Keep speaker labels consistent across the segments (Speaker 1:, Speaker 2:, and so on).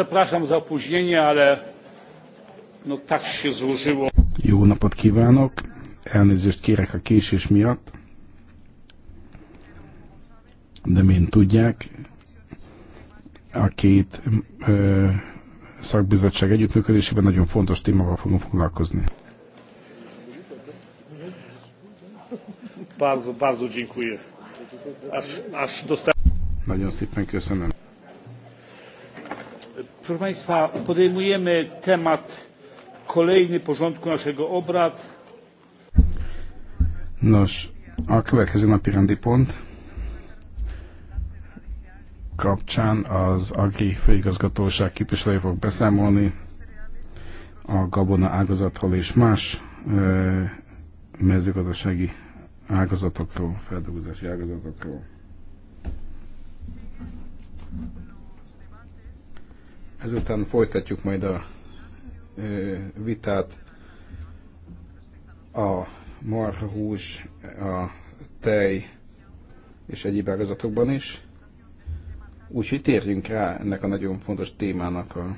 Speaker 1: Przepraszam za opóźnienie, ale no tak się złożyło.
Speaker 2: Jó napot kívánok! Elnézést kérek a késés miatt, de mint tudják, a két ö, szakbizottság együttműködésében nagyon fontos témával fogunk foglalkozni.
Speaker 1: Bardzo, bardzo dziękuję. Aż, aż dostan-
Speaker 2: Nagyon szépen köszönöm.
Speaker 1: Proszę Państwa, podejmujemy temat kolejny porządku naszego obrad.
Speaker 2: Nos, a következő napi rendi pont kapcsán az Agri főigazgatóság képviselői fog beszámolni a gabona ágazatról és más e, mezőgazdasági ágazatokról, feldolgozási ágazatokról. Ezután folytatjuk majd a vitát a marhahús, a tej és egyéb ágazatokban is. Úgyhogy térjünk rá ennek a nagyon fontos témának a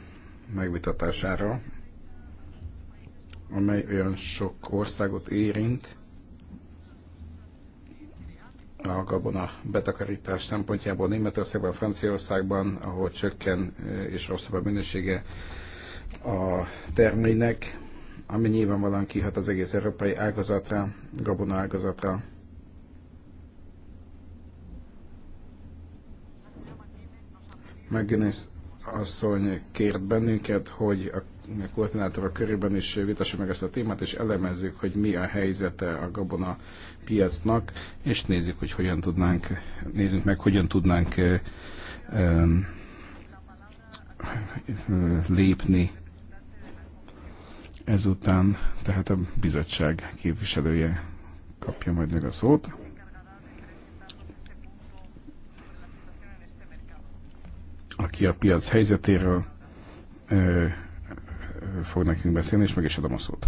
Speaker 2: megvitatására, amely olyan sok országot érint, a gabona betakarítás szempontjából Németországban, Franciaországban, ahol csökken eh, és rosszabb a minősége a termének, ami nyilvánvalóan kihat az egész európai ágazatra, gabona ágazatra. McGuinness asszony kért bennünket, hogy a a körében is vitassuk meg ezt a témát, és elemezzük, hogy mi a helyzete a gabona piacnak, és nézzük, hogy hogyan tudnánk, nézzük meg, hogyan tudnánk lépni ezután, tehát a bizottság képviselője kapja majd meg a szót. Aki a piac helyzetéről fog nekünk beszélni, és meg is adom a szót.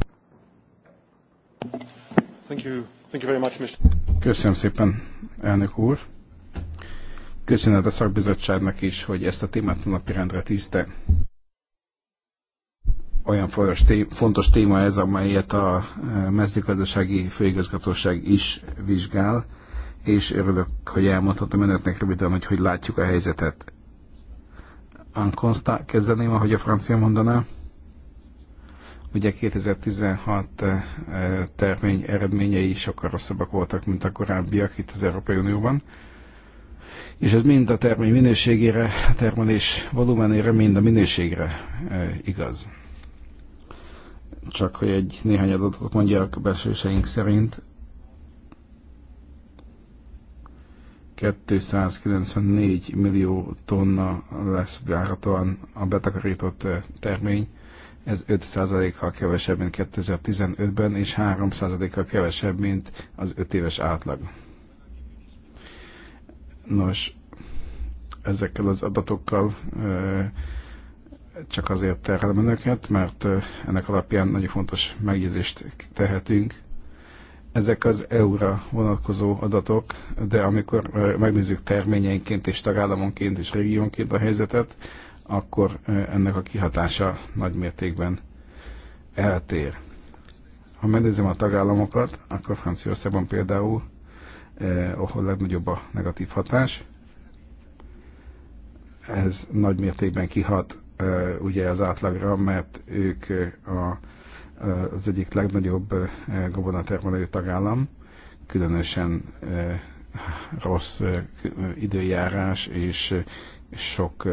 Speaker 3: Thank you. Thank you very much, Mr.
Speaker 2: Köszönöm szépen, elnök úr. Köszönet a szakbizottságnak is, hogy ezt a témát a napirendre tűzte. Olyan té- fontos téma ez, amelyet a e, mezőgazdasági főigazgatóság is vizsgál, és örülök, hogy elmondhatom önöknek röviden, hogy hogy látjuk a helyzetet. Anconsta, kezdeném, ahogy a francia mondaná. Ugye 2016 eh, termény eredményei sokkal rosszabbak voltak, mint a korábbiak itt az Európai Unióban. És ez mind a termény minőségére, a termelés volumenére, mind a minőségre eh, igaz. Csak hogy egy néhány adatot mondjak belsőseink szerint, 294 millió tonna lesz várhatóan a betakarított eh, termény, ez 5%-kal kevesebb, mint 2015-ben, és 3%-kal kevesebb, mint az 5 éves átlag. Nos, ezekkel az adatokkal csak azért terhelem önöket, mert ennek alapján nagyon fontos megjegyzést tehetünk. Ezek az EU-ra vonatkozó adatok, de amikor megnézzük terményeinként és tagállamonként és régiónként a helyzetet, akkor ennek a kihatása nagy mértékben eltér. Ha megnézem a tagállamokat, akkor Franciaországban például, eh, ahol legnagyobb a negatív hatás, ez nagy mértékben kihat eh, ugye az átlagra, mert ők a, az egyik legnagyobb eh, gabonatermelő tagállam, különösen eh, rossz időjárás és sok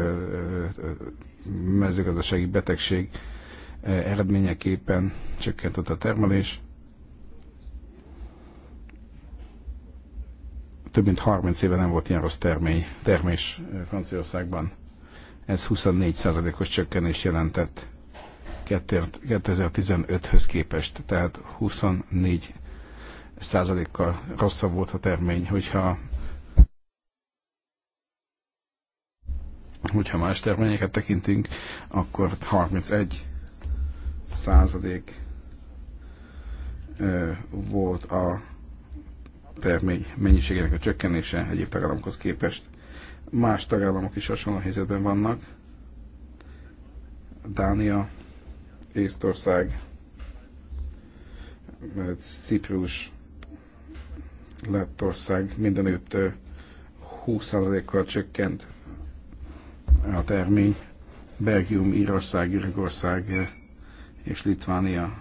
Speaker 2: mezőgazdasági betegség eredményeképpen csökkent ott a termelés. Több mint 30 éve nem volt ilyen rossz termény, termés Franciaországban. Ez 24%-os csökkenés jelentett 2015-höz képest, tehát 24 százalékkal rosszabb volt a termény, hogyha Hogyha más terményeket tekintünk, akkor 31 századék volt a termény mennyiségének a csökkenése egyéb tagállamokhoz képest. Más tagállamok is hasonló helyzetben vannak. Dánia, Észtország, Ciprus, Lettország mindenütt 20%-kal csökkent a termény. Belgium, Írország, Görögország és Litvánia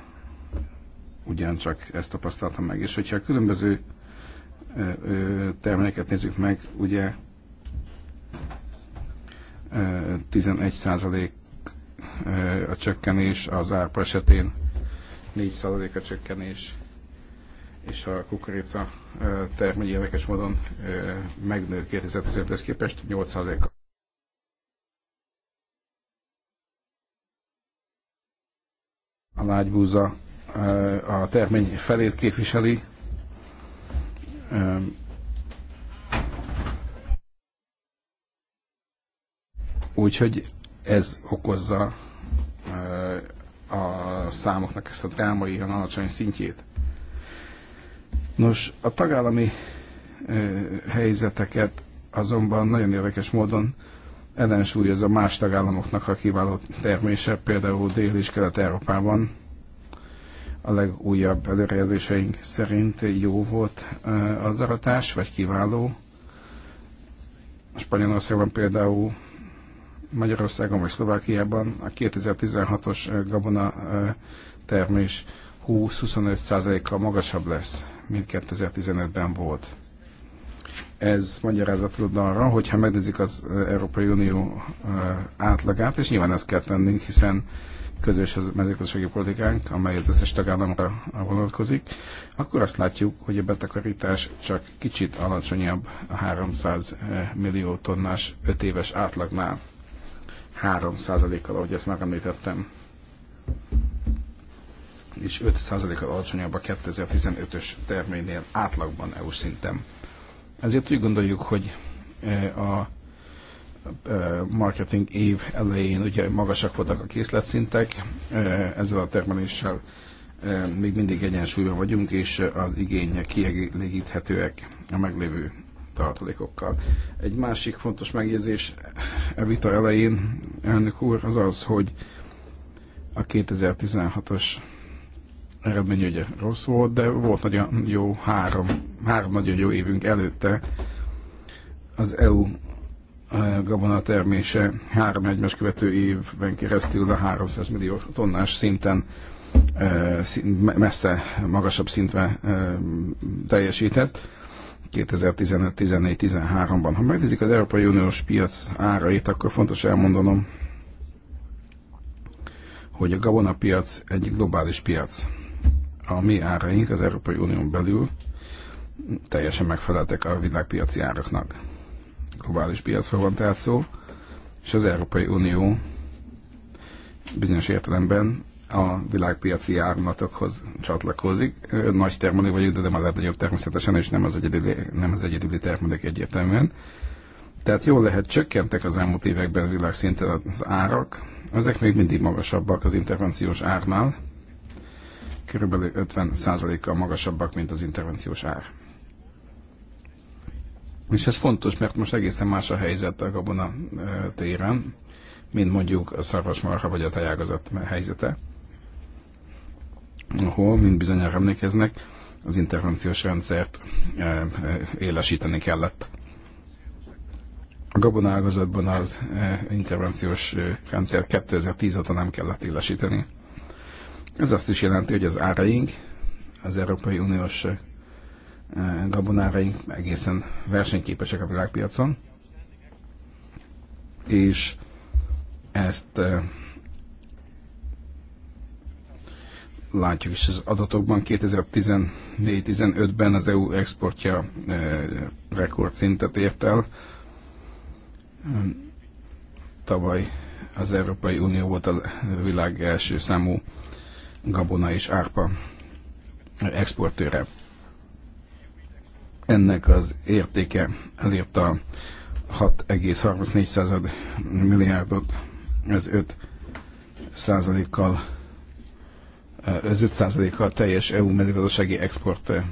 Speaker 2: ugyancsak ezt tapasztalta meg. És hogyha a különböző termékeket nézzük meg, ugye 11 százalék a csökkenés, az árpa esetén 4 százalék a csökkenés, és a kukorica termény érdekes módon megnőtt 2015 hez képest 8 százalékkal. a lágybúza eh, a termény felét képviseli. Úgyhogy ez okozza eh, a számoknak ezt a drámai, ilyen alacsony szintjét. Nos, a tagállami eh, helyzeteket azonban nagyon érdekes módon ellensúlyozza más tagállamoknak a kiváló termése, például Dél- és Kelet-Európában a legújabb előrejelzéseink szerint jó volt eh, az aratás, vagy kiváló. Spanyolországban például Magyarországon vagy Szlovákiában a 2016-os eh, gabona eh, termés 20-25%-kal magasabb lesz, mint 2015-ben volt. Ez magyarázat ad arra, hogyha megnézik az Európai Unió átlagát, és nyilván ezt kell tennünk, hiszen közös az mezőgazdasági politikánk, amely az összes tagállamra vonatkozik, akkor azt látjuk, hogy a betakarítás csak kicsit alacsonyabb a 300 millió tonnás 5 éves átlagnál. 3 kal ahogy ezt már említettem. És 5 kal alacsonyabb a 2015-ös terménynél átlagban eu szinten. Ezért úgy gondoljuk, hogy e, a e, marketing év elején ugye magasak voltak a készletszintek, e, ezzel a termeléssel még mindig egyensúlyban vagyunk, és az igények kielégíthetőek a meglévő tartalékokkal. Egy másik fontos megjegyzés e vita elején, elnök úr, az az, hogy a 2016-os eredmény ugye rossz volt, de volt nagyon jó három, három nagyon jó évünk előtte az EU e, gabonatermése három egymás követő évben keresztül a 300 millió tonnás szinten e, messze magasabb szintre e, teljesített. 2015-14-13-ban. Ha megnézik az Európai Uniós piac árait, akkor fontos elmondanom, hogy a gabonapiac egy globális piac a mi áraink az Európai Unión belül teljesen megfeleltek a világpiaci áraknak. Globális piacról van tehát szó, és az Európai Unió bizonyos értelemben a világpiaci árnatokhoz csatlakozik. Nagy termelő vagyunk, de nem a legnagyobb természetesen, és nem az egyedüli, nem az egyedüli termelők egyértelműen. Tehát jól lehet, csökkentek az elmúlt években világszinten az árak, ezek még mindig magasabbak az intervenciós árnál, körülbelül 50%-kal magasabbak, mint az intervenciós ár. És ez fontos, mert most egészen más a helyzet a gabona téren, mint mondjuk a szarvasmarha vagy a tejágazat helyzete, ahol, mint bizonyára emlékeznek, az intervenciós rendszert élesíteni kellett. A gabona ágazatban az intervenciós rendszert 2010 óta nem kellett élesíteni. Ez azt is jelenti, hogy az áraink, az Európai Uniós eh, gabonáraink egészen versenyképesek a világpiacon, és ezt eh, látjuk is az adatokban. 2014-15-ben az EU exportja eh, rekordszintet ért el. Tavaly az Európai Unió volt a világ első számú gabona és árpa exportőre. Ennek az értéke elérte a 6,34 milliárdot, ez 5 százalékkal az 5 százalékkal teljes EU mezőgazdasági export eh,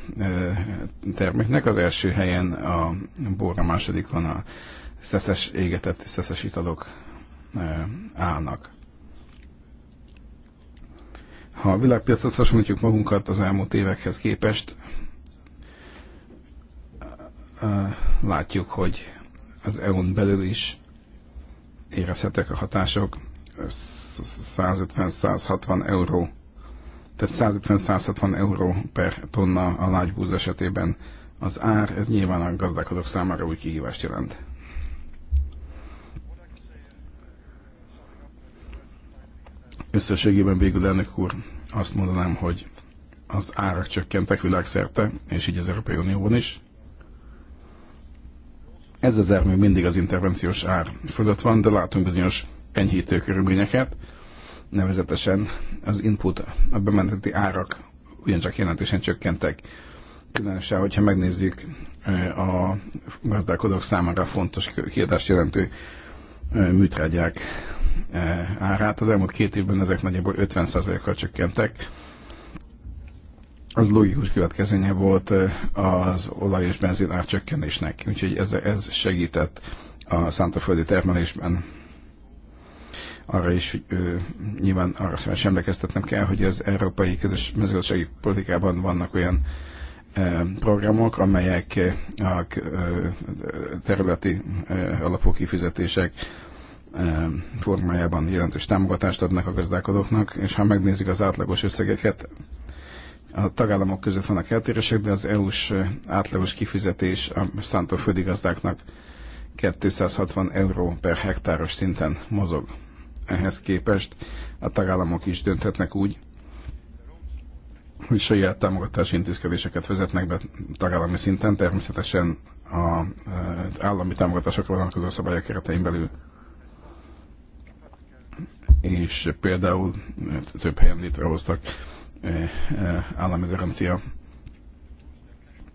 Speaker 2: terméknek. Az első helyen a bor, a másodikon a szeszes égetett, szeszes italok eh, állnak. Ha a világpiacot hasonlítjuk magunkat az elmúlt évekhez képest, látjuk, hogy az EU-n belül is érezhetek a hatások. 150-160 euró, tehát 150-160 euró per tonna a lágybúz esetében az ár, ez nyilván a gazdálkodók számára új kihívást jelent. Összességében végül elnök úr azt mondanám, hogy az árak csökkentek világszerte, és így az Európai Unióban is. Ez az ár még mindig az intervenciós ár fölött van, de látunk bizonyos enyhítő körülményeket, nevezetesen az input, a bementeti árak ugyancsak jelentősen csökkentek. Különösen, hogyha megnézzük a gazdálkodók számára fontos kiadást jelentő műtrágyák Eh, árát. Az elmúlt két évben ezek nagyjából 50%-kal csökkentek. Az logikus következménye volt eh, az olaj és benzin árcsökkenésnek, úgyhogy ez, ez segített a szántaföldi termelésben arra is hogy, ő, nyilván arra sem emlékeztetnem kell, hogy az európai közös mezőgazdasági politikában vannak olyan eh, programok, amelyek a területi ö, alapú kifizetések Eh, formájában jelentős támogatást adnak a gazdálkodóknak, és ha megnézik az átlagos összegeket, a tagállamok között vannak eltérések, de az EU-s eh, átlagos kifizetés a szántóföldi gazdáknak 260 euró per hektáros szinten mozog. Ehhez képest a tagállamok is dönthetnek úgy, hogy saját támogatási intézkedéseket vezetnek be tagállami szinten, természetesen a eh, állami támogatásokra vonatkozó szabályok keretein belül és például több helyen létrehoztak eh, eh, állami garancia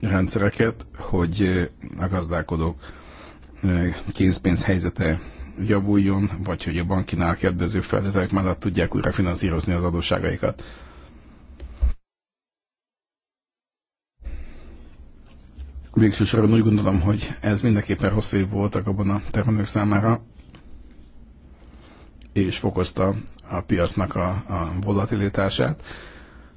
Speaker 2: rendszereket, hogy eh, a gazdálkodók készpénz helyzete javuljon, vagy hogy a bankinál kedvező feltételek mellett tudják újra finanszírozni az adósságaikat. Végsősorban soron úgy gondolom, hogy ez mindenképpen rossz év volt a a termelők számára, és fokozta a piacnak a, a volatilitását.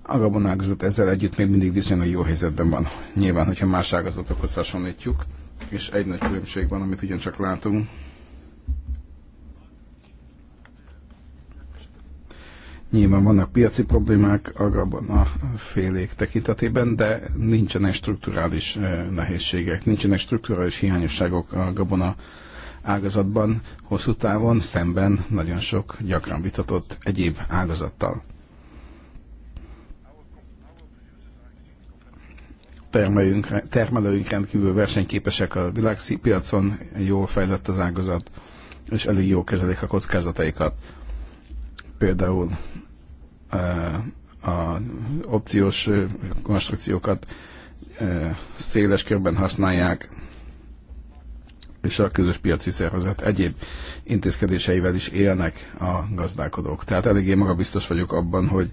Speaker 2: A gabonágazat ezzel együtt még mindig viszonylag jó helyzetben van. Nyilván, hogyha más ágazatokhoz hasonlítjuk, és egy nagy különbség van, amit ugyancsak látunk. Nyilván vannak piaci problémák a gabona félék tekintetében, de nincsenek strukturális eh, nehézségek, nincsenek strukturális hiányosságok a gabona ágazatban hosszú távon szemben nagyon sok gyakran vitatott egyéb ágazattal. Termelőink, termelőink rendkívül versenyképesek a világpiacon, jól fejlett az ágazat, és elég jól kezelik a kockázataikat. Például e, a opciós konstrukciókat e, széles körben használják, és a közös piaci szervezet egyéb intézkedéseivel is élnek a gazdálkodók. Tehát eléggé magabiztos vagyok abban, hogy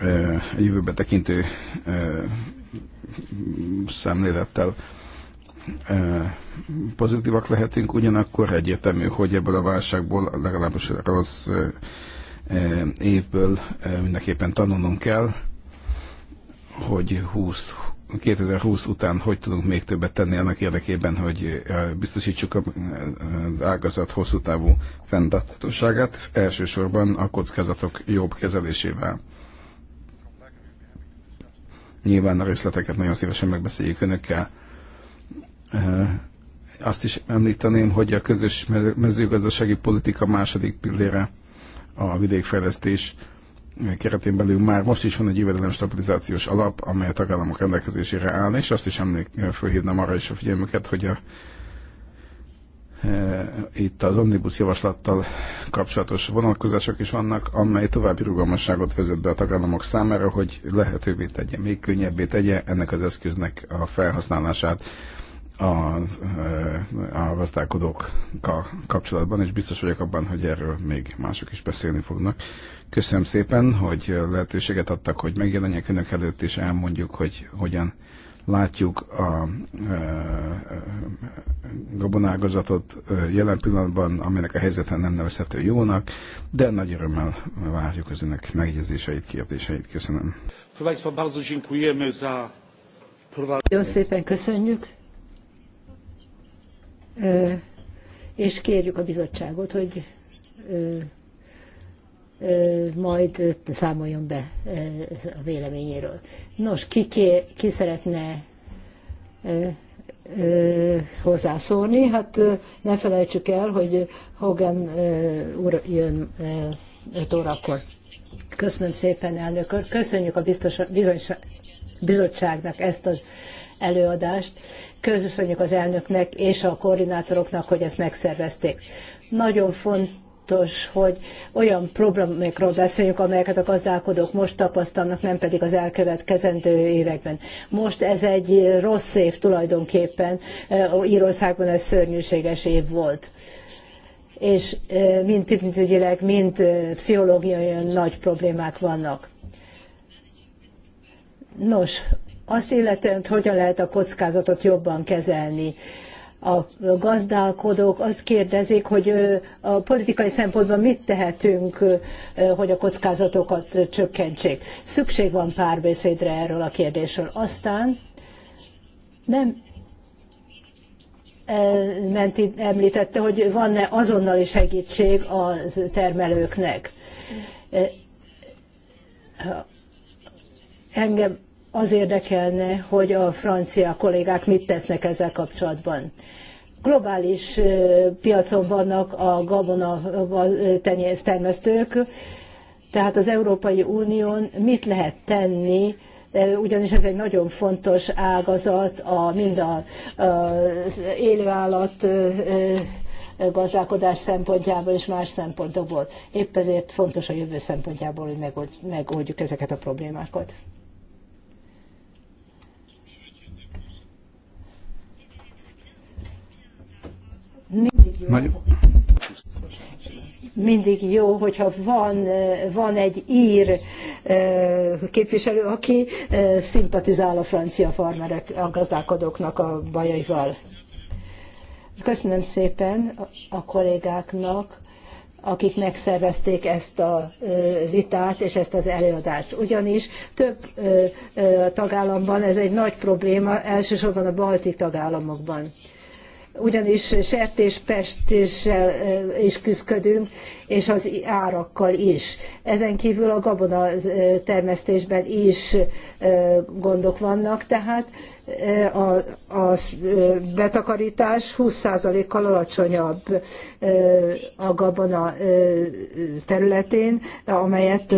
Speaker 2: a jövőbe tekintő szemlélettel pozitívak lehetünk, ugyanakkor egyértelmű, hogy ebből a válságból, legalábbis a rossz évből mindenképpen tanulnunk kell, hogy 2020 után hogy tudunk még többet tenni annak érdekében, hogy biztosítsuk az ágazat hosszú távú fenntarthatóságát, elsősorban a kockázatok jobb kezelésével. Nyilván a részleteket nagyon szívesen megbeszéljük önökkel. Azt is említeném, hogy a közös mezőgazdasági politika második pillére a vidékfejlesztés keretén belül már most is van egy jövedelem stabilizációs alap, amely a tagállamok rendelkezésére áll, és azt is emlék, eh, fölhívnám arra is a figyelmüket, hogy a, e, itt az omnibus javaslattal kapcsolatos vonatkozások is vannak, amely további rugalmasságot vezet be a tagállamok számára, hogy lehetővé tegye, még könnyebbé tegye ennek az eszköznek a felhasználását az, eh, a gazdálkodókkal kapcsolatban, és biztos vagyok abban, hogy erről még mások is beszélni fognak. Köszönöm szépen, hogy lehetőséget adtak, hogy megjelenjek önök előtt, és elmondjuk, hogy hogyan látjuk a eh, eh, gabonágazatot jelen pillanatban, aminek a helyzeten nem nevezhető jónak, de nagy örömmel várjuk az önök megjegyzéseit, kérdéseit. Köszönöm.
Speaker 1: Nagyon
Speaker 4: szépen köszönjük
Speaker 5: és kérjük a bizottságot, hogy majd számoljon be a véleményéről. Nos, ki, ki, ki szeretne hozzászólni? Hát ne felejtsük el, hogy Hogan úr jön 5 órakor. Köszönöm szépen, elnök úr. Köszönjük a biztos, bizottságnak ezt az előadást. Köszönjük az elnöknek és a koordinátoroknak, hogy ezt megszervezték. Nagyon fontos, hogy olyan problémákról beszéljünk, amelyeket a gazdálkodók most tapasztalnak, nem pedig az elkövetkezendő években. Most ez egy rossz év tulajdonképpen, Írországban ez szörnyűséges év volt és e, mind pénzügyileg, mind e, pszichológiai nagy problémák vannak. Nos, azt illetően, hogy hogyan lehet a kockázatot jobban kezelni a gazdálkodók azt kérdezik, hogy a politikai szempontból mit tehetünk, hogy a kockázatokat csökkentsék. Szükség van párbeszédre erről a kérdésről. Aztán nem Menti említette, hogy van-e azonnali segítség a termelőknek. Engem az érdekelne, hogy a francia kollégák mit tesznek ezzel kapcsolatban. Globális piacon vannak a gabona termesztők, tehát az Európai Unión mit lehet tenni, ugyanis ez egy nagyon fontos ágazat, a, mind a, az élőállat gazdálkodás szempontjából és más szempontokból. Épp ezért fontos a jövő szempontjából, hogy megoldjuk ezeket a problémákat.
Speaker 1: mindig jó. Mindig jó,
Speaker 5: hogyha van, van egy ír képviselő, aki szimpatizál a francia farmerek, a gazdálkodóknak a bajaival. Köszönöm szépen a kollégáknak, akik megszervezték ezt a vitát és ezt az előadást. Ugyanis több tagállamban ez egy nagy probléma, elsősorban a balti tagállamokban ugyanis sertéspestéssel is küzdködünk, és az árakkal is. Ezen kívül a gabona termesztésben is gondok vannak, tehát a, a betakarítás 20%-kal alacsonyabb a gabona területén, amelyet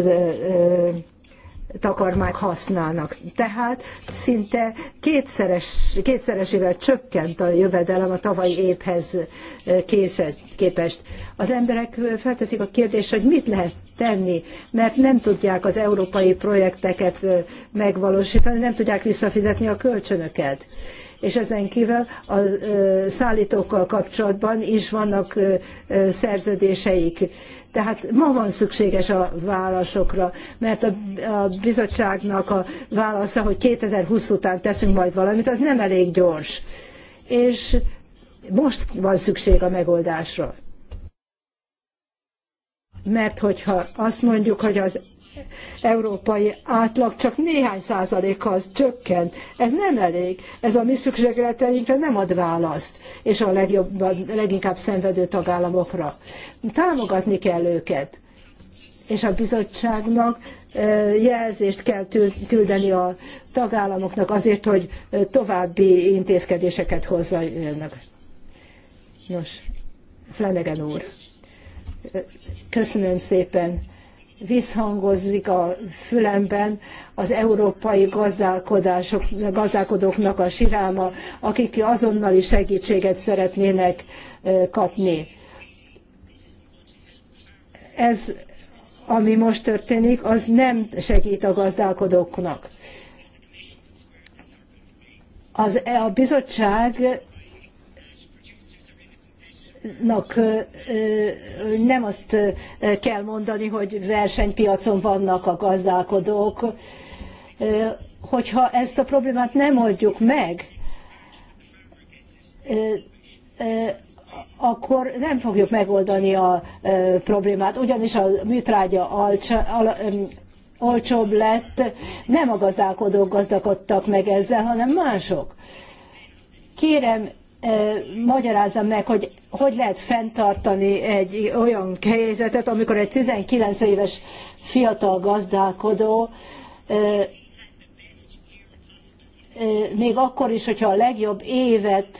Speaker 5: takarmányt használnak. Tehát szinte kétszeres, kétszeresével csökkent a jövedelem a tavalyi évhez eh, képest. Az emberek eh, felteszik a kérdést, hogy mit lehet tenni, mert nem tudják az európai projekteket eh, megvalósítani, nem tudják visszafizetni a kölcsönöket és ezen kívül a szállítókkal kapcsolatban is vannak szerződéseik. Tehát ma van szükséges a válaszokra, mert a, bizottságnak a válasza, hogy 2020 után teszünk majd valamit, az nem elég gyors. És most van szükség a megoldásra. Mert hogyha azt mondjuk, hogy az európai átlag csak néhány százalékkal csökken. Ez nem elég. Ez a mi szükségleteinkre nem ad választ, és a legjobban, leginkább szenvedő tagállamokra. Támogatni kell őket. És a bizottságnak jelzést kell küldeni a tagállamoknak azért, hogy további intézkedéseket hozzanak. Nos, Flanagan úr, köszönöm szépen visszhangozik a fülemben az európai gazdálkodások, gazdálkodóknak a siráma, akik azonnali segítséget szeretnének kapni. Ez, ami most történik, az nem segít a gazdálkodóknak. Az, a bizottság nak nem azt kell mondani, hogy versenypiacon vannak a gazdálkodók. Hogyha ezt a problémát nem oldjuk meg, akkor nem fogjuk megoldani a problémát, ugyanis a műtrágya olcsóbb lett, nem a gazdálkodók gazdagodtak meg ezzel, hanem mások. Kérem, magyarázza meg, hogy hogy lehet fenntartani egy olyan helyzetet, amikor egy 19 éves fiatal gazdálkodó még akkor is, hogyha a legjobb évet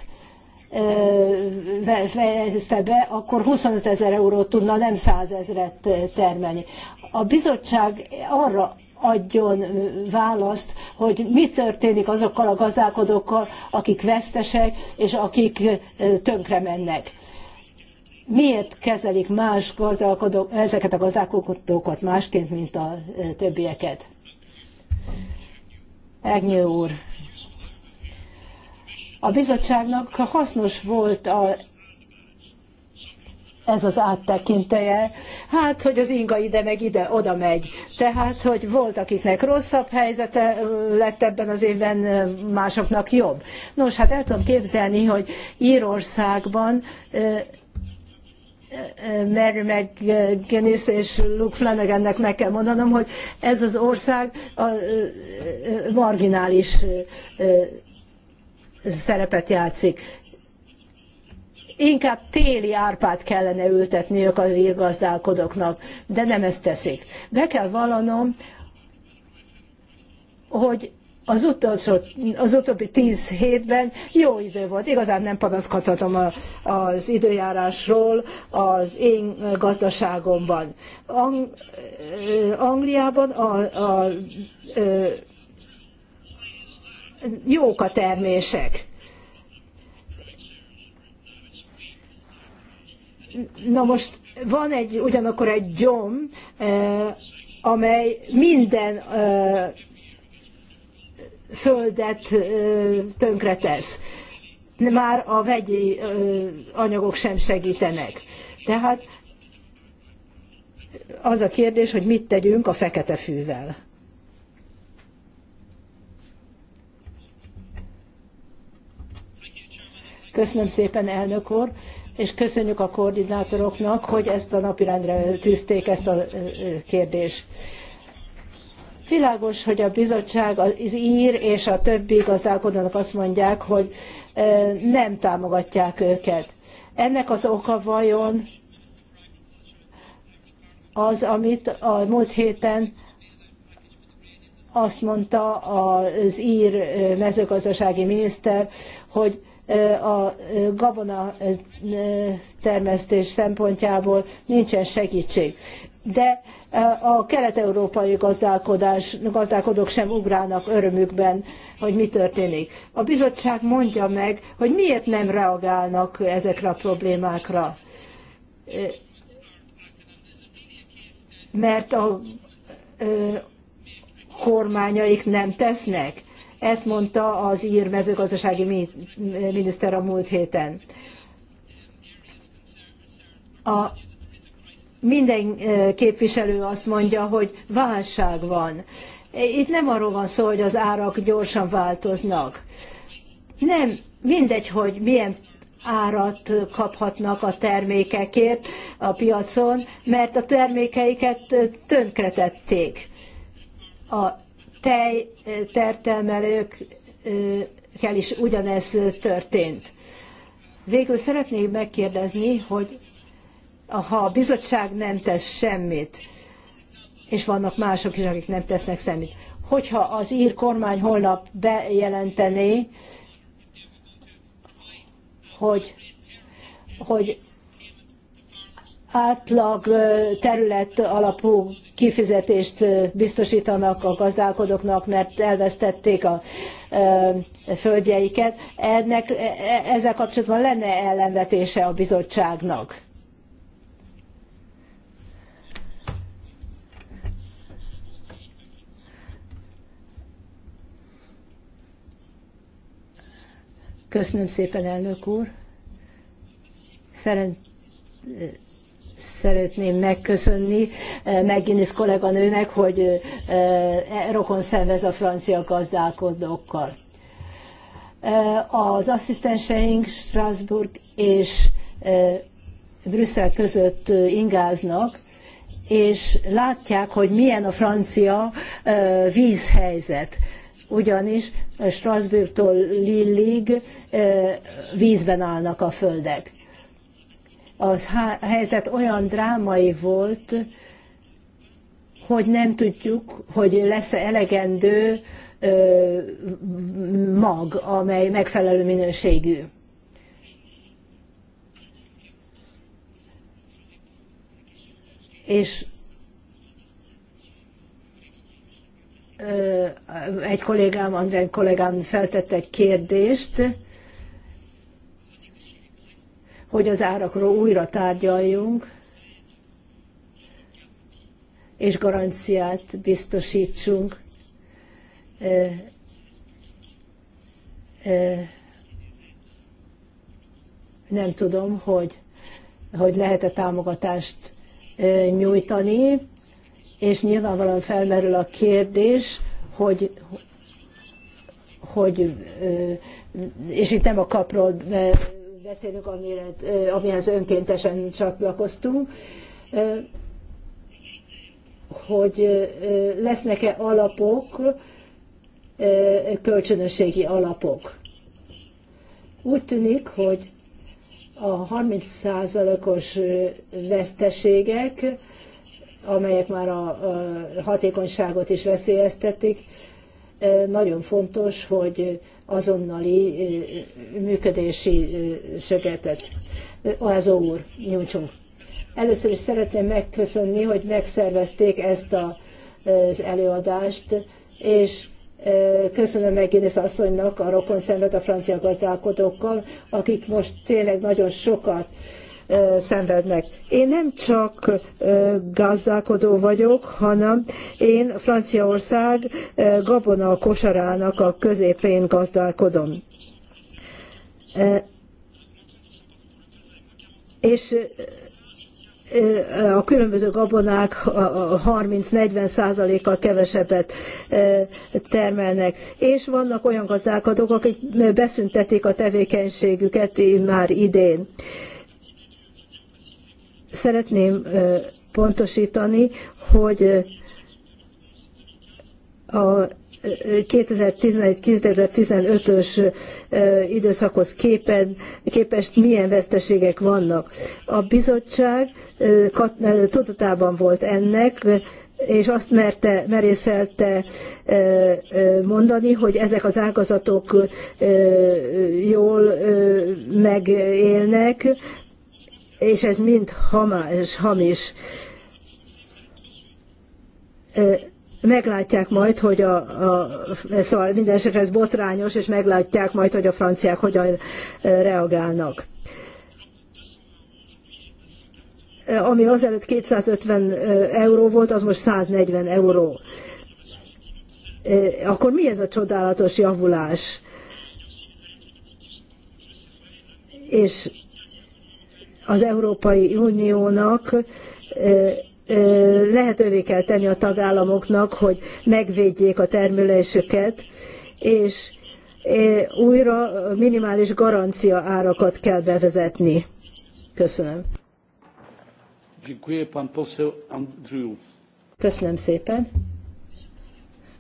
Speaker 5: fejezte be, akkor 25 ezer eurót tudna, nem 100 ezeret termelni. A bizottság arra adjon választ, hogy mi történik azokkal a gazdálkodókkal, akik vesztesek és akik tönkre mennek. Miért kezelik más gazdálkodók, ezeket a gazdálkodókat másként, mint a többieket? Egnyő úr, a bizottságnak hasznos volt a ez az áttekintője. hát, hogy az inga ide meg ide oda megy. Tehát, hogy volt, akiknek rosszabb helyzete lett ebben az évben, másoknak jobb. Nos, hát el tudom képzelni, hogy Írországban Mary McGinnis és Luke Flanagannek meg kell mondanom, hogy ez az ország a marginális szerepet játszik inkább téli árpát kellene ültetniük az írgazdálkodóknak, de nem ezt teszik. Be kell vallanom, hogy az, utolsó, az utóbbi tíz hétben jó idő volt. Igazán nem panaszkodhatom a, az időjárásról az én gazdaságomban. Ang, Angliában a, a, a, jók a termések. Na most van egy, ugyanakkor egy gyom, eh, amely minden eh, földet eh, tönkretesz. Már a vegyi anyagok sem segítenek. Tehát az a kérdés, hogy mit tegyünk a fekete fűvel. Köszönöm szépen, elnök úr és köszönjük a koordinátoroknak, hogy ezt a napirendre tűzték ezt a kérdést. Világos, hogy a bizottság, az ír és a többi gazdálkodónak azt mondják, hogy nem támogatják őket. Ennek az oka vajon az, amit a múlt héten azt mondta az ír mezőgazdasági miniszter, hogy a gabona termesztés szempontjából nincsen segítség. De a kelet-európai gazdálkodás, gazdálkodók sem ugrálnak örömükben, hogy mi történik. A bizottság mondja meg, hogy miért nem reagálnak ezekre a problémákra. Mert a kormányaik nem tesznek ezt mondta az ír mezőgazdasági miniszter a múlt héten. A minden képviselő azt mondja, hogy válság van. Itt nem arról van szó, hogy az árak gyorsan változnak. Nem, mindegy, hogy milyen árat kaphatnak a termékekért a piacon, mert a termékeiket tönkretették. A tejtermelőkkel is ugyanez történt. Végül szeretnék megkérdezni, hogy ha a bizottság nem tesz semmit, és vannak mások is, akik nem tesznek semmit, hogyha az ír kormány holnap bejelentené, hogy, hogy átlag terület alapú kifizetést biztosítanak a gazdálkodóknak, mert elvesztették a földjeiket. Ennek, e, e, ezzel kapcsolatban lenne ellenvetése a bizottságnak? Köszönöm szépen, elnök úr. Szerint szeretném megköszönni eh, Megginis kolléganőnek, hogy eh, eh, rokon szenvez a francia gazdálkodókkal. Az asszisztenseink Strasbourg és Brüsszel között ingáznak, és látják, hogy milyen a francia vízhelyzet. Ugyanis Strasbourgtól Lillig vízben állnak a földek a helyzet olyan drámai volt, hogy nem tudjuk, hogy lesz-e elegendő mag, amely megfelelő minőségű. És egy kollégám, André kollégám feltette egy kérdést, hogy az árakról újra tárgyaljunk, és garanciát biztosítsunk nem tudom, hogy, hogy lehet-e támogatást nyújtani, és nyilvánvalóan felmerül a kérdés, hogy, hogy és itt nem a kapról beszélünk, amire, amihez önkéntesen csatlakoztunk, hogy lesznek-e alapok, kölcsönösségi alapok. Úgy tűnik, hogy a 30%-os veszteségek, amelyek már a hatékonyságot is veszélyeztetik, nagyon fontos, hogy azonnali működési sögetet. az úr, nyújtsunk. Először is szeretném megköszönni, hogy megszervezték ezt a, az előadást, és Köszönöm meg Guinness asszonynak a rokon szemet a francia gazdálkodókkal, akik most tényleg nagyon sokat szenvednek. Én nem csak gazdálkodó vagyok, hanem én Franciaország gabona kosarának a középén gazdálkodom. És a különböző gabonák 30-40 százalékkal kevesebbet termelnek. És vannak olyan gazdálkodók, akik beszüntetik a tevékenységüket már idén. Szeretném pontosítani, hogy a 2011-2015-ös időszakhoz képest milyen veszteségek vannak. A bizottság tudatában volt ennek, és azt merte, merészelte mondani, hogy ezek az ágazatok jól megélnek, és ez mind hamis. hamis. Meglátják majd, hogy a, a szóval minden ez botrányos, és meglátják majd, hogy a franciák hogyan reagálnak. Ami azelőtt 250 euró volt, az most 140 euró. Akkor mi ez a csodálatos javulás? És az Európai Uniónak lehetővé kell tenni a tagállamoknak, hogy megvédjék a termelésüket, és újra minimális garancia árakat kell bevezetni. Köszönöm. Köszönöm szépen.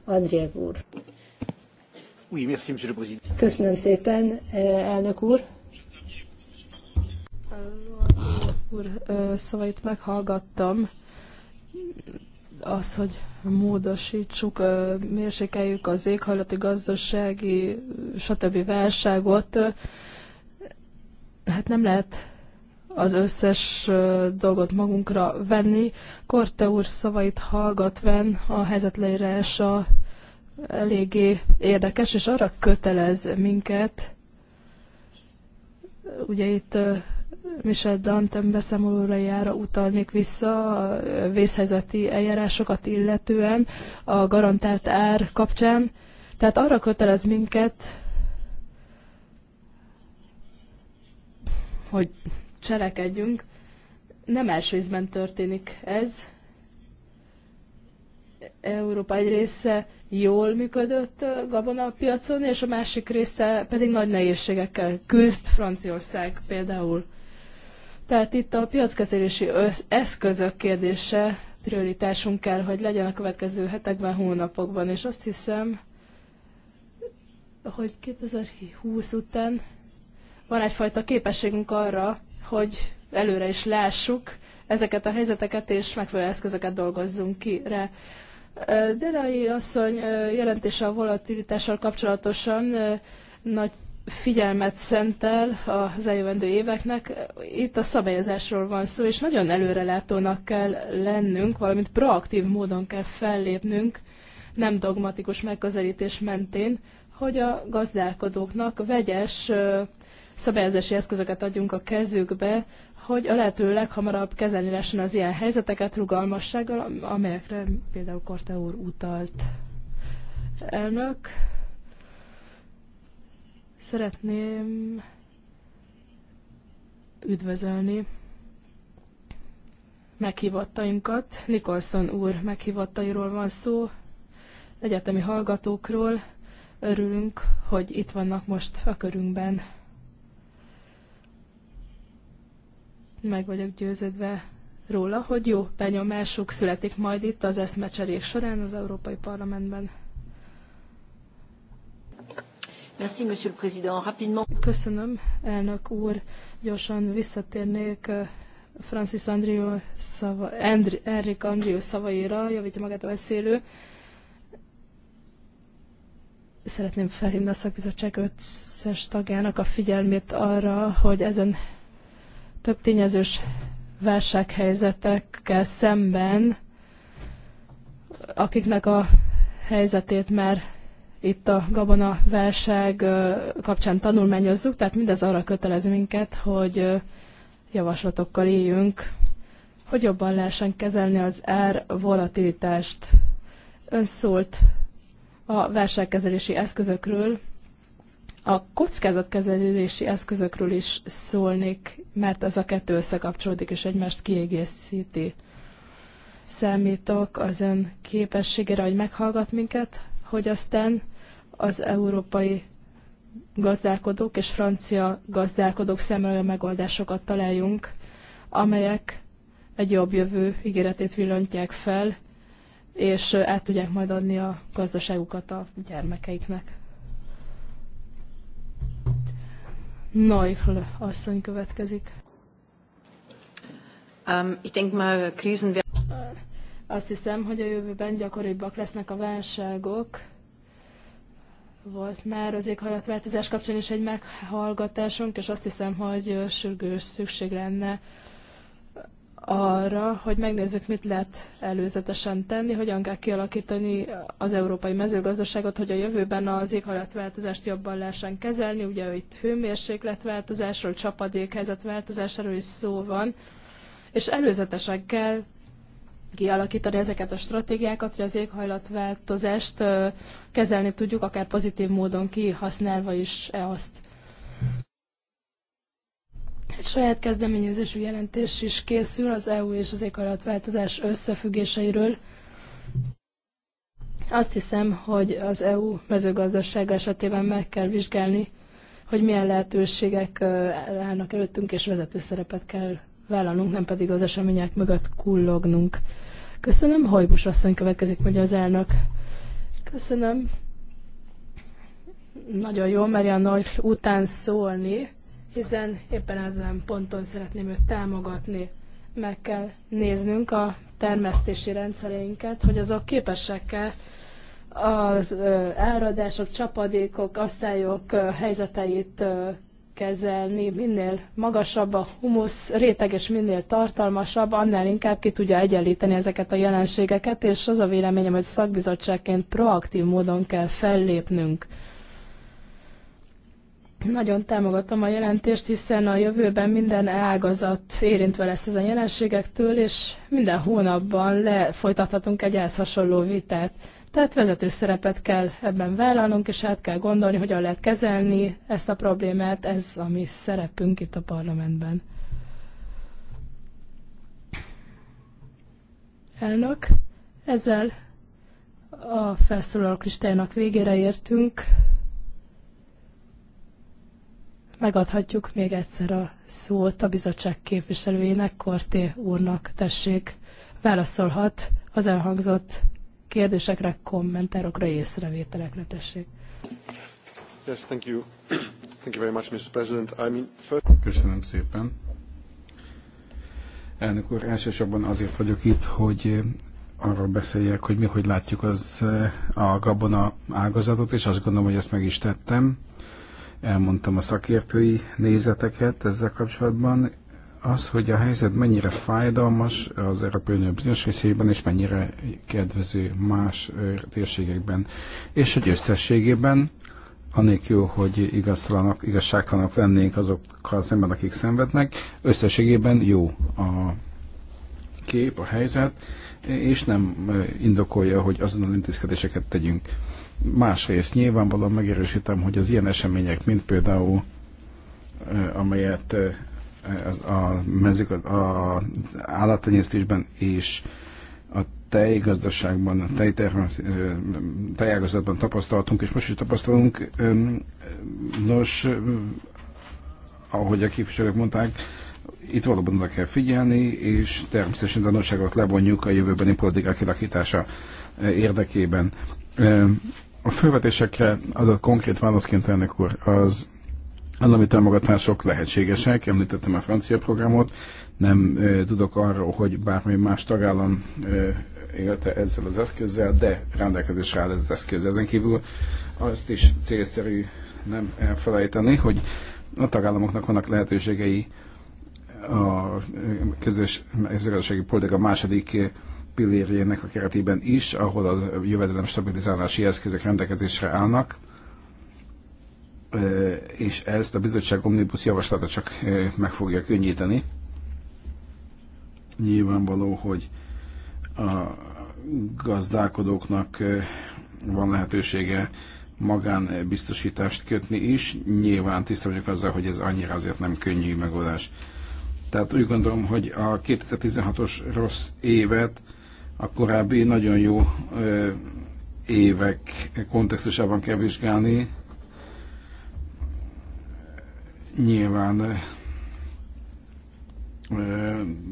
Speaker 5: André úr. Köszönöm szépen, elnök úr.
Speaker 4: Loazó úr szavait meghallgattam, az, hogy módosítsuk, mérsékeljük az éghajlati, gazdasági, stb. válságot, hát nem lehet az összes dolgot magunkra venni. Korte úr szavait hallgatván a helyzet leírása eléggé érdekes, és arra kötelez minket, ugye itt Michel beszámolóra jára utalnék vissza a vészhelyzeti eljárásokat illetően a garantált ár kapcsán. Tehát arra kötelez minket, hogy cselekedjünk. Nem első ízben történik ez. Európa egy része jól működött Gabona piacon és a másik része pedig nagy nehézségekkel küzd, Franciaország például. Tehát itt a piackezelési eszközök kérdése prioritásunk kell, hogy legyen a következő hetekben, hónapokban, és azt hiszem, hogy 2020 után van egyfajta képességünk arra, hogy előre is lássuk ezeket a helyzeteket, és megfelelő eszközöket dolgozzunk ki rá. Delai asszony jelentése a volatilitással kapcsolatosan nagy figyelmet szentel az eljövendő éveknek. Itt a szabályozásról van szó, és nagyon előrelátónak kell lennünk, valamint proaktív módon kell fellépnünk, nem dogmatikus megközelítés mentén, hogy a gazdálkodóknak vegyes szabályozási eszközöket adjunk a kezükbe, hogy a lehető leghamarabb kezelni lesen az ilyen helyzeteket rugalmassággal, amelyekre például Korte úr utalt. Elnök. Szeretném üdvözölni meghívattainkat. Nikolson úr meghívattairól van szó, egyetemi hallgatókról. Örülünk, hogy itt vannak most a körünkben. Meg vagyok győződve róla, hogy jó benyomásuk születik majd itt az eszmecserék során az Európai Parlamentben. Köszönöm, elnök úr. Gyorsan visszatérnék eh, Francis Andrió szava, Endri, Enric Andrió szavaira, javítja magát a beszélő. Szeretném felhívni a szakbizottság összes tagjának a figyelmét arra, hogy ezen több tényezős válsághelyzetekkel szemben, akiknek a helyzetét már itt a gabona válság kapcsán tanulmányozzuk, tehát mindez arra kötelez minket, hogy javaslatokkal éljünk, hogy jobban lehessen kezelni az ár volatilitást. Ön szólt a válságkezelési eszközökről, a kockázatkezelési eszközökről is szólnék, mert ez a kettő összekapcsolódik és egymást kiegészíti. Számítok az ön képességére, hogy meghallgat minket, hogy aztán az európai gazdálkodók és francia gazdálkodók szemelő megoldásokat találjunk, amelyek egy jobb jövő ígéretét villantják fel, és át tudják majd adni a gazdaságukat a gyermekeiknek. Neuchl asszony következik. Um, I think my Krisen Azt hiszem, hogy a jövőben gyakoribbak lesznek a válságok, volt már az éghajlatváltozás kapcsán is egy meghallgatásunk, és azt hiszem, hogy sürgős szükség lenne arra, hogy megnézzük, mit lehet előzetesen tenni, hogyan kell kialakítani az európai mezőgazdaságot, hogy a jövőben az éghajlatváltozást jobban lehessen kezelni. Ugye itt hőmérsékletváltozásról, csapadékhelyzetváltozásról is szó van, és előzetesen kell kialakítani ezeket a stratégiákat, hogy az éghajlatváltozást kezelni tudjuk, akár pozitív módon kihasználva is e azt. Egy saját kezdeményezésű jelentés is készül az EU és az éghajlatváltozás összefüggéseiről. Azt hiszem, hogy az EU mezőgazdaság esetében meg kell vizsgálni, hogy milyen lehetőségek állnak előttünk, és vezető szerepet kell vállalnunk, nem pedig az események mögött kullognunk. Köszönöm, Hajbus asszony következik, mondja az elnök. Köszönöm. Nagyon jó, mert a nagy után szólni, hiszen éppen ezen ponton szeretném őt támogatni. Meg kell néznünk a termesztési rendszereinket, hogy azok képesek-e az áradások, csapadékok, asszályok helyzeteit kezelni, minél magasabb a humusz réteg és minél tartalmasabb, annál inkább ki tudja egyenlíteni ezeket a jelenségeket, és az a véleményem, hogy szakbizottságként proaktív módon kell fellépnünk. Nagyon támogatom a jelentést, hiszen a jövőben minden ágazat érintve lesz ezen jelenségektől, és minden hónapban lefolytathatunk egy ehhez hasonló vitát. Tehát vezető szerepet kell ebben vállalnunk, és át kell gondolni, hogyan lehet kezelni ezt a problémát, ez a mi szerepünk itt a parlamentben. Elnök, ezzel a felszólaló kristálynak végére értünk. Megadhatjuk még egyszer a szót a bizottság képviselőjének, Korté úrnak. Tessék, válaszolhat az elhangzott kérdésekre, kommentárokra, észrevételekre tessék.
Speaker 3: Yes, thank you. Thank you very much, Mr. President. I mean, first... Köszönöm szépen.
Speaker 2: Elnök úr, elsősorban azért vagyok itt, hogy arról beszéljek, hogy mi hogy látjuk az a gabona ágazatot, és azt gondolom, hogy ezt meg is tettem. Elmondtam a szakértői nézeteket ezzel kapcsolatban, az, hogy a helyzet mennyire fájdalmas az Európai Unió bizonyos részében, és mennyire kedvező más térségekben. És hogy összességében, anélkül, hogy igaztalanok, igazságtalanok lennénk azokkal szemben, akik szenvednek, összességében jó a kép, a helyzet, és nem indokolja, hogy azonnal intézkedéseket tegyünk. Másrészt nyilvánvalóan megerősítem, hogy az ilyen események, mint például amelyet az, a mezők, a állattenyésztésben és a tejgazdaságban, a tejágazatban tapasztaltunk, és most is tapasztalunk. Nos, ahogy a képviselők mondták, itt valóban oda kell figyelni, és természetesen tanulságot levonjuk a jövőbeni politikák kilakítása érdekében. A fővetésekre adott konkrét válaszként elnök úr az Állami támogatások lehetségesek, említettem a francia programot, nem ö, tudok arról, hogy bármi más tagállam ö, élte ezzel az eszközzel, de rendelkezésre áll ez az eszköz. Ezen kívül azt is célszerű nem elfelejteni, hogy a tagállamoknak vannak lehetőségei a közös mezőgazdasági politika második pillérjének a keretében is, ahol a jövedelem stabilizálási eszközök rendelkezésre állnak és ezt a bizottság omnibus javaslata csak meg fogja könnyíteni. Nyilvánvaló, hogy a gazdálkodóknak van lehetősége magánbiztosítást kötni is. Nyilván tiszta vagyok azzal, hogy ez annyira azért nem könnyű megoldás. Tehát úgy gondolom, hogy a 2016-os rossz évet a korábbi nagyon jó évek kontextusában kell vizsgálni, Nyilván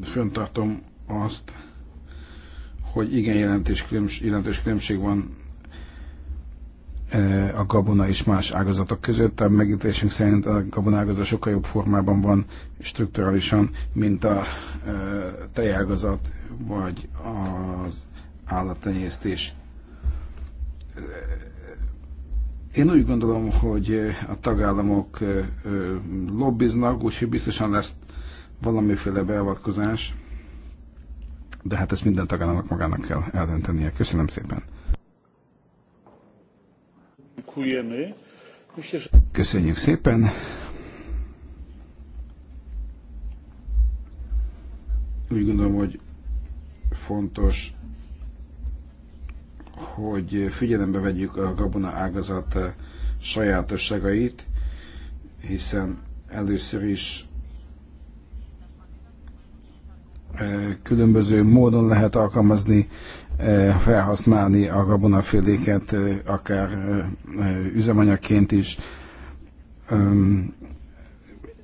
Speaker 2: föntartom azt, hogy igen jelentős, különbség, jelentős különbség van a gabona és más ágazatok között. A megítélésünk szerint a gabonágazat sokkal jobb formában van strukturálisan, mint a tejágazat vagy az állattenyésztés. Én úgy gondolom, hogy eh, a tagállamok eh, lobbiznak, úgyhogy biztosan lesz valamiféle beavatkozás, de hát ezt minden tagállamnak magának kell eldöntenie. Köszönöm szépen. Köszönjük szépen. Úgy gondolom, hogy fontos hogy figyelembe vegyük a gabona ágazat eh, sajátosságait, hiszen először is eh, különböző módon lehet alkalmazni, eh, felhasználni a gabonaféléket, akár üzemanyagként is.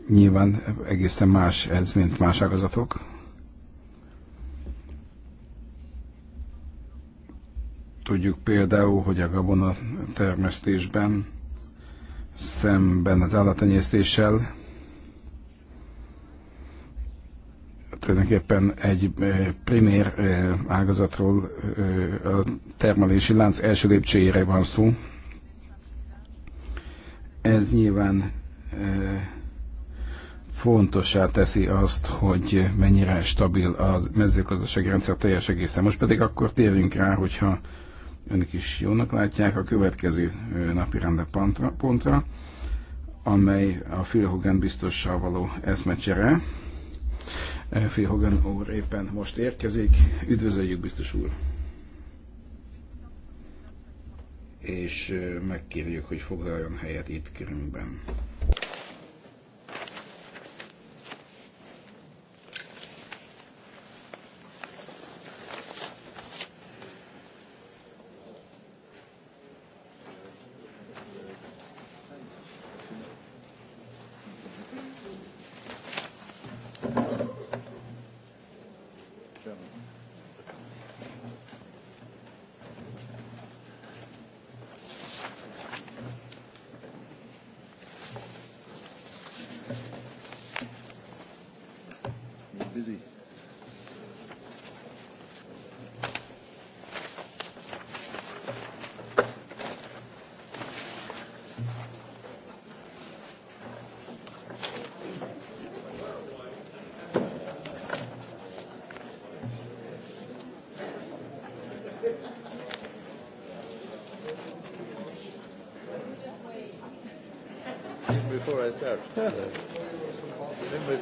Speaker 2: Nyilván egészen más ez, mint más ágazatok. Tudjuk például, hogy a gabona termesztésben szemben az állattenyésztéssel tulajdonképpen egy primér ágazatról a termelési lánc első lépcsőjére van szó. Ez nyilván fontossá teszi azt, hogy mennyire stabil a mezőgazdasági rendszer teljes egészen. Most pedig akkor térjünk rá, hogyha önök is jónak látják, a következő napi pontra, amely a Phil Hogan biztossal való eszmecsere. Phil Hogan úr éppen most érkezik. Üdvözöljük, biztos úr! És megkérjük, hogy foglaljon helyet itt körünkben.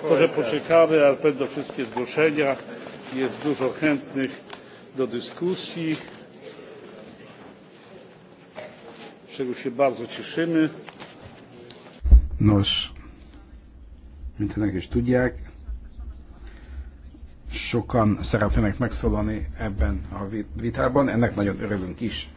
Speaker 1: Może poczekamy, ale będą wszystkie zgłoszenia. Jest dużo chętnych do dyskusji, z czego się bardzo cieszymy.
Speaker 2: Nos, mint önök is tudják, sokan szeretnének megszólalni ebben a vitában, ennek nagyon örülünk is.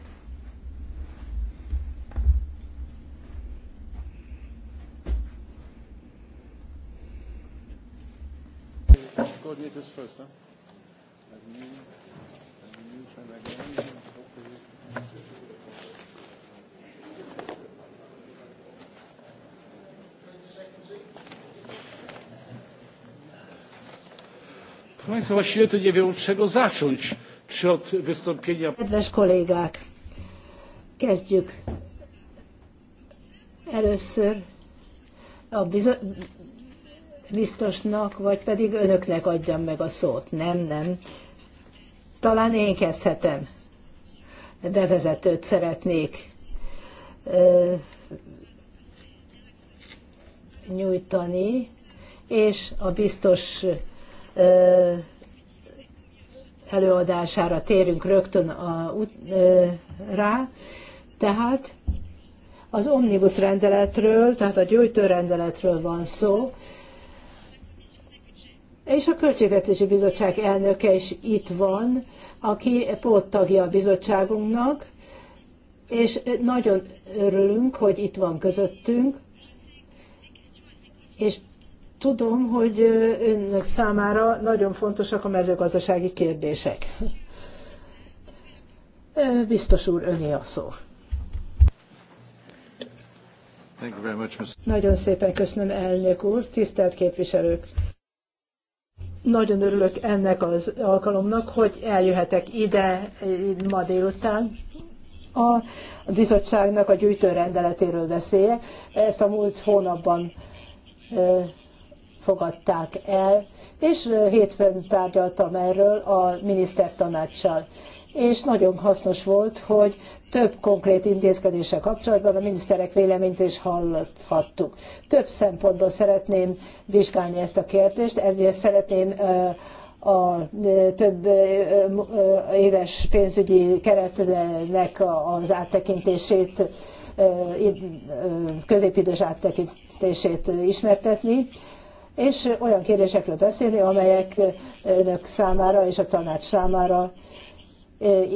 Speaker 1: Państwa, właściwie to nie wiem od czego zacząć. Czy od wystąpienia... Kedves
Speaker 5: kollégák, kezdjük először a biztosnak, vagy pedig önöknek adjam meg a szót. Nem, nem. Talán én kezdhetem. Bevezetőt szeretnék nyújtani, és a biztos előadására térünk rögtön a, rá. Tehát az omnibus rendeletről, tehát a gyűjtőrendeletről van szó, és a Költségvetési Bizottság elnöke is itt van, aki póttagja a bizottságunknak, és nagyon örülünk, hogy itt van közöttünk, és Tudom, hogy önök számára nagyon fontosak a mezőgazdasági kérdések. Biztos úr, öné a szó. Nagyon szépen köszönöm, elnök úr, tisztelt képviselők! Nagyon örülök ennek az alkalomnak, hogy eljöhetek ide ma délután. A bizottságnak a gyűjtőrendeletéről beszéljek. Ezt a múlt hónapban fogadták el, és hétfőn tárgyaltam erről a minisztertanácssal. És nagyon hasznos volt, hogy több konkrét intézkedése kapcsolatban a miniszterek véleményt is hallhattuk. Több szempontból szeretném vizsgálni ezt a kérdést. Egyrészt szeretném a több éves pénzügyi keretnek az áttekintését, középidős áttekintését ismertetni, és olyan kérdésekről beszélni, amelyek önök számára és a tanács számára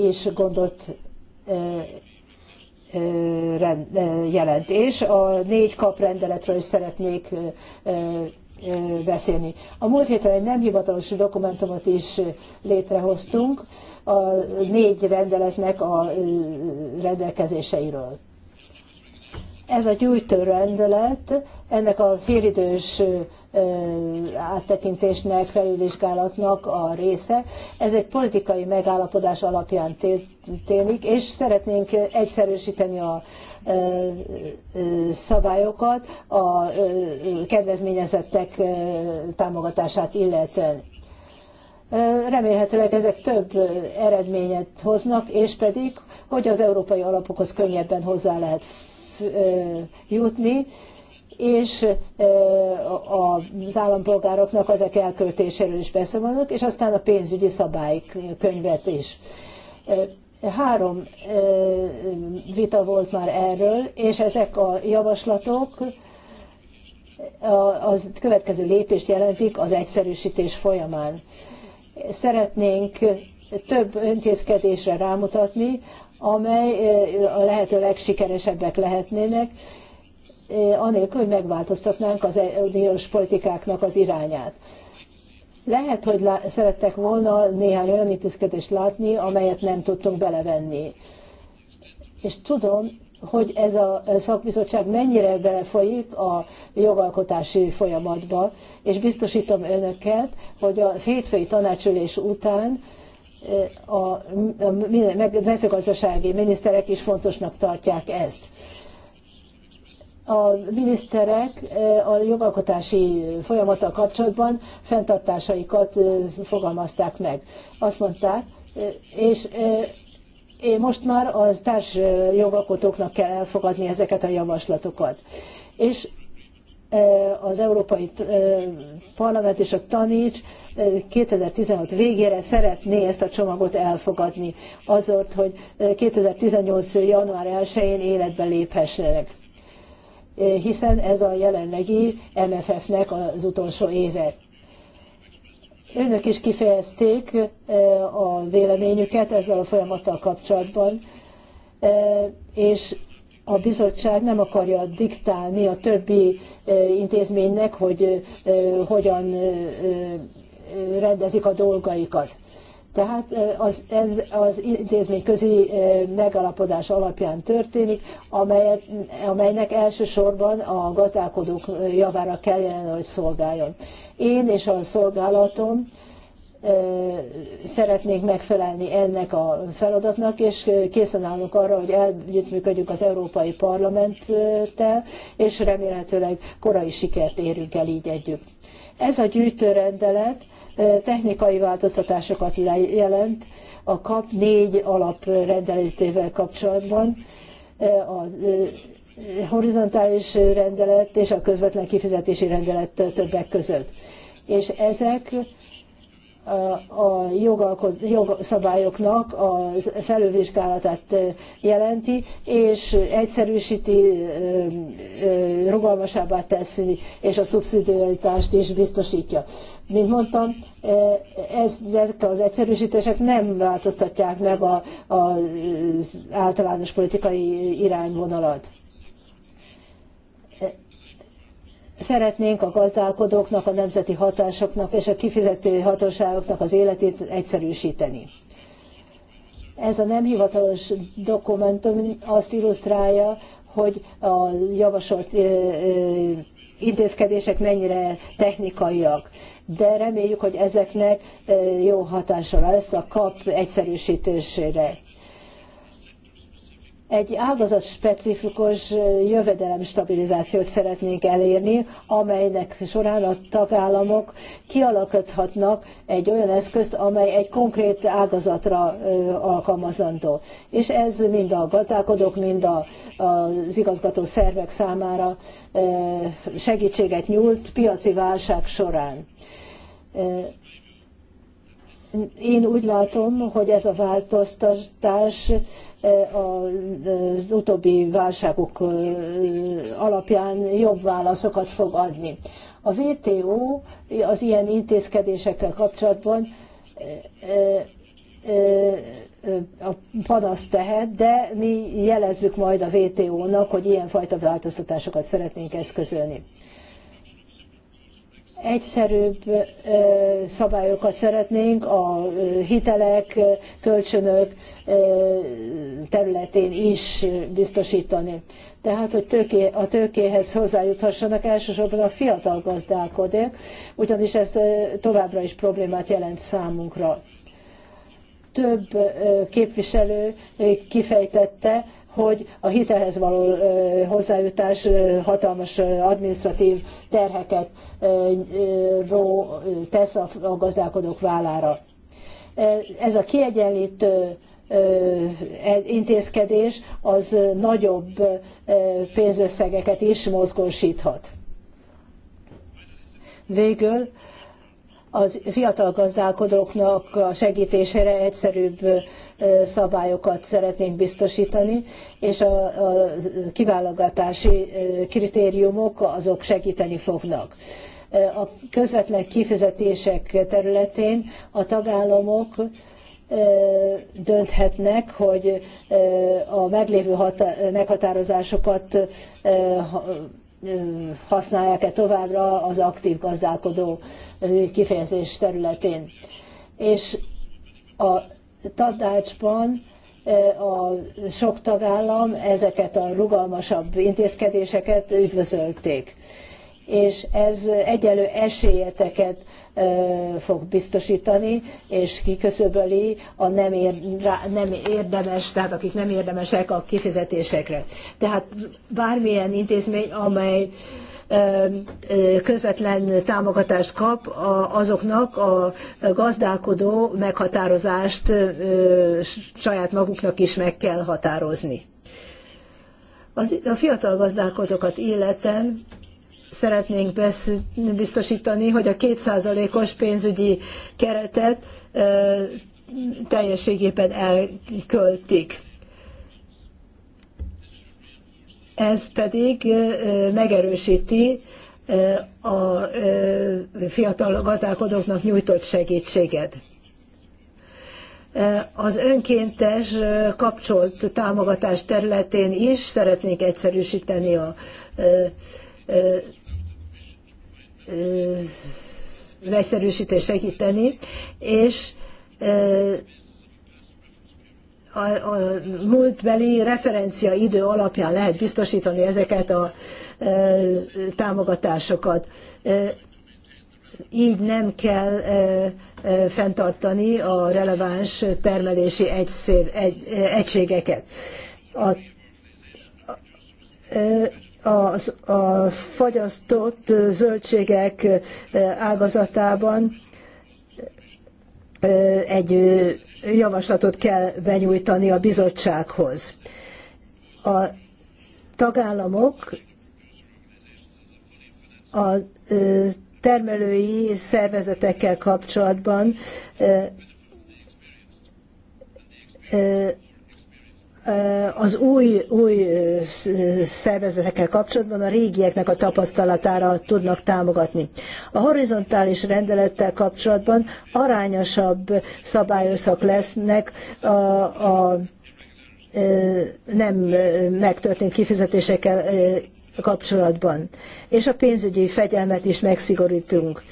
Speaker 5: is gondot jelent. És a négy kaprendeletről is szeretnék beszélni. A múlt héten egy nem hivatalos dokumentumot is létrehoztunk a négy rendeletnek a rendelkezéseiről. Ez a gyűjtő rendelet, ennek a félidős áttekintésnek, felülvizsgálatnak a része. Ez egy politikai megállapodás alapján ténik, és szeretnénk egyszerűsíteni a szabályokat a kedvezményezettek támogatását illetően. Remélhetőleg ezek több eredményet hoznak, és pedig, hogy az európai alapokhoz könnyebben hozzá lehet jutni, és az állampolgároknak ezek elköltéséről is beszélnek, és aztán a pénzügyi szabálykönyvet is. Három vita volt már erről, és ezek a javaslatok a következő lépést jelentik az egyszerűsítés folyamán. Szeretnénk több intézkedésre rámutatni, amely a lehető legsikeresebbek lehetnének, Eh, anélkül, hogy megváltoztatnánk az uniós politikáknak az irányát. Lehet, hogy szerettek volna néhány olyan intézkedést látni, amelyet nem tudtunk belevenni. És tudom, hogy ez a szakbizottság mennyire belefolyik a jogalkotási folyamatba, és biztosítom önöket, hogy a hétfői tanácsülés után eh, a mezőgazdasági miniszterek is fontosnak tartják ezt a miniszterek e, a jogalkotási folyamattal kapcsolatban fenntartásaikat e, fogalmazták meg. Azt mondták, e, és most már az társ jogalkotóknak kell elfogadni ezeket a javaslatokat. És az Európai Parlament és a Tanács 2016 végére szeretné ezt a csomagot elfogadni, azért, hogy 2018. január 1-én életbe léphessenek hiszen ez a jelenlegi MFF-nek az utolsó éve. Önök is kifejezték e, a véleményüket ezzel a folyamattal kapcsolatban, e, és a bizottság nem akarja diktálni a többi e, intézménynek, hogy hogyan rendezik a dolgaikat. Tehát az, ez az intézményközi megalapodás alapján történik, amelyet, amelynek elsősorban a gazdálkodók javára kellene, hogy szolgáljon. Én és a szolgálatom szeretnék megfelelni ennek a feladatnak, és készen állunk arra, hogy együttműködjünk az Európai Parlamenttel, és remélhetőleg korai sikert érünk el így együtt. Ez a gyűjtőrendelet technikai változtatásokat jelent a KAP négy alaprendeletével kapcsolatban. A horizontális rendelet és a közvetlen kifizetési rendelet többek között. És ezek a jogalkod jogszabályoknak a felülvizsgálatát jelenti, és egyszerűsíti, rugalmasabbá teszi, és a szubszidiaritást is biztosítja. Mint mondtam, e, ezek az egyszerűsítések nem változtatják meg az általános politikai irányvonalat szeretnénk a gazdálkodóknak, a nemzeti hatásoknak és a kifizető hatóságoknak az életét egyszerűsíteni. Ez a nem hivatalos dokumentum azt illusztrálja, hogy a javasolt e, e, intézkedések mennyire technikaiak, de reméljük, hogy ezeknek jó hatása lesz a kap egyszerűsítésére egy ágazatspecifikus jövedelem stabilizációt szeretnénk elérni, amelynek során a tagállamok kialakíthatnak egy olyan eszközt, amely egy konkrét ágazatra alkalmazandó. És ez mind a gazdálkodók, mind a, az igazgató szervek számára segítséget nyújt piaci válság során én úgy látom, hogy ez a változtatás az utóbbi válságok alapján jobb válaszokat fog adni. A WTO az ilyen intézkedésekkel kapcsolatban a panaszt tehet, de mi jelezzük majd a WTO-nak, hogy ilyenfajta változtatásokat szeretnénk eszközölni egyszerűbb szabályokat szeretnénk a hitelek, kölcsönök területén is biztosítani. Tehát, hogy tőké, a tőkéhez hozzájuthassanak elsősorban a fiatal gazdálkodók, ugyanis ez továbbra is problémát jelent számunkra. Több képviselő kifejtette, hogy a hitelhez való hozzájutás hatalmas administratív terheket ró tesz a gazdálkodók vállára. Ez a kiegyenlítő e, intézkedés az nagyobb pénzösszegeket is mozgósíthat. Végül az fiatal gazdálkodóknak a segítésére egyszerűbb szabályokat szeretnénk biztosítani, és a, a kiválogatási kritériumok azok segíteni fognak. A közvetlen kifizetések területén a tagállamok dönthetnek, hogy a meglévő meghatározásokat használják-e továbbra az aktív gazdálkodó kifejezés területén. És a tanácsban a sok tagállam ezeket a rugalmasabb intézkedéseket üdvözölték. És ez egyelő esélyeteket fog biztosítani, és kiközöböli a nem, ér, nem érdemes, tehát akik nem érdemesek a kifizetésekre. Tehát bármilyen intézmény, amely közvetlen támogatást kap, azoknak a gazdálkodó meghatározást saját maguknak is meg kell határozni. a fiatal gazdálkodókat illeten szeretnénk biztosítani, hogy a kétszázalékos pénzügyi keretet teljességében elköltik. Ez pedig megerősíti a fiatal gazdálkodóknak nyújtott segítséget az önkéntes kapcsolt támogatás területén is szeretnénk egyszerűsíteni a leegyszerűsítést segíteni, és a, a múltbeli referencia idő alapján lehet biztosítani ezeket a e, támogatásokat. E, így nem kell e, e, fenntartani a releváns termelési egyszer, egy, e, egységeket. A, a, e, az, a fagyasztott zöldségek ágazatában egy javaslatot kell benyújtani a bizottsághoz. A tagállamok a termelői szervezetekkel kapcsolatban az új, új szervezetekkel kapcsolatban a régieknek a tapasztalatára tudnak támogatni. A horizontális rendelettel kapcsolatban arányosabb szabályozók lesznek a, a nem megtörtént kifizetésekkel kapcsolatban. És a pénzügyi fegyelmet is megszigorítunk.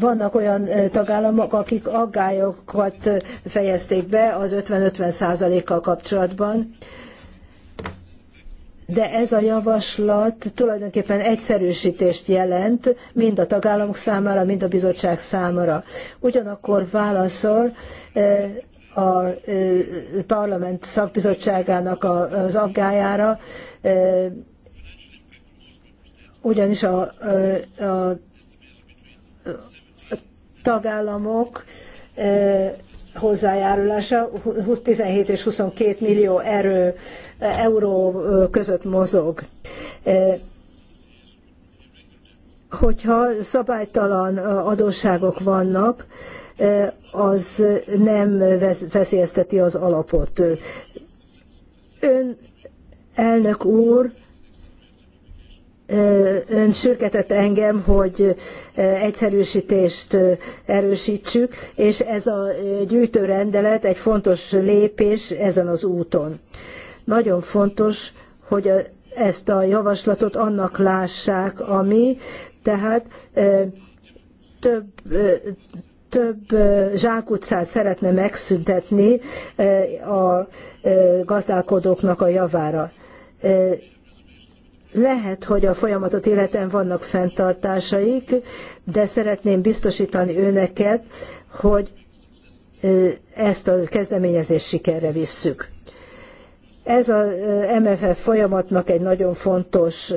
Speaker 5: Vannak olyan tagállamok, akik aggályokat fejezték be az 50-50 százalékkal -50 kapcsolatban, de ez a javaslat tulajdonképpen egyszerűsítést jelent mind a tagállamok számára, mind a bizottság számára. Ugyanakkor válaszol a parlament szakbizottságának az aggájára, ugyanis a, a tagállamok eh, hozzájárulása 17 és 22 millió erő, eh, euró eh, között mozog. Hogyha szabálytalan adósságok vannak, az nem veszélyezteti az alapot. Ön elnök úr ön sürgetett engem, hogy egyszerűsítést erősítsük, és ez a gyűjtőrendelet egy fontos lépés ezen az úton. Nagyon fontos, hogy ezt a javaslatot annak lássák, ami, tehát több, több zsákutcát szeretne megszüntetni a gazdálkodóknak a javára lehet, hogy a folyamatot életen vannak fenntartásaik, de szeretném biztosítani önöket, hogy ezt a kezdeményezést sikerre visszük. Ez a MFF folyamatnak egy nagyon fontos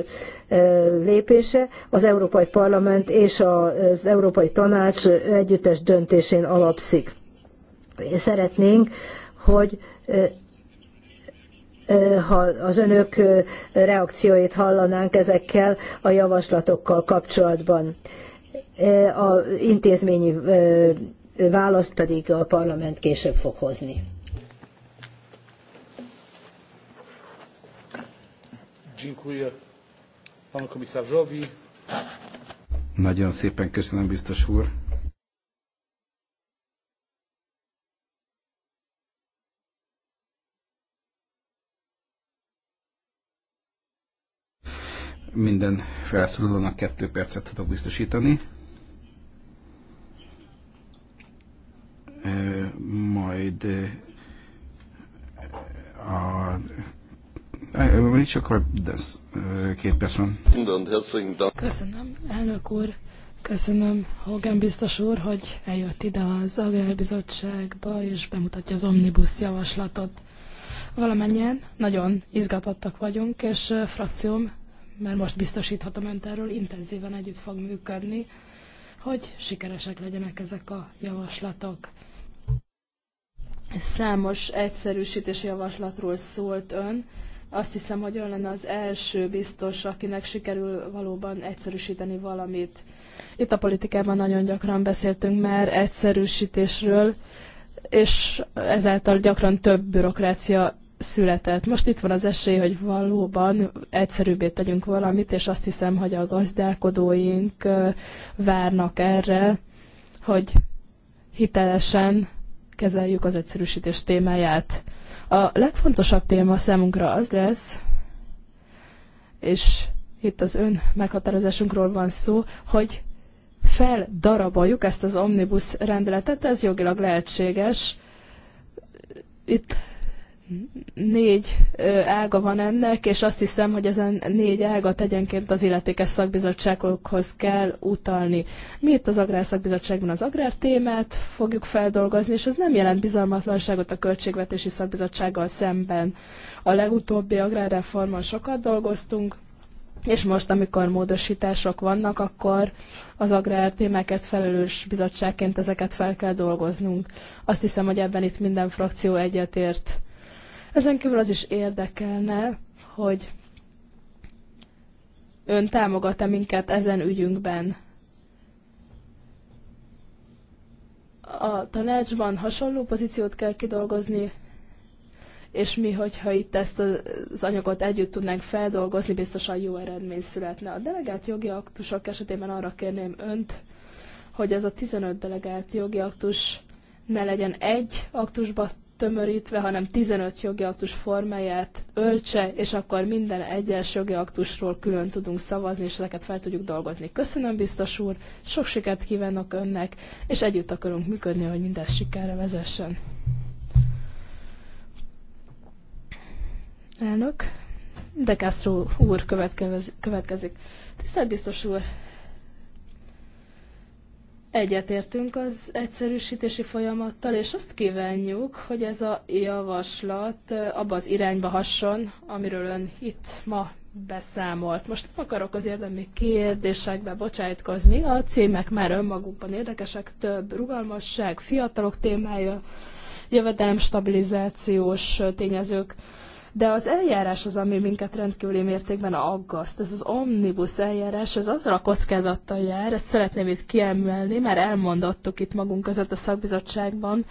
Speaker 5: lépése. Az Európai Parlament és az Európai Tanács együttes döntésén alapszik. Szeretnénk, hogy ha az önök reakcióit hallanánk ezekkel a javaslatokkal kapcsolatban. Az intézményi választ pedig a parlament később fog hozni.
Speaker 2: Nagyon szépen köszönöm, biztos úr. Minden felszólalónak kettő percet tudok biztosítani. Majd a és akkor lesz két perc van.
Speaker 4: Köszönöm, elnök úr. Köszönöm, Hogan biztos úr, hogy eljött ide az Agrárbizottságba, és bemutatja az Omnibus javaslatot. Valamennyien nagyon izgatottak vagyunk, és frakcióm mert most biztosíthatom önt erről, intenzíven együtt fog működni, hogy sikeresek legyenek ezek a javaslatok. Számos egyszerűsítési javaslatról szólt ön. Azt hiszem, hogy ön lenne az első biztos, akinek sikerül valóban egyszerűsíteni valamit. Itt a politikában nagyon gyakran beszéltünk már egyszerűsítésről, és ezáltal gyakran több bürokrácia született. Most itt van az esély, hogy valóban egyszerűbbé tegyünk valamit, és azt hiszem, hogy a gazdálkodóink várnak erre, hogy hitelesen kezeljük az egyszerűsítés témáját. A legfontosabb téma számunkra az lesz, és itt az ön meghatározásunkról van szó, hogy feldaraboljuk ezt az omnibus rendeletet, ez jogilag lehetséges. Itt négy ága van ennek, és azt hiszem, hogy ezen négy ágat egyenként az illetékes szakbizottságokhoz kell utalni. Mi itt az Agrárszakbizottságban az agrártémát fogjuk feldolgozni, és ez nem jelent bizalmatlanságot a Költségvetési Szakbizottsággal szemben. A legutóbbi agrárreformon sokat dolgoztunk, és most, amikor módosítások vannak, akkor az agrár témákat felelős bizottságként ezeket fel kell dolgoznunk. Azt hiszem, hogy ebben itt minden frakció egyetért ezen kívül az is érdekelne, hogy ön támogat-e minket ezen ügyünkben. A tanácsban hasonló pozíciót kell kidolgozni, és mi, hogyha itt ezt az anyagot együtt tudnánk feldolgozni, biztosan jó eredmény születne. A delegált jogi aktusok esetében arra kérném önt, hogy ez a 15 delegált jogi aktus ne legyen egy aktusba tömörítve, hanem 15 jogi aktus formáját öltse, és akkor minden egyes jogi aktusról külön tudunk szavazni, és ezeket fel tudjuk dolgozni. Köszönöm, biztos úr, sok sikert kívánok önnek, és együtt akarunk működni, hogy mindez sikerre vezessen. Elnök, De Castro úr következik. Tisztelt biztos úr, Egyetértünk az egyszerűsítési folyamattal, és azt kívánjuk, hogy ez a javaslat eh, abba az irányba hasson, amiről ön itt ma beszámolt. Most nem akarok az érdemi kérdésekbe bocsájtkozni, a címek már önmagukban érdekesek, több rugalmasság, fiatalok témája, jövedelem stabilizációs tényezők de az eljárás az, ami minket rendkívüli mértékben aggaszt. Ez az omnibus eljárás, ez azzal a kockázattal jár, ezt szeretném itt kiemelni, mert elmondottuk itt magunk között a szakbizottságban,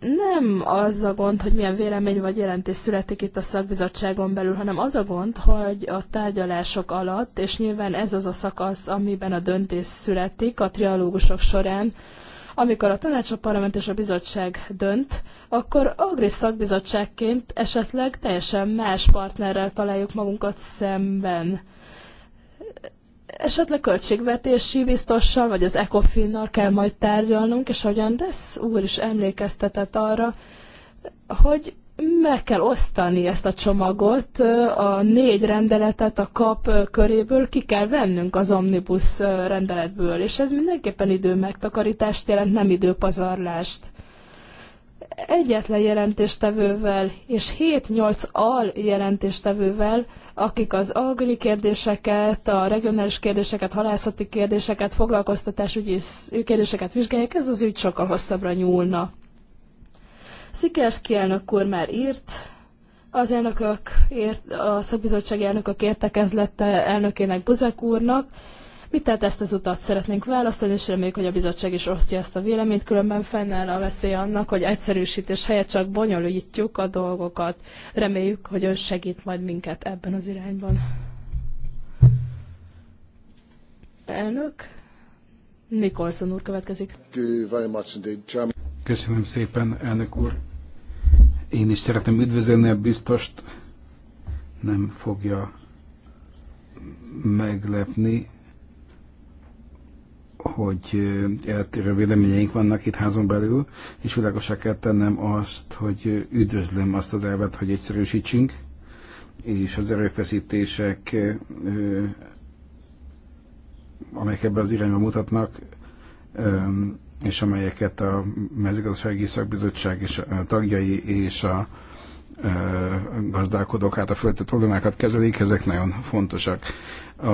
Speaker 4: nem az a gond, hogy milyen vélemény vagy jelentés születik itt a szakbizottságon belül, hanem az a gond, hogy a tárgyalások alatt, és nyilván ez az a szakasz, amiben a döntés születik a trialógusok során, amikor a tanács, a parlament és a bizottság dönt, akkor Agri szakbizottságként esetleg teljesen más partnerrel találjuk magunkat szemben. Esetleg költségvetési biztossal, vagy az ECOFIN-nal kell majd tárgyalnunk, és ahogyan Dess úr is emlékeztetett arra, hogy meg kell osztani ezt a csomagot, a négy rendeletet a kap köréből ki kell vennünk az omnibus rendeletből, és ez mindenképpen idő megtakarítást jelent, nem időpazarlást. Egyetlen jelentéstevővel és 7-8 al jelentéstevővel, akik az agri kérdéseket, a regionális kérdéseket, halászati kérdéseket, foglalkoztatásügyi kérdéseket vizsgálják, ez az ügy sokkal hosszabbra nyúlna. Szikerszki elnök úr már írt, az elnökök, ért, a szakbizottság elnökök értekezlette elnökének Buzek úrnak, Mit tehát ezt az utat szeretnénk választani, és reméljük, hogy a bizottság is osztja ezt a véleményt, különben fennáll a veszély annak, hogy egyszerűsítés helyett csak bonyolítjuk a dolgokat. Reméljük, hogy ön segít majd minket ebben az irányban. Elnök, Nikolson úr következik.
Speaker 2: Köszönöm szépen, elnök úr. Én is szeretem üdvözölni a biztost. Nem fogja meglepni, hogy eh, eltérő véleményeink vannak itt házon belül, és világosá kell tennem azt, hogy üdvözlöm azt az elvet, hogy egyszerűsítsünk, és az erőfeszítések, eh, amelyek ebben az irányba mutatnak, eh, és amelyeket a mezőgazdasági szakbizottság és a tagjai és a gazdálkodók által föltett problémákat kezelik, ezek nagyon fontosak. A,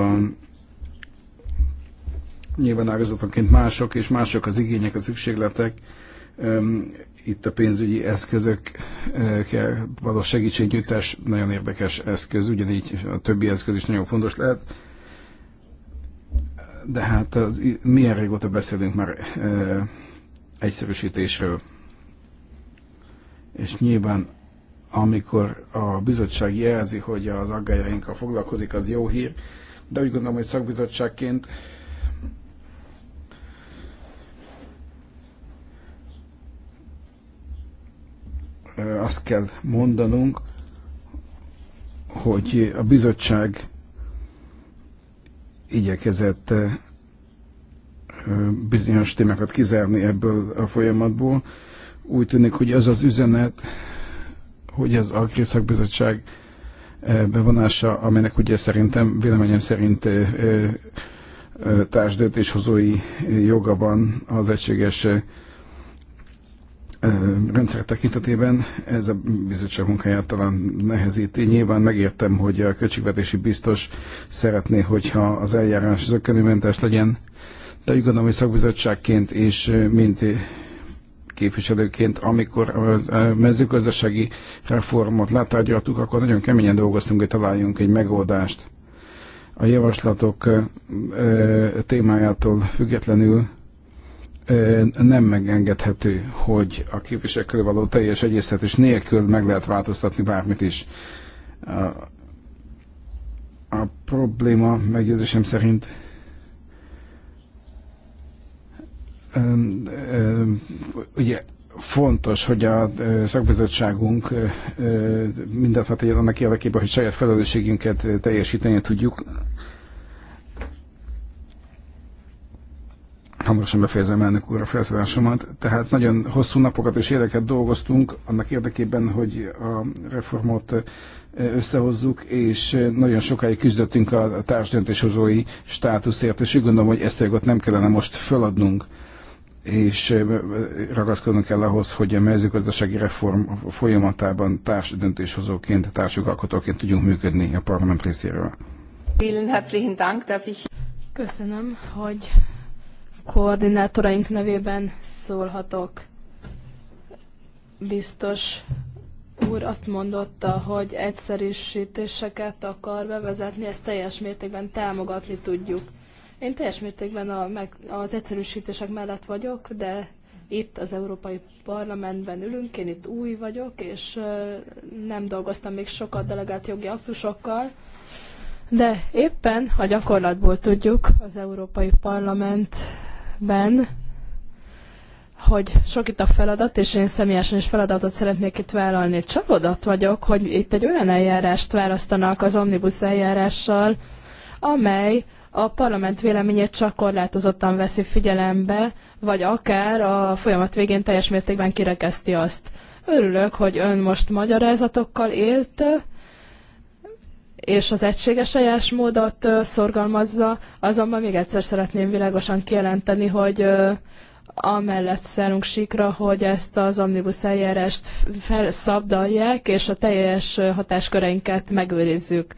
Speaker 2: nyilván ágazatonként mások, és mások az igények, a szükségletek. Itt a pénzügyi eszközök való segítségnyújtás nagyon érdekes eszköz, ugyanígy a többi eszköz is nagyon fontos lehet de hát az, milyen régóta beszélünk már e, egyszerűsítésről. És nyilván, amikor a bizottság jelzi, hogy az aggájainkkal foglalkozik, az jó hír, de úgy gondolom, hogy szakbizottságként azt kell mondanunk, hogy a bizottság igyekezett bizonyos témákat kizárni ebből a folyamatból. Úgy tűnik, hogy az az üzenet, hogy az Alkrészak Bizottság bevonása, amelynek ugye szerintem, véleményem szerint hozói joga van az egységes rendszer tekintetében ez a bizottság munkáját talán nehezíti. Nyilván megértem, hogy a költségvetési biztos szeretné, hogyha az eljárás zökkenőmentes legyen, de úgy gondolom, hogy szakbizottságként és mint képviselőként, amikor a mezőgazdasági reformot letárgyaltuk, akkor nagyon keményen dolgoztunk, hogy találjunk egy megoldást. A javaslatok témájától függetlenül nem megengedhető, hogy a képviselőkkel való teljes egyeztetés nélkül meg lehet változtatni bármit is. A, a probléma meggyőzésem szerint ugye fontos, hogy a szakbizottságunk mindent megtegyen annak érdekében, hogy saját felelősségünket teljesíteni tudjuk. hamarosan befejezem elnök úr a felszólásomat. Tehát nagyon hosszú napokat és éveket dolgoztunk annak érdekében, hogy a reformot összehozzuk, és nagyon sokáig küzdöttünk a társadalmi státuszért, és úgy gondolom, hogy ezt a jogot nem kellene most feladnunk és ragaszkodnunk kell ahhoz, hogy a mezőgazdasági reform folyamatában társ döntéshozóként, társjogalkotóként tudjunk működni a parlament részéről.
Speaker 4: Köszönöm, hogy koordinátoraink nevében szólhatok. Biztos úr azt mondotta, hogy egyszerűsítéseket akar bevezetni, ezt teljes mértékben támogatni tudjuk. Én teljes mértékben a, meg, az egyszerűsítések mellett vagyok, de itt az Európai Parlamentben ülünk, én itt új vagyok, és nem dolgoztam még sokat delegált jogi aktusokkal, de éppen a gyakorlatból tudjuk, az Európai Parlament ben, hogy sok itt a feladat, és én személyesen is feladatot szeretnék itt vállalni. Csalódott vagyok, hogy itt egy olyan eljárást választanak az omnibus eljárással, amely a parlament véleményét csak korlátozottan veszi figyelembe, vagy akár a folyamat végén teljes mértékben kirekeszti azt. Örülök, hogy ön most magyarázatokkal élt, és az egységes eljásmódot szorgalmazza, azonban még egyszer szeretném világosan kijelenteni, hogy amellett szállunk sikra, hogy ezt az omnibus eljárást felszabdalják, és a teljes hatásköreinket megőrizzük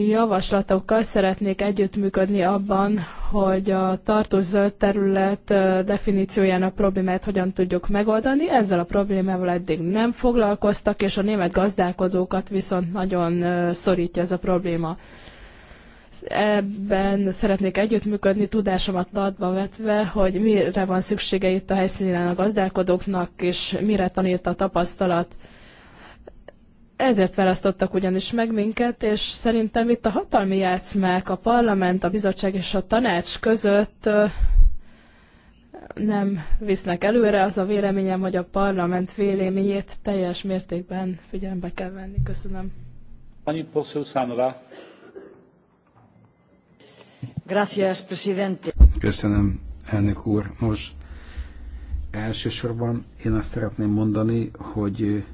Speaker 4: javaslatokkal szeretnék együttműködni abban, hogy a tartós zöld terület definíciójának problémáját hogyan tudjuk megoldani. Ezzel a problémával eddig nem foglalkoztak, és a német gazdálkodókat viszont nagyon szorítja ez a probléma. Ebben szeretnék együttműködni, tudásomat latba vetve, hogy mire van szüksége itt a helyszínen a gazdálkodóknak, és mire tanít a tapasztalat ezért választottak ugyanis meg minket, és szerintem itt a hatalmi játszmák, a parlament, a bizottság és a tanács között nem visznek előre. Az a véleményem, hogy a parlament véleményét teljes mértékben figyelembe kell venni. Köszönöm.
Speaker 2: Pani
Speaker 1: poseł Sanova.
Speaker 4: Gracias, presidente.
Speaker 2: Köszönöm, elnök úr. Most elsősorban én azt szeretném mondani, hogy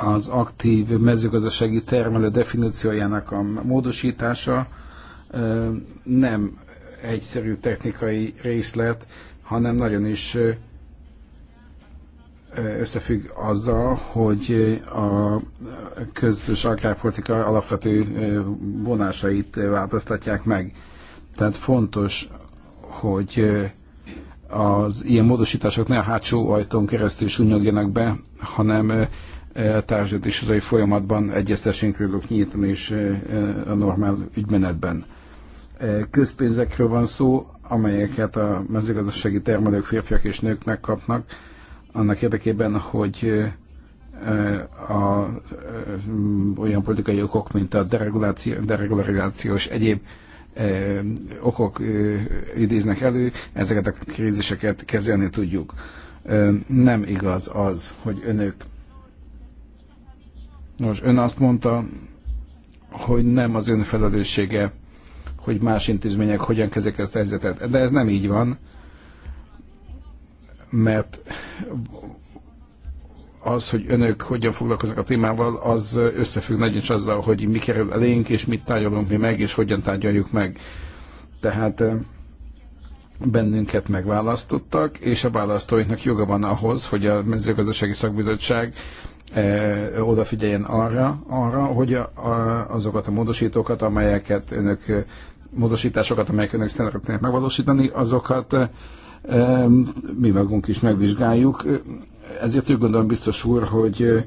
Speaker 2: az aktív mezőgazdasági termelő definíciójának a módosítása nem egyszerű technikai részlet, hanem nagyon is összefügg azzal, hogy a közös agrárpolitika alapvető vonásait változtatják meg. Tehát fontos, hogy az ilyen módosítások ne a hátsó ajtón keresztül sunyogjanak be, hanem E, társadalmi folyamatban egyeztessünk róluk nyíltan és e, e, a normál ügymenetben. Közpénzekről van szó, amelyeket a mezőgazdasági termelők férfiak és nők megkapnak, annak érdekében, hogy a, a, olyan politikai okok, mint a dereguláció, deregulációs egyéb okok idéznek elő, ezeket a kríziseket kezelni tudjuk. nem igaz az, hogy önök Nos, ön azt mondta, hogy nem az ön felelőssége, hogy más intézmények hogyan kezelik ezt a helyzetet. De ez nem így van, mert az, hogy önök hogyan foglalkoznak a témával, az összefügg nagyon is azzal, hogy mi kerül elénk, és mit tárgyalunk mi meg, és hogyan tárgyaljuk meg. Tehát bennünket megválasztottak, és a választóinknak joga van ahhoz, hogy a mezőgazdasági szakbizottság odafigyeljen arra, arra hogy a, a, azokat a módosítókat, amelyeket önök, módosításokat, amelyek önök szeretnének megvalósítani, azokat e, mi magunk is megvizsgáljuk. Ezért úgy gondolom biztos úr, hogy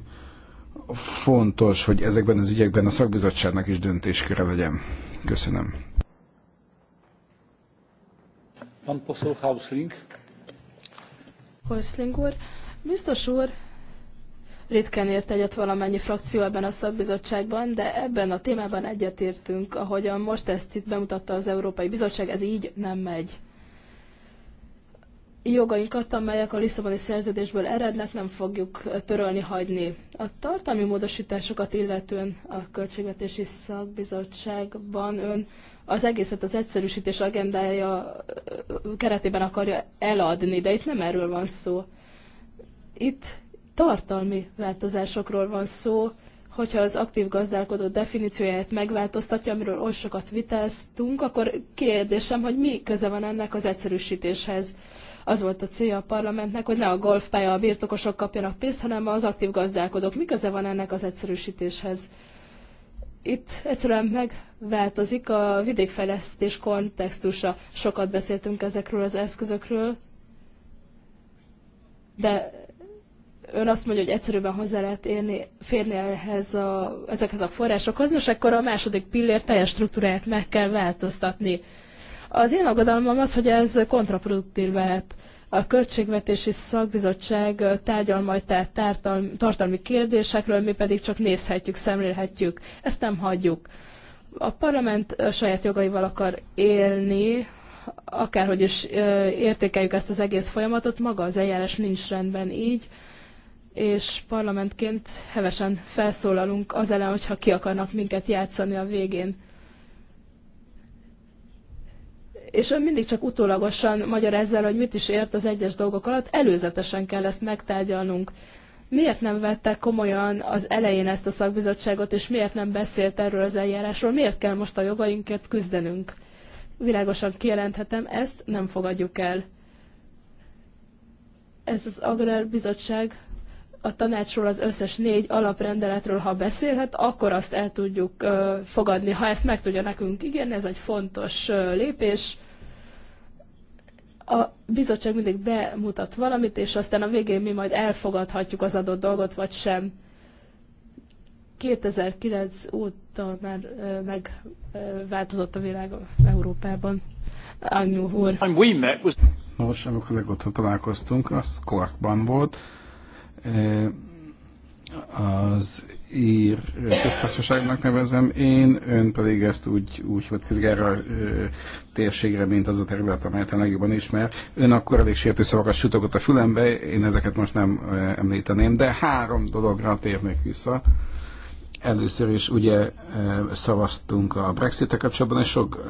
Speaker 2: fontos, hogy ezekben az ügyekben a szakbizottságnak is döntésköre legyen. Köszönöm.
Speaker 1: Van poszol Hausling.
Speaker 4: Hausling úr, biztos úr, ritkán ért egyet valamennyi frakció ebben a szakbizottságban, de ebben a témában egyetértünk, ahogyan most ezt itt bemutatta az Európai Bizottság, ez így nem megy. Jogainkat, amelyek a Lisszaboni szerződésből erednek, nem fogjuk törölni hagyni. A tartalmi módosításokat illetően a Költségvetési Szakbizottságban ön az egészet az egyszerűsítés agendája keretében akarja eladni, de itt nem erről van szó. Itt tartalmi változásokról van szó, hogyha az aktív gazdálkodó definícióját megváltoztatja, amiről oly sokat vitáztunk, akkor kérdésem, hogy mi köze van ennek az egyszerűsítéshez. Az volt a célja a parlamentnek, hogy ne a golfpálya a birtokosok kapjanak pénzt, hanem az aktív gazdálkodók. Mi köze van ennek az egyszerűsítéshez? Itt egyszerűen megváltozik a vidékfejlesztés kontextusa. Sokat beszéltünk ezekről az eszközökről, de ön azt mondja, hogy egyszerűbben hozzá lehet érni, férni ehhez a, ezekhez a forrásokhoz, nos, akkor a második pillér teljes struktúráját meg kell változtatni. Az én aggodalmam az, hogy ez kontraproduktív lehet. A Költségvetési Szakbizottság tárgyal majd tehát tartalmi kérdésekről, mi pedig csak nézhetjük, szemlélhetjük. Ezt nem hagyjuk. A parlament saját jogaival akar élni, akárhogy is értékeljük ezt az egész folyamatot, maga az eljárás nincs rendben így és parlamentként hevesen felszólalunk az ellen, hogyha ki akarnak minket játszani a végén. És ön mindig csak utólagosan magyar ezzel, hogy mit is ért az egyes dolgok alatt, előzetesen kell ezt megtárgyalnunk. Miért nem vette komolyan az elején ezt a szakbizottságot, és miért nem beszélt erről az eljárásról? Miért kell most a jogainkért küzdenünk? Világosan kijelenthetem, ezt nem fogadjuk el. Ez az Agrárbizottság a tanácsról, az összes négy alaprendeletről, ha beszélhet, akkor azt el tudjuk fogadni, ha ezt meg tudja nekünk ígérni, ez egy fontos lépés. A bizottság mindig bemutat valamit, és aztán a végén mi majd elfogadhatjuk az adott dolgot, vagy sem. 2009 óta már megváltozott a világ Európában. Agnyú úr.
Speaker 2: Nos, amikor legutóbb találkoztunk, az Clarkban volt, az ír köztársaságnak nevezem én, ön pedig ezt úgy, úgy hivatkozik erre a térségre, mint az a terület, amelyet a legjobban ismer. Ön akkor elég sértő szavakat sütogott a fülembe, én ezeket most nem említeném, de három dologra térnék vissza. Először is ugye szavaztunk a Brexit-e kapcsolatban, és sok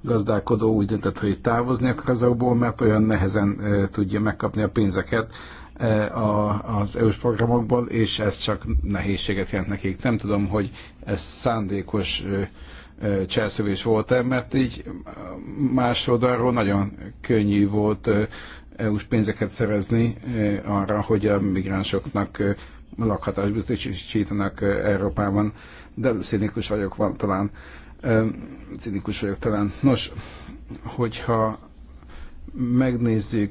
Speaker 2: gazdálkodó úgy döntött, hogy távozni akar az ból mert olyan nehezen tudja megkapni a pénzeket, E, az EU-s programokból, és ez csak nehézséget jelent nekik. Nem tudom, hogy ez szándékos e, e, cselszövés volt-e, mert így más oldalról nagyon könnyű volt EU-s pénzeket szerezni arra, hogy a migránsoknak lakhatást biztosítanak Európában, de színikus vagyok van, talán. Színikus vagyok talán. Nos, hogyha megnézzük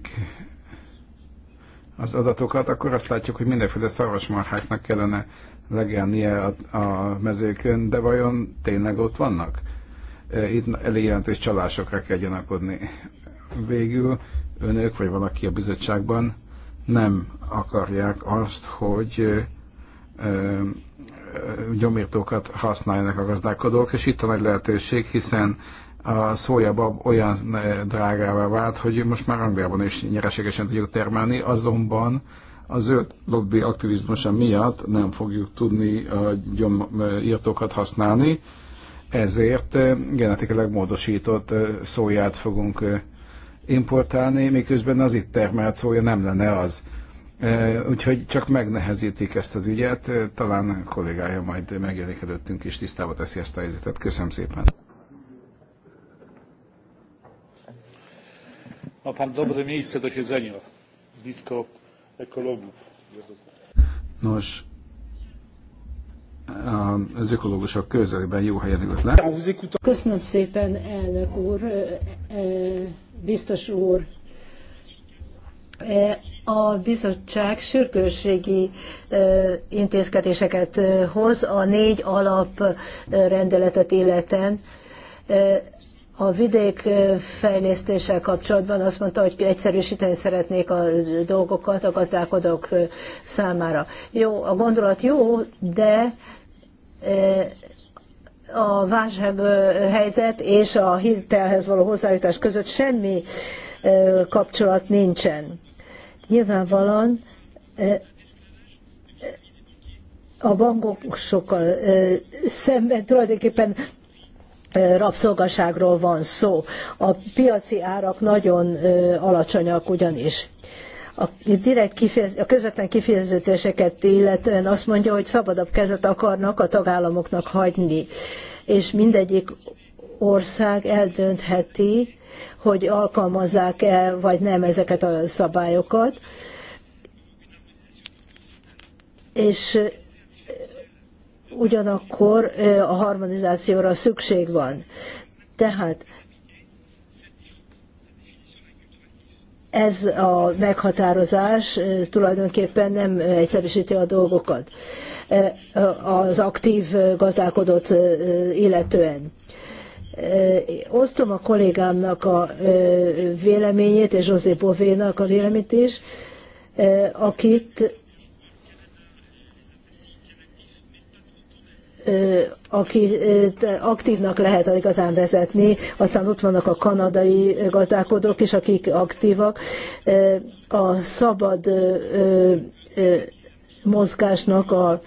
Speaker 2: az adatokat, akkor azt látjuk, hogy mindenféle szarvasmarháknak kellene legelnie a, a mezőkön, de vajon tényleg ott vannak? E, itt elég jelentős csalásokra kell gyanakodni. Végül önök, vagy valaki a bizottságban nem akarják azt, hogy e, e, gyomírtókat használjanak a gazdálkodók, és itt a nagy lehetőség, hiszen a szójabab olyan eh, drágává vált, hogy most már Angliában is nyereségesen tudjuk termelni, azonban a zöld lobby aktivizmusa miatt nem fogjuk tudni a gyomírtókat eh, használni, ezért eh, genetikailag módosított szóját fogunk importálni, miközben az itt termelt szója nem lenne az. Úgyhogy csak megnehezítik ezt az ügyet, talán kollégája majd megjelenik előttünk és tisztába teszi ezt a helyzetet. Köszönöm szépen!
Speaker 1: Ma pan dobre miejsce do siedzenia, blisko ekologów.
Speaker 2: Nos, az ökológusok közelében jó helyen ült le.
Speaker 5: Köszönöm szépen, elnök úr, biztos úr. E, a bizottság sürgősségi intézkedéseket hoz a négy alap rendeletet illeten e, a vidék fejlesztéssel kapcsolatban azt mondta, hogy egyszerűsíteni szeretnék a dolgokat a gazdálkodók számára. Jó, a gondolat jó, de a helyzet és a hitelhez való hozzájutás között semmi kapcsolat nincsen. Nyilvánvalóan a bankok sokkal szemben tulajdonképpen rabszolgaságról van szó. A piaci árak nagyon alacsonyak ugyanis a, direkt kifejez, a közvetlen kifejezéseket illetően azt mondja, hogy szabadabb kezet akarnak a tagállamoknak hagyni, és mindegyik ország eldöntheti, hogy alkalmazzák-e vagy nem ezeket a szabályokat. És ugyanakkor a harmonizációra szükség van. Tehát ez a meghatározás tulajdonképpen nem egyszerűsíti a dolgokat az aktív gazdálkodót illetően. Osztom a kollégámnak a véleményét, és José Bovénak a véleményét is, akit aki aktívnak lehet igazán vezetni, aztán ott vannak a kanadai gazdálkodók is, akik aktívak. A szabad mozgásnak a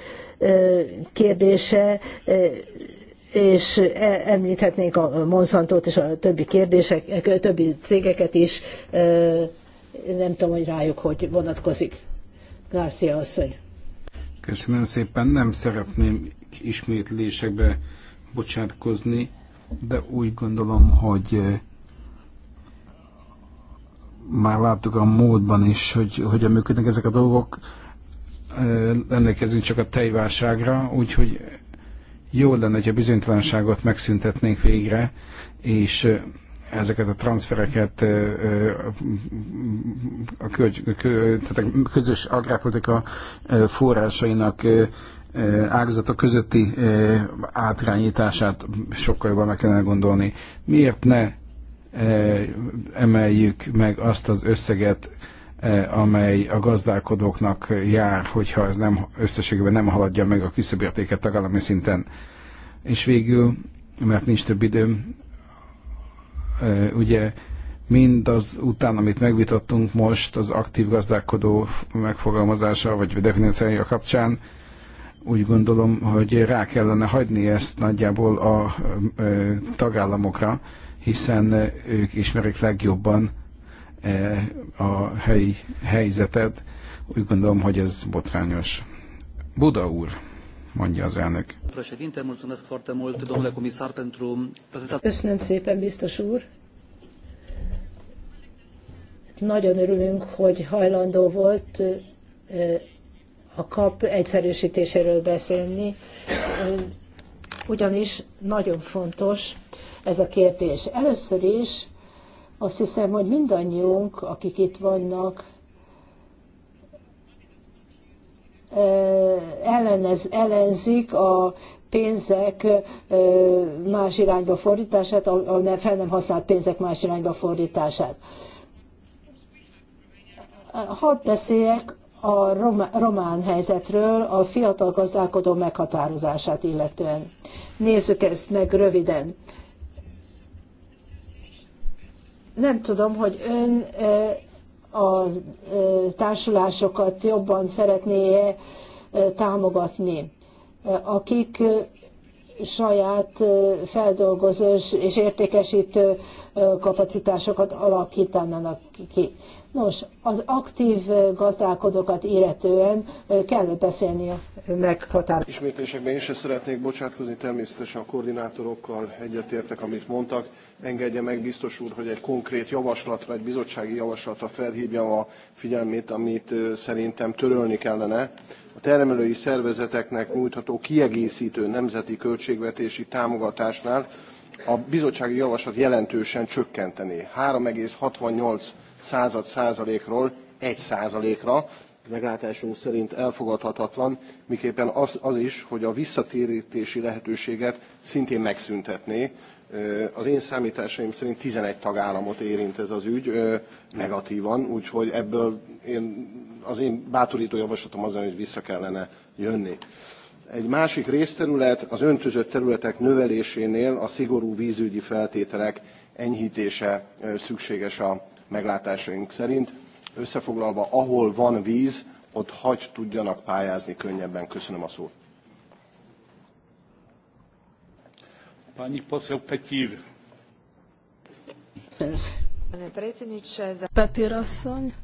Speaker 5: kérdése, és e, említhetnénk a monsanto és a többi kérdések, többi cégeket is, nem tudom, hogy rájuk hogy vonatkozik. Garcia asszony.
Speaker 2: Köszönöm szépen. Nem szeretném ismétlésekbe bocsátkozni, de úgy gondolom, hogy eh, már láttuk a módban is, hogy hogyan működnek ezek a dolgok. emlékezünk eh, csak a tejválságra, úgyhogy jó lenne, hogy a bizonytalanságot megszüntetnénk végre, és eh, ezeket a transfereket a, köz, tehát a közös agrárpolitika forrásainak ágazatok közötti átrányítását sokkal jobban meg kellene gondolni. Miért ne emeljük meg azt az összeget, amely a gazdálkodóknak jár, hogyha ez nem összességében nem haladja meg a küszöbértéket tagállami szinten. És végül, mert nincs több időm, ugye mind az után, amit megvitattunk most az aktív gazdálkodó megfogalmazása vagy definíciója kapcsán, úgy gondolom, hogy rá kellene hagyni ezt nagyjából a tagállamokra, hiszen ők ismerik legjobban a helyi helyzetet. Úgy gondolom, hogy ez botrányos. Buda úr, mondja az elnök.
Speaker 1: Köszönöm
Speaker 5: szépen, biztos úr. Nagyon örülünk, hogy hajlandó volt a kap egyszerűsítéséről beszélni, ugyanis nagyon fontos ez a kérdés. Először is azt hiszem, hogy mindannyiunk, akik itt vannak, eh, ellenez, ellenzik a pénzek eh, más irányba fordítását, a fel nem használt pénzek más irányba fordítását. Hadd beszéljek a román helyzetről a fiatal gazdálkodó meghatározását illetően. Nézzük ezt meg röviden. Nem tudom, hogy ön e, a e, társulásokat jobban szeretné -e támogatni, akik saját e, feldolgozós és értékesítő kapacitásokat alakítanának ki. Nos, az aktív gazdálkodókat éretően kell beszélni a meghatározó.
Speaker 3: Ismétlésekben is szeretnék bocsátkozni, természetesen a koordinátorokkal egyetértek, amit mondtak. Engedje meg, biztos úr, hogy egy konkrét javaslatra, egy bizottsági javaslatra felhívjam a figyelmét, amit szerintem törölni kellene. A termelői szervezeteknek nyújtható kiegészítő nemzeti költségvetési támogatásnál a bizottsági javaslat jelentősen csökkenteni. 3,68 század százalékról egy százalékra, meglátásunk szerint elfogadhatatlan, miképpen az, az is, hogy a visszatérítési lehetőséget szintén megszüntetné. Az én számításaim szerint 11 tagállamot érint ez az ügy negatívan, úgyhogy ebből én, az én bátorító javaslatom az, hogy vissza kellene jönni. Egy másik részterület az öntözött területek növelésénél a szigorú vízügyi feltételek enyhítése szükséges a meglátásaink szerint. Összefoglalva, ahol van víz, ott hagy tudjanak pályázni könnyebben. Köszönöm a szót. Pani poseł Petir.
Speaker 4: Petir asszony,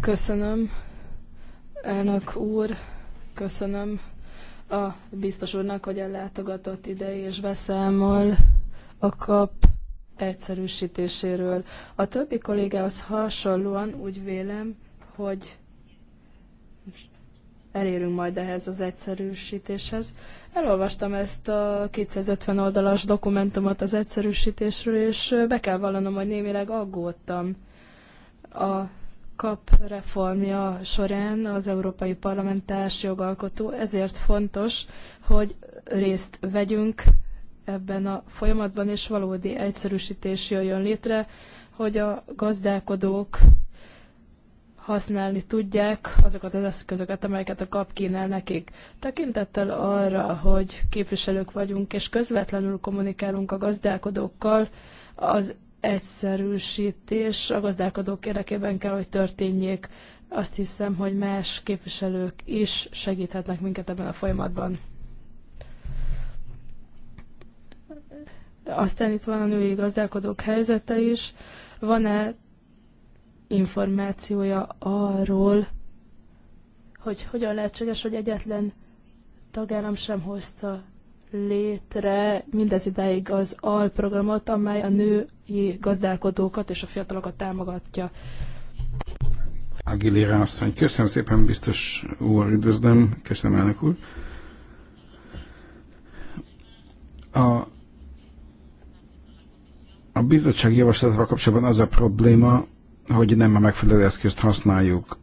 Speaker 4: köszönöm. Elnök úr, köszönöm a biztos úrnak, hogy ellátogatott ide és beszámol a kap egyszerűsítéséről. A többi kollégához hasonlóan úgy vélem, hogy elérünk majd ehhez az egyszerűsítéshez. Elolvastam ezt a 250 oldalas dokumentumot az egyszerűsítésről, és be kell vallanom, hogy némileg aggódtam. A kap reformja során az Európai Parlament társjogalkotó, ezért fontos, hogy részt vegyünk ebben a folyamatban, és valódi egyszerűsítés jöjjön létre, hogy a gazdálkodók használni tudják azokat az eszközöket, amelyeket a kap kínál nekik. Tekintettel arra, hogy képviselők vagyunk, és közvetlenül kommunikálunk a gazdálkodókkal, az egyszerűsítés a gazdálkodók érdekében kell, hogy történjék. Azt hiszem, hogy más képviselők is segíthetnek minket ebben a folyamatban. Aztán itt van a női gazdálkodók helyzete is. Van-e információja arról, hogy hogyan lehetséges, hogy egyetlen tagállam sem hozta létre mindez ideig az alprogramot, amely a női gazdálkodókat és a fiatalokat támogatja.
Speaker 2: Agilira asszony, köszönöm szépen, biztos úr, üdvözlöm, köszönöm elnök úr. A a bizottság javaslatával kapcsolatban az a probléma, hogy nem a megfelelő eszközt használjuk.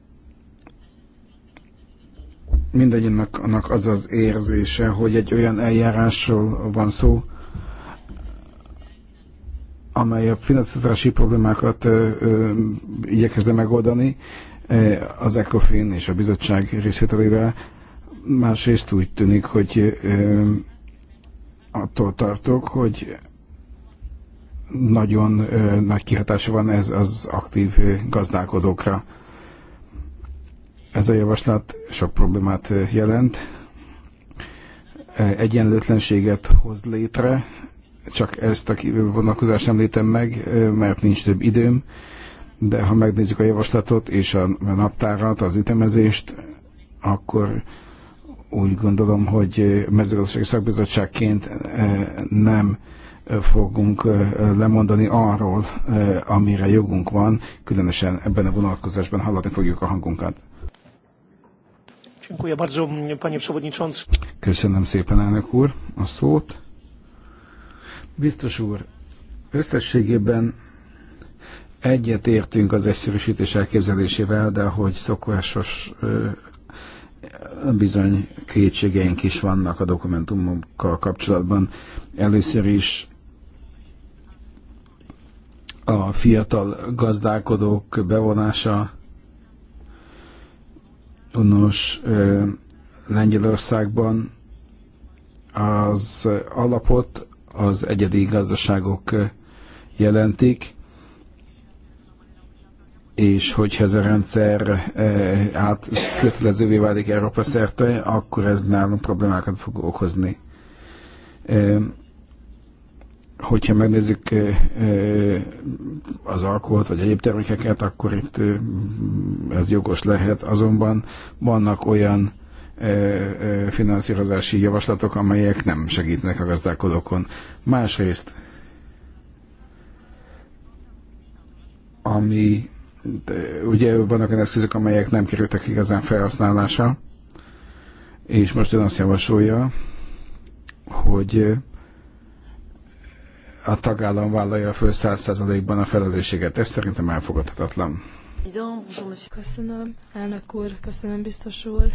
Speaker 2: Mindegyinek annak az az érzése, hogy egy olyan eljárásról van szó, amely a finanszírozási problémákat ö, ö, megoldani az ECOFIN és a bizottság részvételével. Másrészt úgy tűnik, hogy ö, attól tartok, hogy nagyon ö, nagy kihatása van ez az aktív gazdálkodókra. Ez a javaslat sok problémát jelent, egyenlőtlenséget hoz létre, csak ezt a vonatkozást nem létem meg, mert nincs több időm, de ha megnézzük a javaslatot és a naptárat, az ütemezést, akkor úgy gondolom, hogy mezőgazdasági szakbizottságként nem fogunk lemondani arról, amire jogunk van, különösen ebben a vonatkozásban hallatni fogjuk a hangunkat. Köszönöm szépen, elnök úr, a szót. Biztos úr, összességében egyet értünk az egyszerűsítés elképzelésével, de ahogy szokásos bizony kétségeink is vannak a dokumentumokkal kapcsolatban. Először is a fiatal gazdálkodók bevonása. Nos, Lengyelországban az alapot az egyedi gazdaságok jelentik, és hogyha ez a rendszer át kötelezővé válik Európa szerte, akkor ez nálunk problémákat fog okozni hogyha megnézzük az alkoholt vagy egyéb termékeket, akkor itt ez jogos lehet, azonban vannak olyan finanszírozási javaslatok, amelyek nem segítnek a gazdálkodókon. Másrészt, ami ugye vannak olyan eszközök, amelyek nem kerültek igazán felhasználásra, és most ön azt javasolja, hogy a tagállam vállalja föl száz százalékban a felelősséget. Ez szerintem elfogadhatatlan.
Speaker 4: Köszönöm, elnök úr, köszönöm, biztos úr.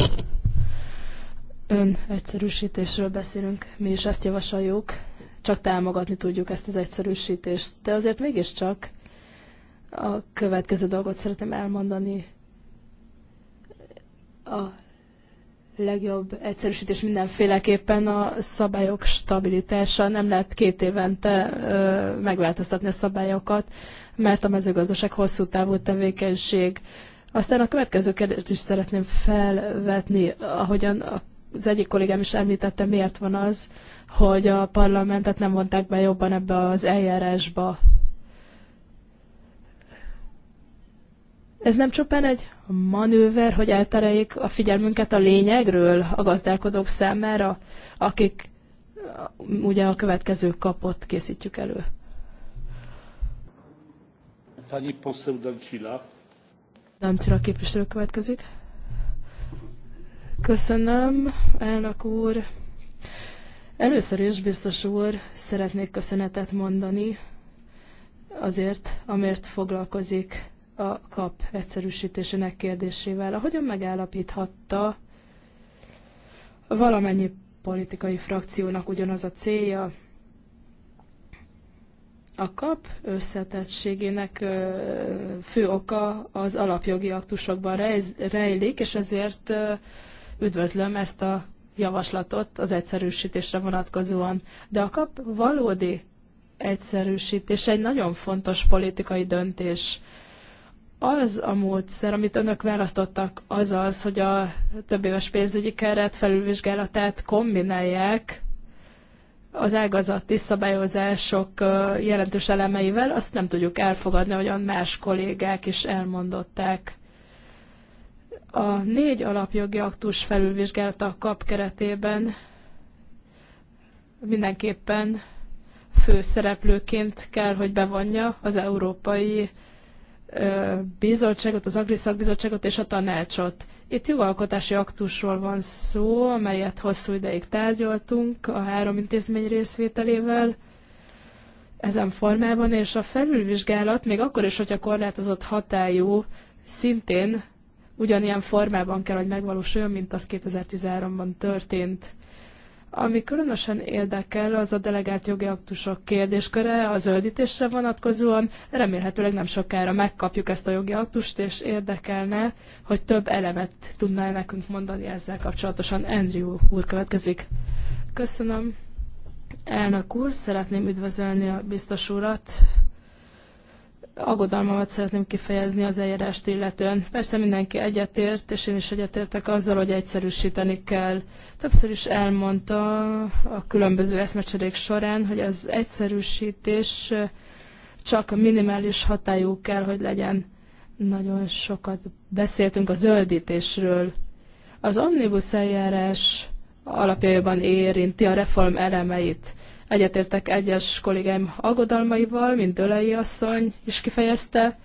Speaker 4: Ön egyszerűsítésről beszélünk, mi is ezt javasoljuk, csak támogatni tudjuk ezt az egyszerűsítést. De azért mégiscsak a következő dolgot szeretném elmondani. A legjobb egyszerűsítés mindenféleképpen a szabályok stabilitása. Nem lehet két évente ö, megváltoztatni a szabályokat, mert a mezőgazdaság hosszú távú tevékenység. Aztán a következő kérdést is szeretném felvetni, ahogyan az egyik kollégám is említette, miért van az, hogy a parlamentet nem vonták be jobban ebbe az eljárásba, Ez nem csupán egy manőver, hogy eltereljék a figyelmünket a lényegről a gazdálkodók számára, akik uh, ugye a következő kapot készítjük elő.
Speaker 1: Pani poseł Dancila.
Speaker 4: Dancila képviselő következik. Köszönöm, elnök úr. Először is, biztos úr, szeretnék köszönetet mondani azért, amért foglalkozik a kap egyszerűsítésének kérdésével. Ahogyan megállapíthatta, valamennyi politikai frakciónak ugyanaz a célja, a kap összetettségének fő oka az alapjogi aktusokban rejlik, és ezért üdvözlöm ezt a javaslatot az egyszerűsítésre vonatkozóan. De a kap valódi egyszerűsítés egy nagyon fontos politikai döntés az a módszer, amit önök választottak, az az, hogy a több éves pénzügyi keret felülvizsgálatát kombinálják az ágazati szabályozások jelentős elemeivel, azt nem tudjuk elfogadni, ahogyan más kollégák is elmondották. A négy alapjogi aktus felülvizsgálata a kap keretében mindenképpen fő szereplőként kell, hogy bevonja az európai bizottságot, az Agri szakbizottságot és a tanácsot. Itt jogalkotási aktusról van szó, amelyet hosszú ideig tárgyaltunk a három intézmény részvételével ezen formában, és a felülvizsgálat még akkor is, hogyha korlátozott hatályú, szintén ugyanilyen formában kell, hogy megvalósuljon, mint az 2013-ban történt. Ami különösen érdekel, az a delegált jogi aktusok kérdésköre a zöldítésre vonatkozóan. Remélhetőleg nem sokára megkapjuk ezt a jogi aktust, és érdekelne, hogy több elemet tudná nekünk mondani ezzel kapcsolatosan. Andrew úr következik. Köszönöm. Elnök úr, szeretném üdvözölni a biztos urat aggodalmamat szeretném kifejezni az eljárást illetően. Persze mindenki egyetért, és én is egyetértek azzal, hogy egyszerűsíteni kell. Többször is elmondta a különböző eszmecserék során, hogy az egyszerűsítés csak a minimális hatályú kell, hogy legyen. Nagyon sokat beszéltünk a zöldítésről. Az omnibus eljárás alapjában érinti a reform elemeit. Egyetértek egyes kollégáim aggodalmaival, mint Dölei asszony is kifejezte.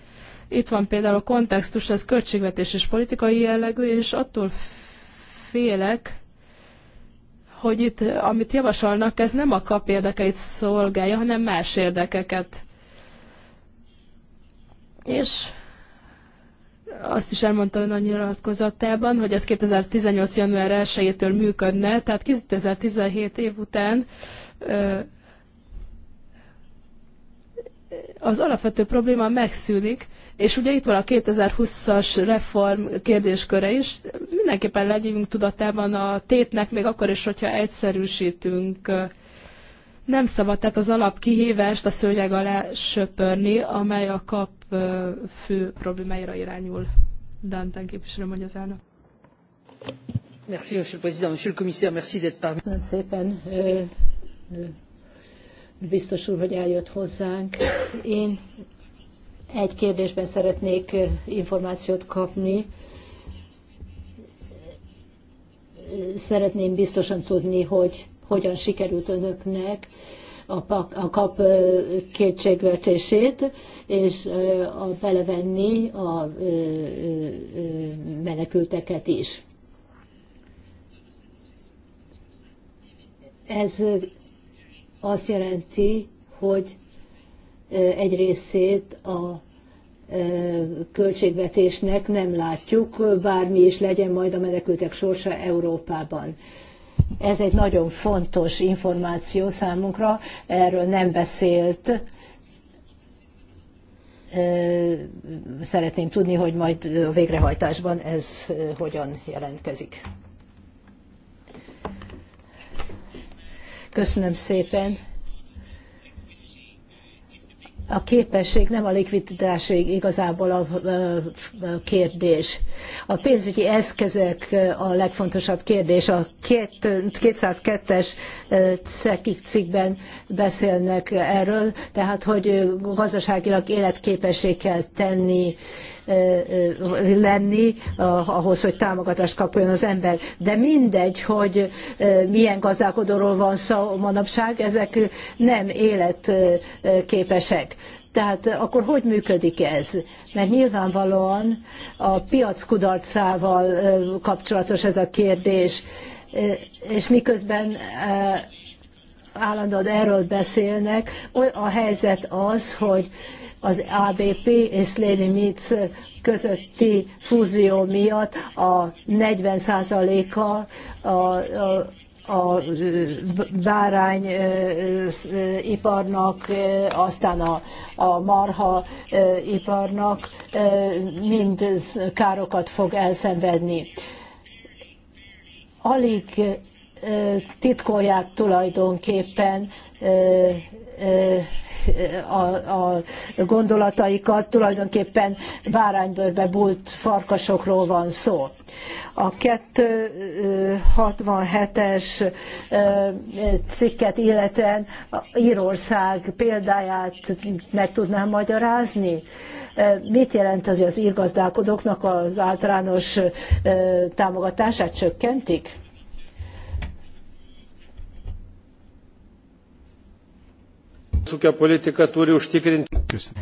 Speaker 4: Itt van például a kontextus, ez költségvetés és politikai jellegű, és attól félek, hogy itt, amit javasolnak, ez nem a kap érdekeit szolgálja, hanem más érdekeket. És azt is elmondta ön a nyilatkozatában, hogy ez 2018. január 1-től működne, tehát 2017 év után az alapvető probléma megszűnik, és ugye itt van a 2020-as reform kérdésköre is, mindenképpen legyünk tudatában a tétnek, még akkor is, hogyha egyszerűsítünk nem szabad tehát az alap kihívást a szőnyeg alá söpörni, amely a kap fő problémáira irányul. Danten képviselő mondja az elnök. Merci,
Speaker 5: monsieur le président, monsieur le commissaire, merci d'être parmi. Köszönöm szépen, biztos úr, hogy eljött hozzánk. Én egy kérdésben szeretnék információt kapni. Szeretném biztosan tudni, hogy hogyan sikerült önöknek a, pak, a kap kétségvetését, és a belevenni a menekülteket is. Ez azt jelenti, hogy egy részét a költségvetésnek nem látjuk, bármi is legyen majd a menekültek sorsa Európában. Ez egy nagyon fontos információ számunkra, erről nem beszélt. Szeretném tudni, hogy majd a végrehajtásban ez hogyan jelentkezik. Köszönöm szépen a képesség, nem a likviditásig igazából a kérdés. A pénzügyi eszközök a legfontosabb kérdés. A 202-es cikkben beszélnek erről, tehát hogy gazdaságilag életképessé kell tenni lenni ahhoz, hogy támogatást kapjon az ember. De mindegy, hogy milyen gazdálkodóról van szó manapság, ezek nem életképesek. Tehát akkor hogy működik ez? Mert nyilvánvalóan a piac kudarcával kapcsolatos ez a kérdés, és miközben állandóan erről beszélnek, a helyzet az, hogy az ABP és Leninic közötti fúzió miatt a 40%-a a, a a bárányiparnak, aztán a, a marha iparnak mind károkat fog elszenvedni. Alig titkolják tulajdonképpen a, a gondolataikat, tulajdonképpen báránybőrbe bult farkasokról van szó. A 267-es cikket illetően Írország példáját meg tudnám magyarázni? Mit jelent az, hogy az írgazdálkodóknak az általános támogatását csökkentik?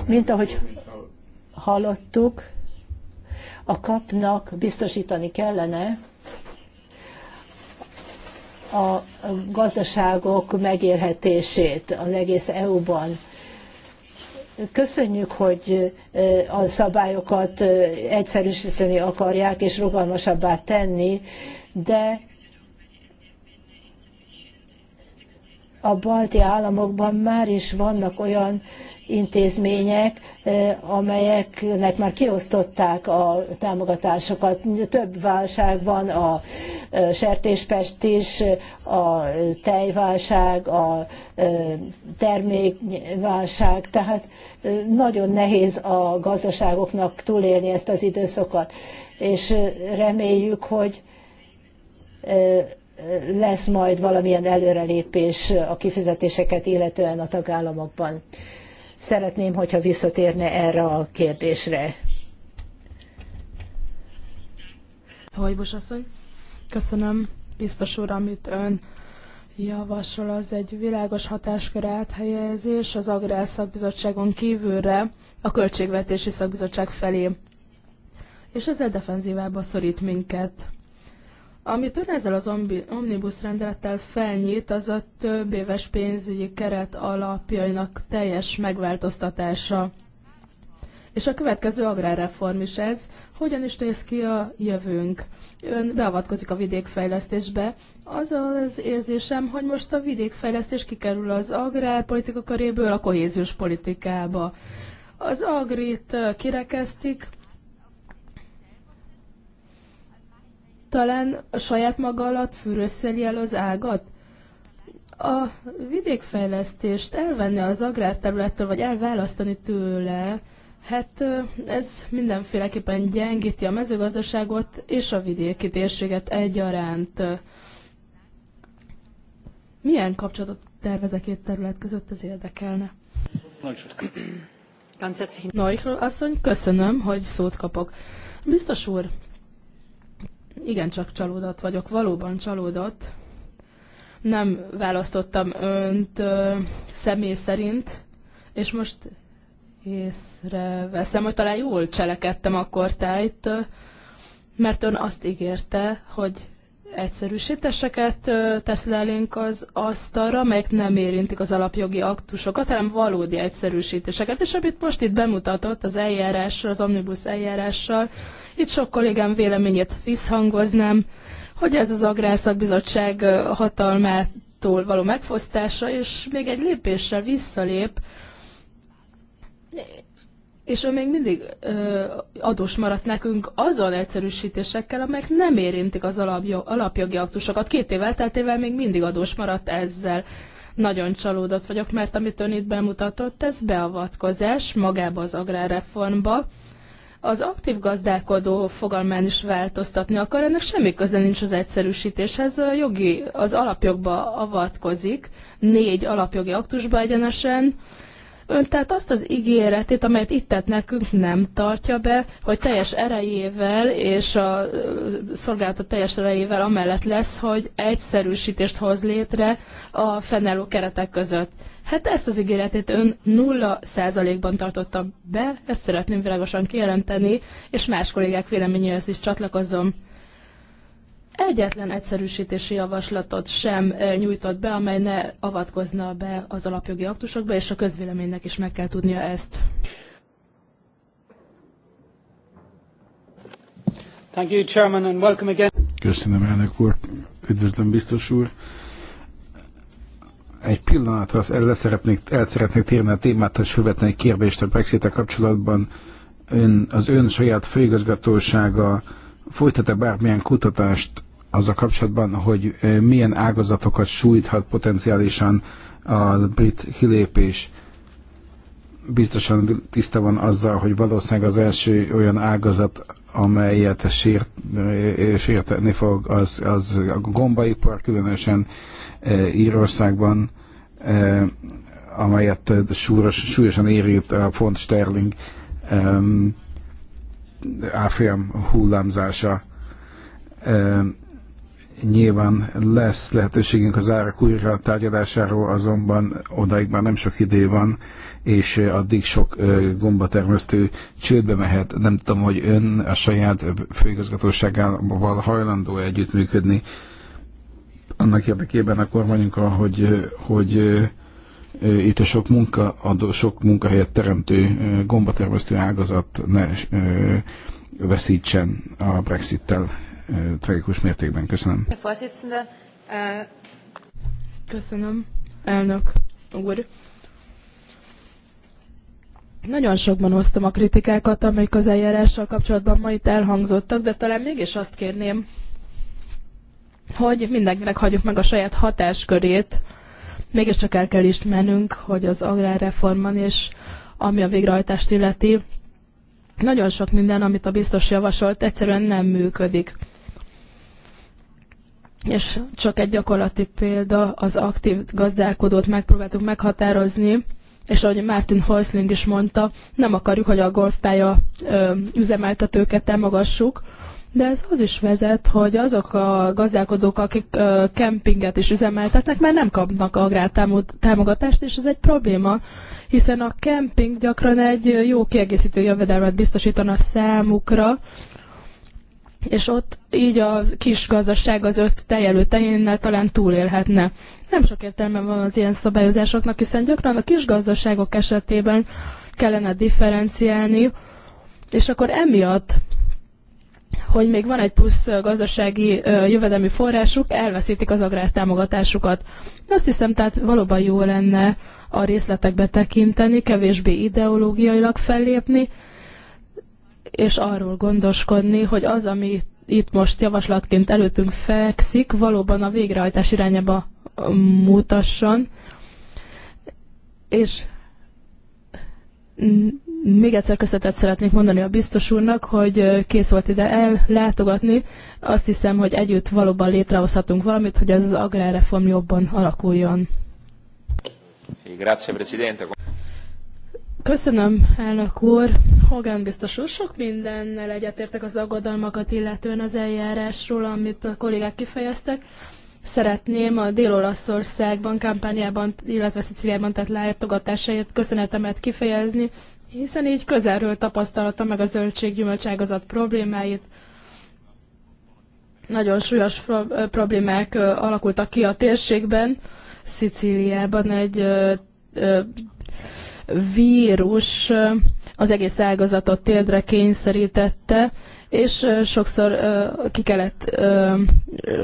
Speaker 5: Mint ahogy hallottuk, a kapnak biztosítani kellene a gazdaságok megérhetését az egész EU-ban. Köszönjük, hogy eh, a szabályokat eh, egyszerűsíteni akarják és rugalmasabbá tenni, de a balti államokban már is vannak olyan intézmények, eh, amelyeknek már kiosztották a támogatásokat. Több válság van, a eh, sertéspest is, a tejválság, a eh, termékválság, tehát nagyon nehéz a gazdaságoknak túlélni ezt az időszakot. És reméljük, hogy lesz majd valamilyen előrelépés a kifizetéseket illetően a tagállamokban. Szeretném, hogyha visszatérne erre a kérdésre.
Speaker 4: Hajbos asszony, köszönöm biztos úr, amit ön javasol, az egy világos hatáskör áthelyezés az Agrárszakbizottságon kívülre a Költségvetési Szakbizottság felé. És ezzel defenzívába szorít minket. Amit ön ezzel az omnibus rendelettel felnyit, az a több éves pénzügyi keret alapjainak teljes megváltoztatása. És a következő agrárreform is ez. Hogyan is néz ki a jövőnk? Ön beavatkozik a vidékfejlesztésbe. Az az érzésem, hogy most a vidékfejlesztés kikerül az agrárpolitika köréből a kohéziós politikába. Az agrit kirekeztik, talán a saját maga alatt fűrösszeli el az ágat? A vidékfejlesztést elvenni az agrárterülettől, vagy elválasztani tőle, hát ez mindenféleképpen gyengíti a mezőgazdaságot és a vidéki térséget egyaránt. Milyen kapcsolatot tervezek két terület között, ez érdekelne. Neuchel asszony, köszönöm, hogy szót kapok. Biztos úr, igen csak csalódott vagyok, valóban csalódott. Nem választottam önt ö, személy szerint, és most észreveszem, hogy talán jól cselekedtem a kortájt, mert ön azt ígérte, hogy egyszerűsítéseket tesz le elénk az asztalra, melyek nem érintik az alapjogi aktusokat, hanem valódi egyszerűsítéseket. És amit most itt bemutatott az eljárással, az omnibus eljárással, itt sok kollégám véleményét visszhangoznám, hogy ez az Agrárszakbizottság hatalmától való megfosztása, és még egy lépéssel visszalép, és ő még mindig ö, adós maradt nekünk azon egyszerűsítésekkel, amelyek nem érintik az alapjog, alapjogi aktusokat. Két év elteltével még mindig adós maradt ezzel. Nagyon csalódott vagyok, mert amit ön itt bemutatott, ez beavatkozás magába az agrárreformba. Az aktív gazdálkodó fogalmán is változtatni akar, ennek semmi köze nincs az egyszerűsítéshez. A jogi az alapjogba avatkozik, négy alapjogi aktusba egyenesen, Ön tehát azt az ígéretét, amelyet itt tett nekünk, nem tartja be, hogy teljes erejével és a szolgálata teljes erejével amellett lesz, hogy egyszerűsítést hoz létre a fennálló keretek között. Hát ezt az ígéretét ön 0%-ban tartotta be, ezt szeretném világosan kijelenteni, és más kollégák véleményéhez is csatlakozom egyetlen egyszerűsítési javaslatot sem eh, nyújtott be, amely ne avatkozna be az alapjogi aktusokba, és a közvéleménynek is meg kell tudnia ezt.
Speaker 1: Thank you, Chairman, and welcome again.
Speaker 2: Köszönöm, elnök úr. Üdvözlöm, biztos úr. Egy pillanatra el szeretnék, el szeretnék térni a témát, és felvetni egy kérdést a brexit kapcsolatban. Ön, az ön saját főigazgatósága folytat-e bármilyen kutatást azzal kapcsolatban, hogy milyen ágazatokat sújthat potenciálisan a brit kilépés. Biztosan tiszta van azzal, hogy valószínűleg az első olyan ágazat, amelyet sért, sértetni fog, az, az a gombaipar, különösen Írországban, amelyet súros, súlyosan érít a font sterling árfolyam hullámzása Nyilván lesz lehetőségünk az árak újra tárgyalásáról, azonban odáig már nem sok idő van, és addig sok gombatermesztő csődbe mehet. Nem tudom, hogy ön a saját főigazgatóságával hajlandó együttműködni annak érdekében a kormányunkkal, hogy, hogy itt a sok, munka, a sok munkahelyet teremtő gombatermesztő ágazat ne veszítsen a Brexit-tel tragikus mértékben. Köszönöm.
Speaker 4: Köszönöm, elnök úr. Nagyon sokban osztom a kritikákat, amelyek az eljárással kapcsolatban ma itt elhangzottak, de talán mégis azt kérném, hogy mindenkinek hagyjuk meg a saját hatáskörét. Mégiscsak el kell ismernünk, hogy az agrárreformban és ami a végrehajtást illeti, nagyon sok minden, amit a biztos javasolt, egyszerűen nem működik és csak egy gyakorlati példa, az aktív gazdálkodót megpróbáltuk meghatározni, és ahogy Martin Holzling is mondta, nem akarjuk, hogy a golfpálya ö, üzemeltetőket támogassuk, de ez az is vezet, hogy azok a gazdálkodók, akik ö, kempinget is üzemeltetnek, már nem kapnak agrártámogatást, és ez egy probléma, hiszen a kemping gyakran egy jó kiegészítő jövedelmet biztosítana számukra, és ott így a kis gazdaság az öt tejelő tehénnel talán túlélhetne. Nem sok értelme van az ilyen szabályozásoknak, hiszen gyakran a kis gazdaságok esetében kellene differenciálni, és akkor emiatt hogy még van egy plusz gazdasági jövedelmi forrásuk, elveszítik az agrártámogatásukat. Azt hiszem, tehát valóban jó lenne a részletekbe tekinteni, kevésbé ideológiailag fellépni, és arról gondoskodni, hogy az, ami itt most javaslatként előttünk fekszik, valóban a végrehajtás irányába um, mutasson. És még egyszer köszönetet szeretnék mondani a biztos úrnak, hogy kész volt ide el látogatni, Azt hiszem, hogy együtt valóban létrehozhatunk valamit, hogy ez az agrárreform jobban alakuljon.
Speaker 1: Sí, grazie, Presidente.
Speaker 4: Köszönöm, elnök úr. Hogan biztos úr, sok mindennel egyetértek az aggodalmakat, illetően az eljárásról, amit a kollégák kifejeztek. Szeretném a Dél-Olaszországban, kampányában, illetve Sziciliában tett látogatásáért köszönetemet kifejezni, hiszen így közelről tapasztalta meg a zöldséggyümölcságazat problémáit. Nagyon súlyos problémák alakultak ki a térségben. Szicíliában egy vírus az egész ágazatot téldre kényszerítette, és sokszor ki kellett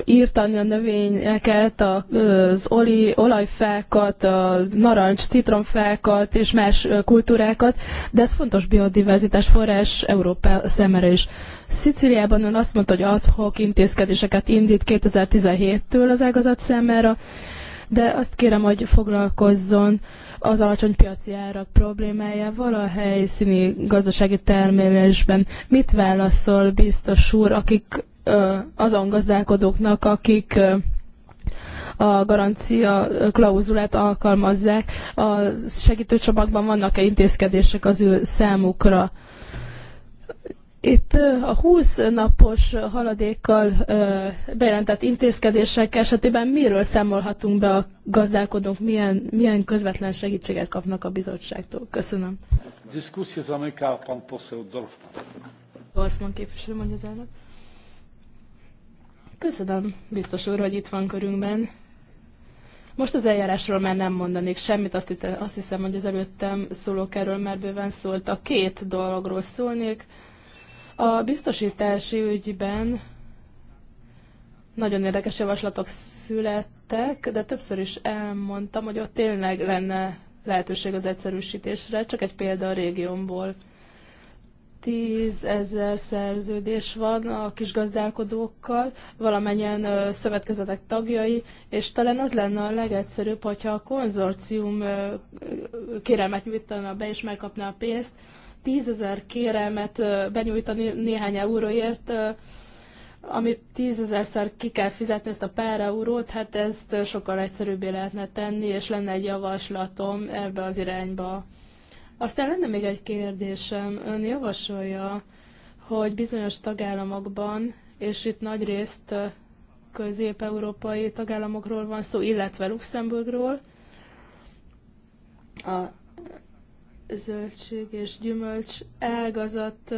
Speaker 4: írtani a növényeket, az oli, olajfákat, a narancs, citromfákat és más kultúrákat, de ez fontos biodiverzitás forrás Európa szemére is. Szicíliában ön azt mondta, hogy adhok intézkedéseket indít 2017-től az ágazat számára, de azt kérem, hogy foglalkozzon az alacsony piaci árak problémájával a helyszíni gazdasági termelésben. Mit válaszol biztos úr, akik azon gazdálkodóknak, akik a garancia klauzulát alkalmazzák. A segítőcsomagban vannak-e intézkedések az ő számukra? Itt a 20 napos haladékkal bejelentett intézkedések esetében miről számolhatunk be a gazdálkodók, milyen, milyen közvetlen segítséget kapnak a bizottságtól? Köszönöm.
Speaker 1: Dyskusję zamyka pan poseł Dorfman.
Speaker 4: Dorfman képviselő, mondja az elnök. Köszönöm, biztos úr, hogy itt van körünkben. Most az eljárásról már nem mondanék semmit, azt, itt, azt hiszem, hogy az előttem szólók erről már bőven A Két dologról szólnék. A biztosítási ügyben nagyon érdekes javaslatok születtek, de többször is elmondtam, hogy ott tényleg lenne lehetőség az egyszerűsítésre. Csak egy példa a régiómból. Tízezer szerződés van a kisgazdálkodókkal, valamennyien szövetkezetek tagjai, és talán az lenne a legegyszerűbb, hogyha a konzorcium kérelmet nyújtana be, és megkapná a pénzt, tízezer kérelmet benyújtani néhány euróért, amit tízezerszer ki kell fizetni, ezt a pár eurót, hát ezt sokkal egyszerűbbé lehetne tenni, és lenne egy javaslatom ebbe az irányba. Aztán lenne még egy kérdésem. Ön javasolja, hogy bizonyos tagállamokban, és itt nagy részt közép-európai tagállamokról van szó, illetve Luxemburgról, a zöldség és gyümölcs ágazat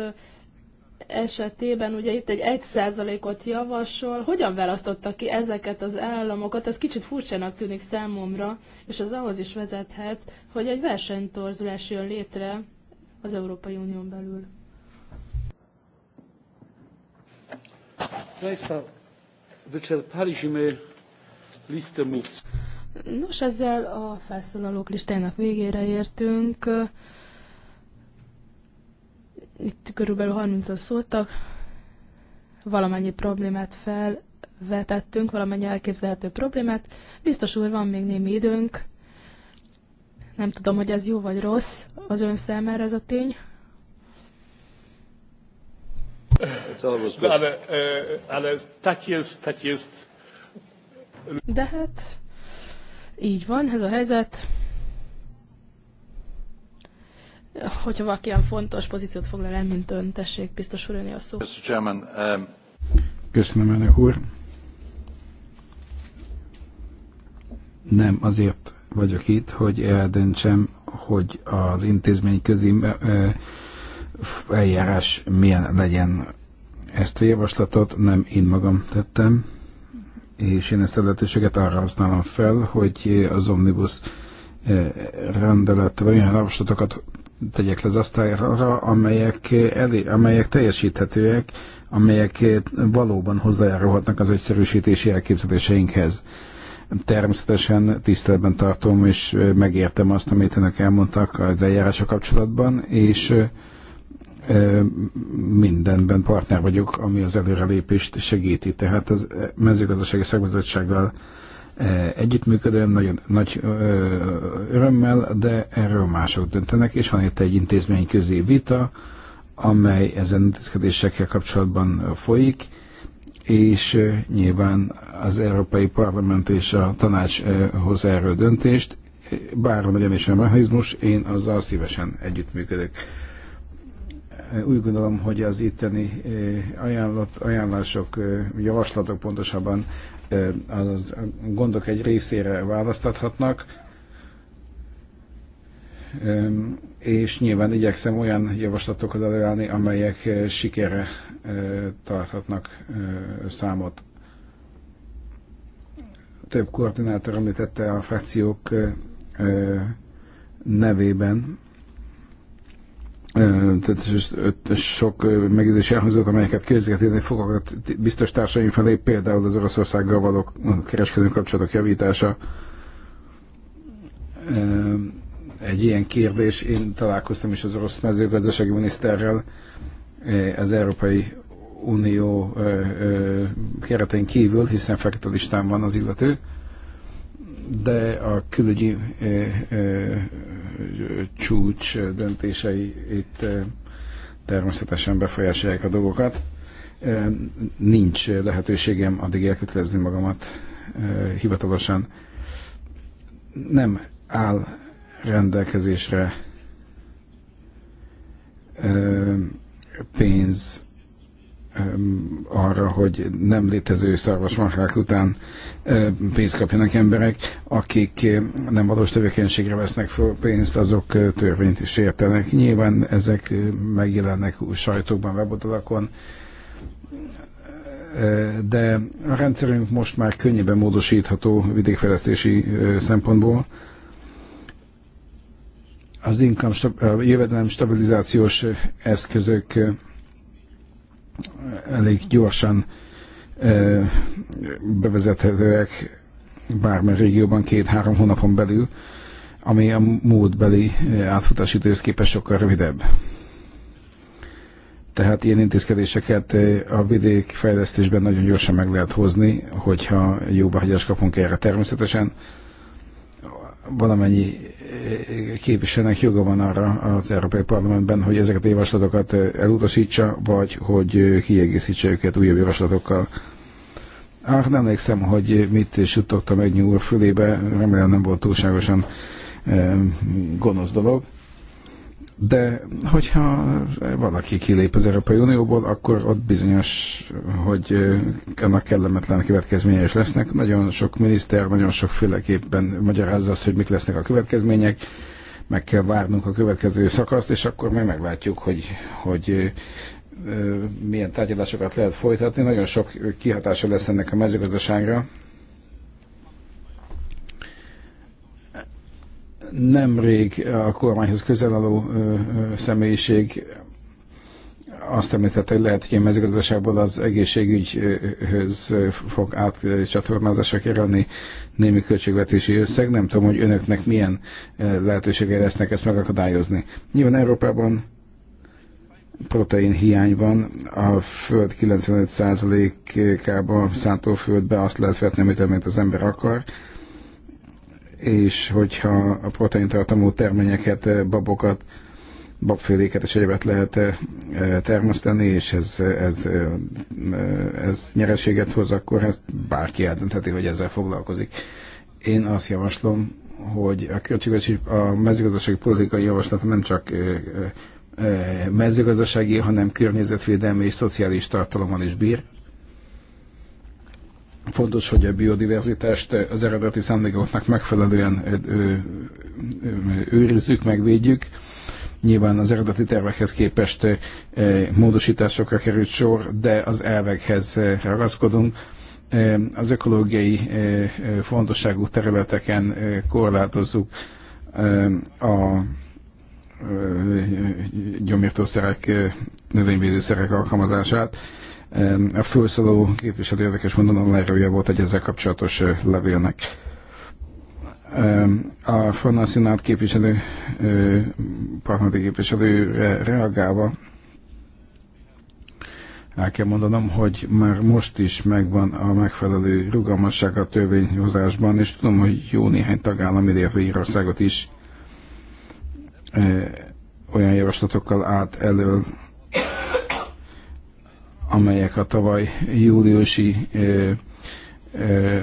Speaker 4: esetében, ugye itt egy 1%-ot javasol, hogyan választotta ki ezeket az államokat, ez kicsit furcsának tűnik számomra, és az ahhoz is vezethet, hogy egy versenytorzulás jön létre az Európai Unión belül.
Speaker 1: Wyczerpaliśmy listę mówców.
Speaker 4: Nos, ezzel a felszólalók listájának végére értünk. Itt körülbelül 30-an szóltak. Valamennyi problémát felvetettünk, valamennyi elképzelhető problémát. Biztos úr, van még némi időnk. Nem tudom, hogy ez jó vagy rossz az ön számára ez a tény.
Speaker 1: Uh, uh,
Speaker 4: De hát így van, ez a helyzet. Hogyha valaki ilyen fontos pozíciót foglal el, mint ön, tessék, biztos úr, a szó.
Speaker 3: Um,
Speaker 2: Köszönöm, önök úr. Nem, azért vagyok itt, hogy eldöntsem, hogy az intézmény közi eljárás milyen legyen. Ezt a javaslatot nem én magam tettem, és én ezt a lehetőséget arra használom fel, hogy az omnibus eh, rendelettel olyan javaslatokat tegyek le az asztalra, amelyek, elé, amelyek teljesíthetőek, amelyek valóban hozzájárulhatnak az egyszerűsítési elképzeléseinkhez. Természetesen tiszteletben tartom és megértem azt, amit önök elmondtak az eljárása kapcsolatban, és mindenben partner vagyok, ami az előrelépést segíti. Tehát az mezőgazdasági szakbizottsággal együttműködően nagyon nagy örömmel, de erről mások döntenek, és van itt egy intézmény közé vita, amely ezen intézkedésekkel kapcsolatban folyik, és nyilván az Európai Parlament és a tanács hoz erről döntést, bár legyen is a mechanizmus, én azzal szívesen együttműködök. Úgy gondolom, hogy az itteni eh, ajánlat, ajánlások, eh, javaslatok pontosabban eh, az gondok egy részére választathatnak, és nyilván igyekszem olyan javaslatokat előállni, amelyek sikere tarthatnak számot. Több koordinátor említette a frakciók nevében tehát sok megjegyzés elhangzott, amelyeket kérdezgetni fogok biztos társaim felé, például az Oroszországgal való kereskedő kapcsolatok javítása. Egy ilyen kérdés, én találkoztam is az orosz mezőgazdasági miniszterrel, az Európai Unió keretén kívül, hiszen fekete listán van az illető, de a külügyi csúcs döntései itt eh, természetesen befolyásolják a dolgokat. Eh, nincs lehetőségem addig elkötelezni magamat eh, hivatalosan. Nem áll rendelkezésre pénz arra, hogy nem létező szarvasmarhák után pénzt kapjanak emberek, akik nem valós tevékenységre vesznek fel pénzt, azok törvényt is értenek. Nyilván ezek megjelennek sajtókban, weboldalakon, de a rendszerünk most már könnyebben módosítható vidékfejlesztési szempontból. Az income, a jövedelem stabilizációs eszközök elég gyorsan bevezethetőek bármely régióban két-három hónapon belül, ami a múltbeli átfutási időhöz képest sokkal rövidebb. Tehát ilyen intézkedéseket a vidék fejlesztésben nagyon gyorsan meg lehet hozni, hogyha jó behagyást kapunk erre természetesen. Valamennyi képviselőnek joga van arra az Európai Parlamentben, hogy ezeket a javaslatokat elutasítsa, vagy hogy kiegészítse őket újabb javaslatokkal. Ah, nem emlékszem, hogy mit suttogtam egy nyúl fülébe, remélem nem volt túlságosan gonosz dolog. De hogyha valaki kilép az Európai Unióból, akkor ott bizonyos, hogy annak kellemetlen következményei is lesznek. Nagyon sok miniszter, nagyon sok sokféleképpen magyarázza azt, hogy mik lesznek a következmények. Meg kell várnunk a következő szakaszt, és akkor meg meglátjuk, hogy, hogy milyen tárgyalásokat lehet folytatni. Nagyon sok kihatása lesz ennek a mezőgazdaságra, Nemrég a kormányhoz közel álló személyiség azt említette, hogy lehet, hogy a mezőgazdaságból az egészségügyhöz fog átcsatornázásra kerülni némi költségvetési összeg. Nem tudom, hogy önöknek milyen lehetőségei lesznek ezt megakadályozni. Nyilván Európában protein hiány van, a föld 95%-ába szántóföldbe azt lehet vetni, amit, amit az ember akar, és hogyha a proteintartalmú terményeket, eh, babokat, babféléket és egyebet lehet eh, eh, termeszteni, és ez, ez, ez nyereséget hoz, akkor ezt bárki eldöntheti, hogy ezzel foglalkozik. Én azt javaslom, hogy a, költségvetési, a mezőgazdasági politikai javaslat nem csak mezőgazdasági, hanem környezetvédelmi és szociális tartalommal is bír. Fontos, hogy a biodiverzitást az eredeti szándékoknak megfelelően őrizzük, megvédjük. Nyilván az eredeti tervekhez képest módosításokra került sor, de az elvekhez ragaszkodunk az ökológiai fontosságú területeken korlátozzuk a gyomírtószerek, növényvédőszerek alkalmazását. A főszóló képviselő érdekes mondanom lejrője volt egy ezzel kapcsolatos levélnek. A Fornaszinát képviselő, parlamenti képviselőre reagálva, el kell mondanom, hogy már most is megvan a megfelelő rugalmasság a törvényhozásban, és tudom, hogy jó néhány tagállam, illetve Írországot is olyan javaslatokkal állt elő amelyek a tavaly júliusi ö, ö,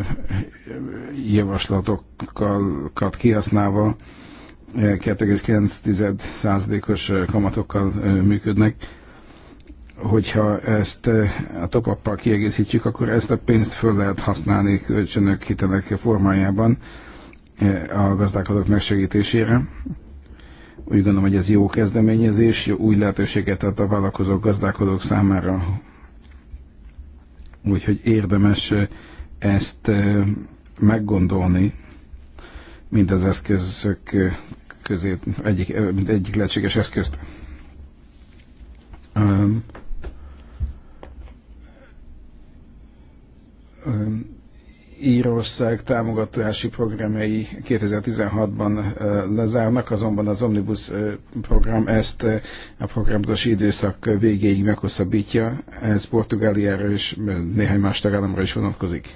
Speaker 2: javaslatokat kihasználva 2,9%-os kamatokkal működnek. Hogyha ezt a topappal kiegészítjük, akkor ezt a pénzt föl lehet használni kölcsönök hitelek formájában a gazdálkodók megsegítésére. Úgy gondolom, hogy ez jó kezdeményezés, jó új lehetőséget ad a vállalkozók gazdálkodók számára, Úgyhogy érdemes eh, ezt eh, meggondolni, mint az eszközök eh, közé, egyik, mint egyik lehetséges eszközt. Um, um, Írország támogatási programjai 2016-ban lezárnak, azonban az Omnibus program ezt a programozási időszak végéig meghosszabbítja. Ez Portugáliára és néhány más tagállamra is vonatkozik.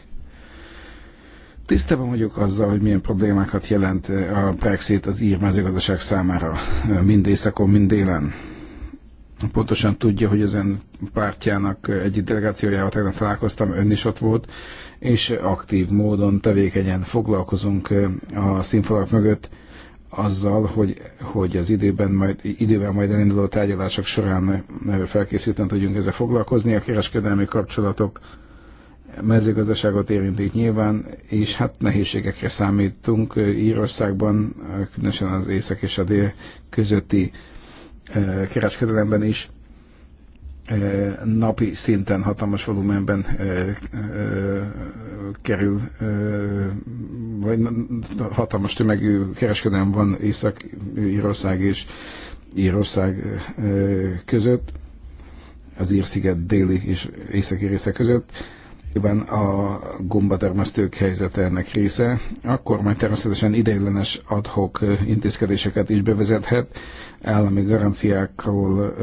Speaker 2: Tisztában vagyok azzal, hogy milyen problémákat jelent a Brexit az ír mezőgazdaság számára, mind éjszakon, mind délen. Pontosan tudja, hogy az ön pártjának egyik delegációjával tegnap találkoztam, ön is ott volt és aktív módon, tevékenyen foglalkozunk a színfalak mögött azzal, hogy, hogy az időben majd, idővel majd elinduló tárgyalások során felkészülten tudjunk ezzel foglalkozni. A kereskedelmi kapcsolatok mezőgazdaságot érintik nyilván, és hát nehézségekre számítunk Írországban, különösen az észak és a dél közötti kereskedelemben is napi szinten hatalmas volumenben kerül, vagy hatalmas tömegű kereskedelem van Észak-Írország és Írország között, az Írsziget déli és északi része között Nyilván a gombatermesztők helyzete ennek része. Akkor már természetesen ideiglenes adhok intézkedéseket is bevezethet. Állami garanciákról,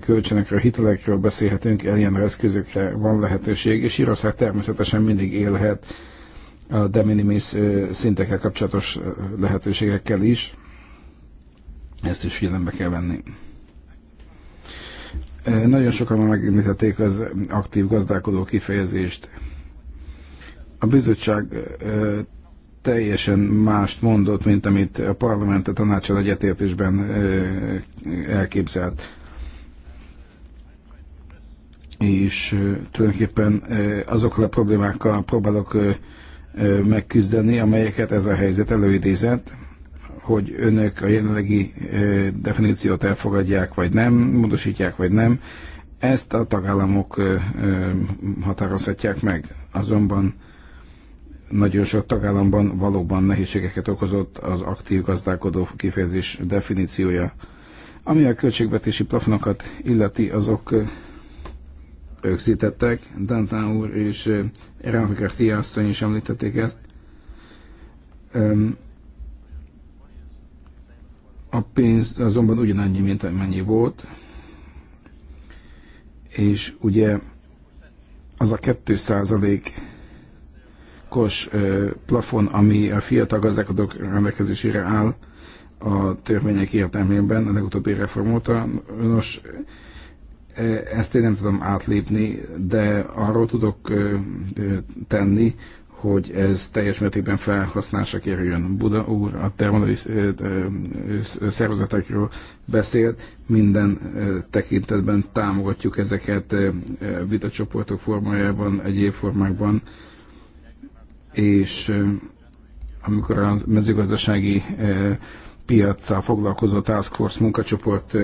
Speaker 2: kölcsönökről, hitelekről beszélhetünk, ilyen eszközökre van lehetőség, és Írország természetesen mindig élhet a de minimis szintekkel kapcsolatos lehetőségekkel is. Ezt is figyelembe kell venni. Nagyon sokan már megemlítették az aktív gazdálkodó kifejezést. A bizottság teljesen mást mondott, mint amit a parlament a tanácsal egyetértésben elképzelt. És tulajdonképpen azokkal a problémákkal próbálok megküzdeni, amelyeket ez a helyzet előidézett hogy önök a jelenlegi definíciót elfogadják, vagy nem, módosítják, vagy nem. Ezt a tagállamok határozhatják meg. Azonban nagyon sok tagállamban valóban nehézségeket okozott az aktív gazdálkodó kifejezés definíciója. Ami a költségvetési plafonokat illeti, azok őkzítettek, Dantán úr és Renz Garcia asszony is említették ezt. A pénz azonban ugyanannyi, mint amennyi volt, és ugye az a 2%-os plafon, ami a fiatal gazdálkodók rendelkezésére áll a törvények értelmében a legutóbbi reform óta, nos, ezt én nem tudom átlépni, de arról tudok tenni, hogy ez teljes mértékben felhasználásra kerüljön. Buda úr a termelői szervezetekről beszélt, minden tekintetben támogatjuk ezeket vitacsoportok formájában, egyéb formákban, és amikor a mezőgazdasági piaccal foglalkozó Task Force munkacsoport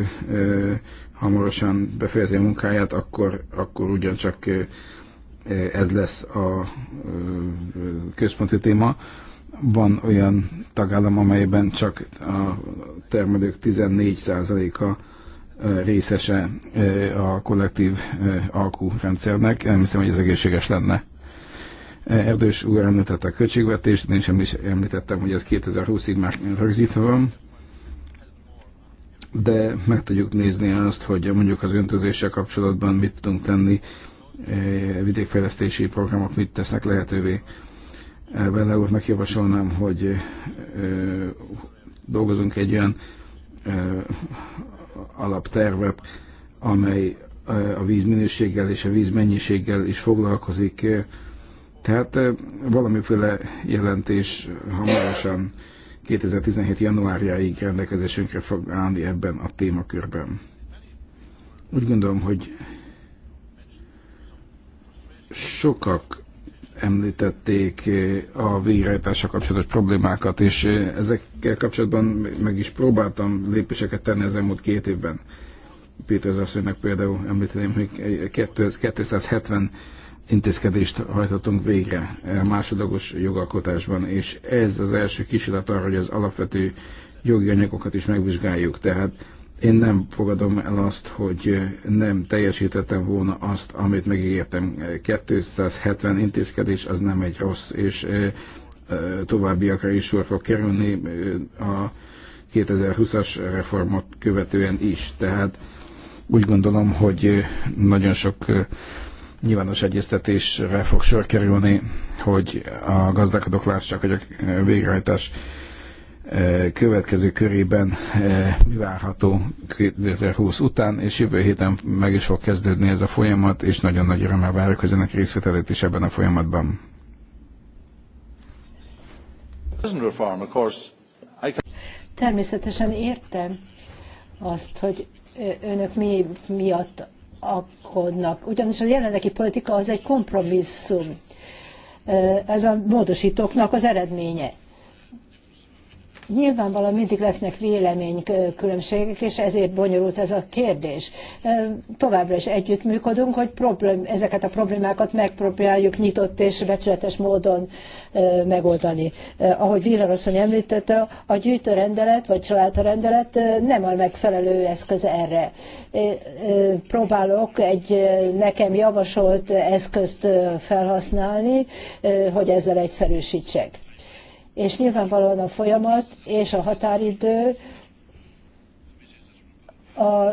Speaker 2: hamarosan befejezi a munkáját, akkor, akkor ugyancsak ez lesz a központi téma. Van olyan tagállam, amelyben csak a termelők 14%-a részese a kollektív rendszernek. Nem hiszem, hogy ez egészséges lenne. Erdős úr említette a költségvetést, én sem is említettem, hogy ez 2020-ig már rögzítve van, de meg tudjuk nézni azt, hogy mondjuk az öntözéssel kapcsolatban mit tudunk tenni vidékfejlesztési programok mit tesznek lehetővé. Vele úrnak javasolnám, hogy dolgozunk egy olyan alaptervet, amely a víz minőséggel és a víz mennyiséggel is foglalkozik. Tehát valamiféle jelentés hamarosan 2017. januárjáig rendelkezésünkre fog állni ebben a témakörben. Úgy gondolom, hogy Sokak említették eh, a végrehajtással kapcsolatos problémákat, és eh, ezekkel kapcsolatban meg is próbáltam lépéseket tenni az elmúlt két évben. Péter asszonynak például említeném, hogy 270 intézkedést hajtottunk végre másodlagos jogalkotásban, és ez az első kísérlet arra, hogy az alapvető jogi anyagokat is megvizsgáljuk. Tehát én nem fogadom el azt, hogy nem teljesítettem volna azt, amit megígértem. 270 intézkedés az nem egy rossz, és továbbiakra is sor fog kerülni a 2020-as reformot követően is. Tehát úgy gondolom, hogy nagyon sok nyilvános egyeztetésre fog sor kerülni, hogy a gazdálkodók lássák, hogy a végrehajtás következő körében eh, mi várható 2020 után, és jövő héten meg is fog kezdődni ez a folyamat, és nagyon nagy örömmel várok az önök részvételét is ebben a folyamatban.
Speaker 5: Természetesen értem azt, hogy eh, önök mi miatt akkodnak, Ugyanis a jelenlegi politika az egy kompromisszum. Eh, ez a módosítóknak az eredménye. Nyilvánvalóan mindig lesznek véleménykülönbségek, és ezért bonyolult ez a kérdés. Továbbra is együttműködünk, hogy problém, ezeket a problémákat megpróbáljuk nyitott és becsületes módon megoldani. Ahogy Villar asszony említette, a gyűjtőrendelet vagy családrendelet nem a megfelelő eszköz erre. Próbálok egy nekem javasolt eszközt felhasználni, hogy ezzel egyszerűsítsek és nyilvánvalóan a folyamat és a határidő a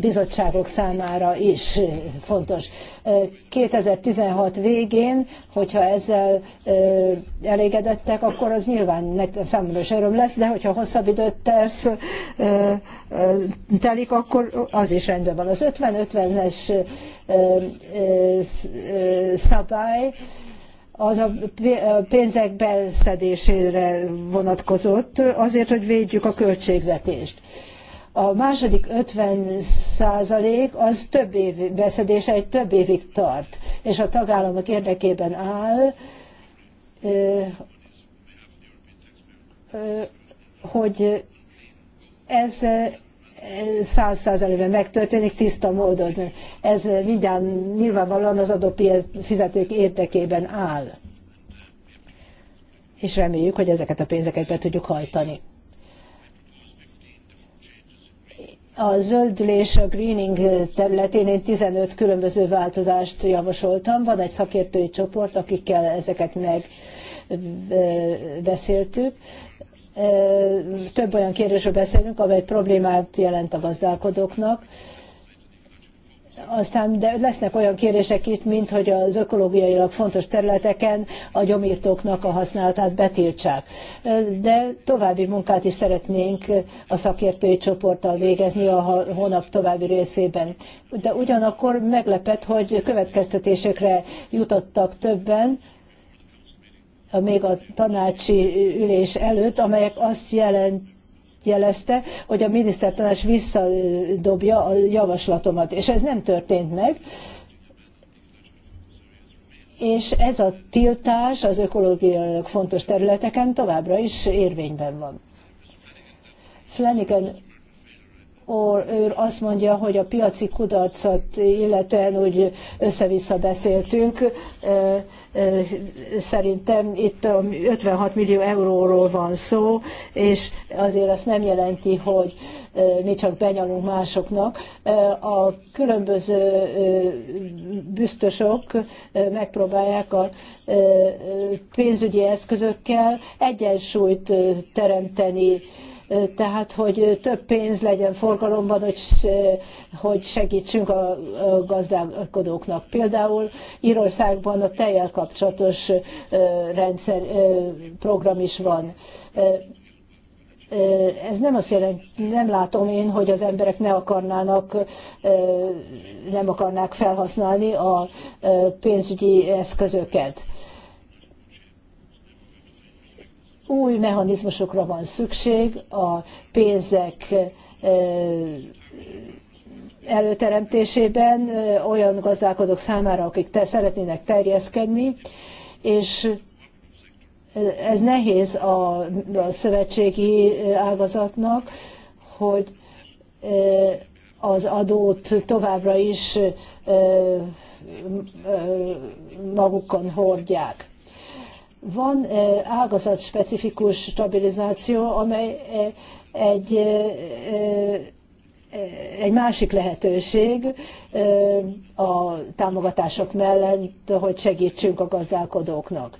Speaker 5: bizottságok számára is fontos. 2016 végén, hogyha ezzel elégedettek, akkor az nyilván nekem számomra is öröm lesz, de hogyha hosszabb időt tesz, telik, akkor az is rendben van. Az 50-50-es szabály az a pénzek beszedésére vonatkozott, azért, hogy védjük a költségvetést. A második 50 százalék az több év beszedése egy több évig tart, és a tagállamok érdekében áll, hogy ez száz százaléven megtörténik tiszta módon. Ez mindjárt nyilvánvalóan az adófizetők érdekében áll. És reméljük, hogy ezeket a pénzeket be tudjuk hajtani. A zöldülés a greening területén én 15 különböző változást javasoltam. Van egy szakértői csoport, akikkel ezeket megbeszéltük, több olyan kérdésről beszélünk, amely problémát jelent a gazdálkodóknak, aztán de lesznek olyan kérések itt, mint hogy az ökológiailag fontos területeken a gyomírtóknak a használatát betiltsák. De további munkát is szeretnénk a szakértői csoporttal végezni a hónap további részében. De ugyanakkor meglepet, hogy következtetésekre jutottak többen, még a tanácsi ülés előtt, amelyek azt jelent, jelezte, hogy a minisztertanács visszadobja a javaslatomat, és ez nem történt meg. És ez a tiltás az ökológiailag fontos területeken továbbra is érvényben van. Flanagan ő azt mondja, hogy a piaci kudarcot illetően úgy össze-vissza beszéltünk, Szerintem itt 56 millió euróról van szó, és azért azt nem jelenti, hogy mi csak benyalunk másoknak. A különböző biztosok megpróbálják a pénzügyi eszközökkel egyensúlyt teremteni tehát hogy több pénz legyen forgalomban, hogy, hogy segítsünk a gazdálkodóknak. Például Írországban a tejjel kapcsolatos rendszer, program is van ez nem azt jelenti, nem látom én, hogy az emberek ne akarnának, nem akarnák felhasználni a pénzügyi eszközöket új mechanizmusokra van szükség a pénzek előteremtésében olyan gazdálkodók számára, akik te szeretnének terjeszkedni, és ez nehéz a, a szövetségi ágazatnak, hogy az adót továbbra is magukon hordják. Van eh, ágazatspecifikus stabilizáció, amely eh, egy, eh, egy másik lehetőség a támogatások mellett, hogy segítsünk a gazdálkodóknak.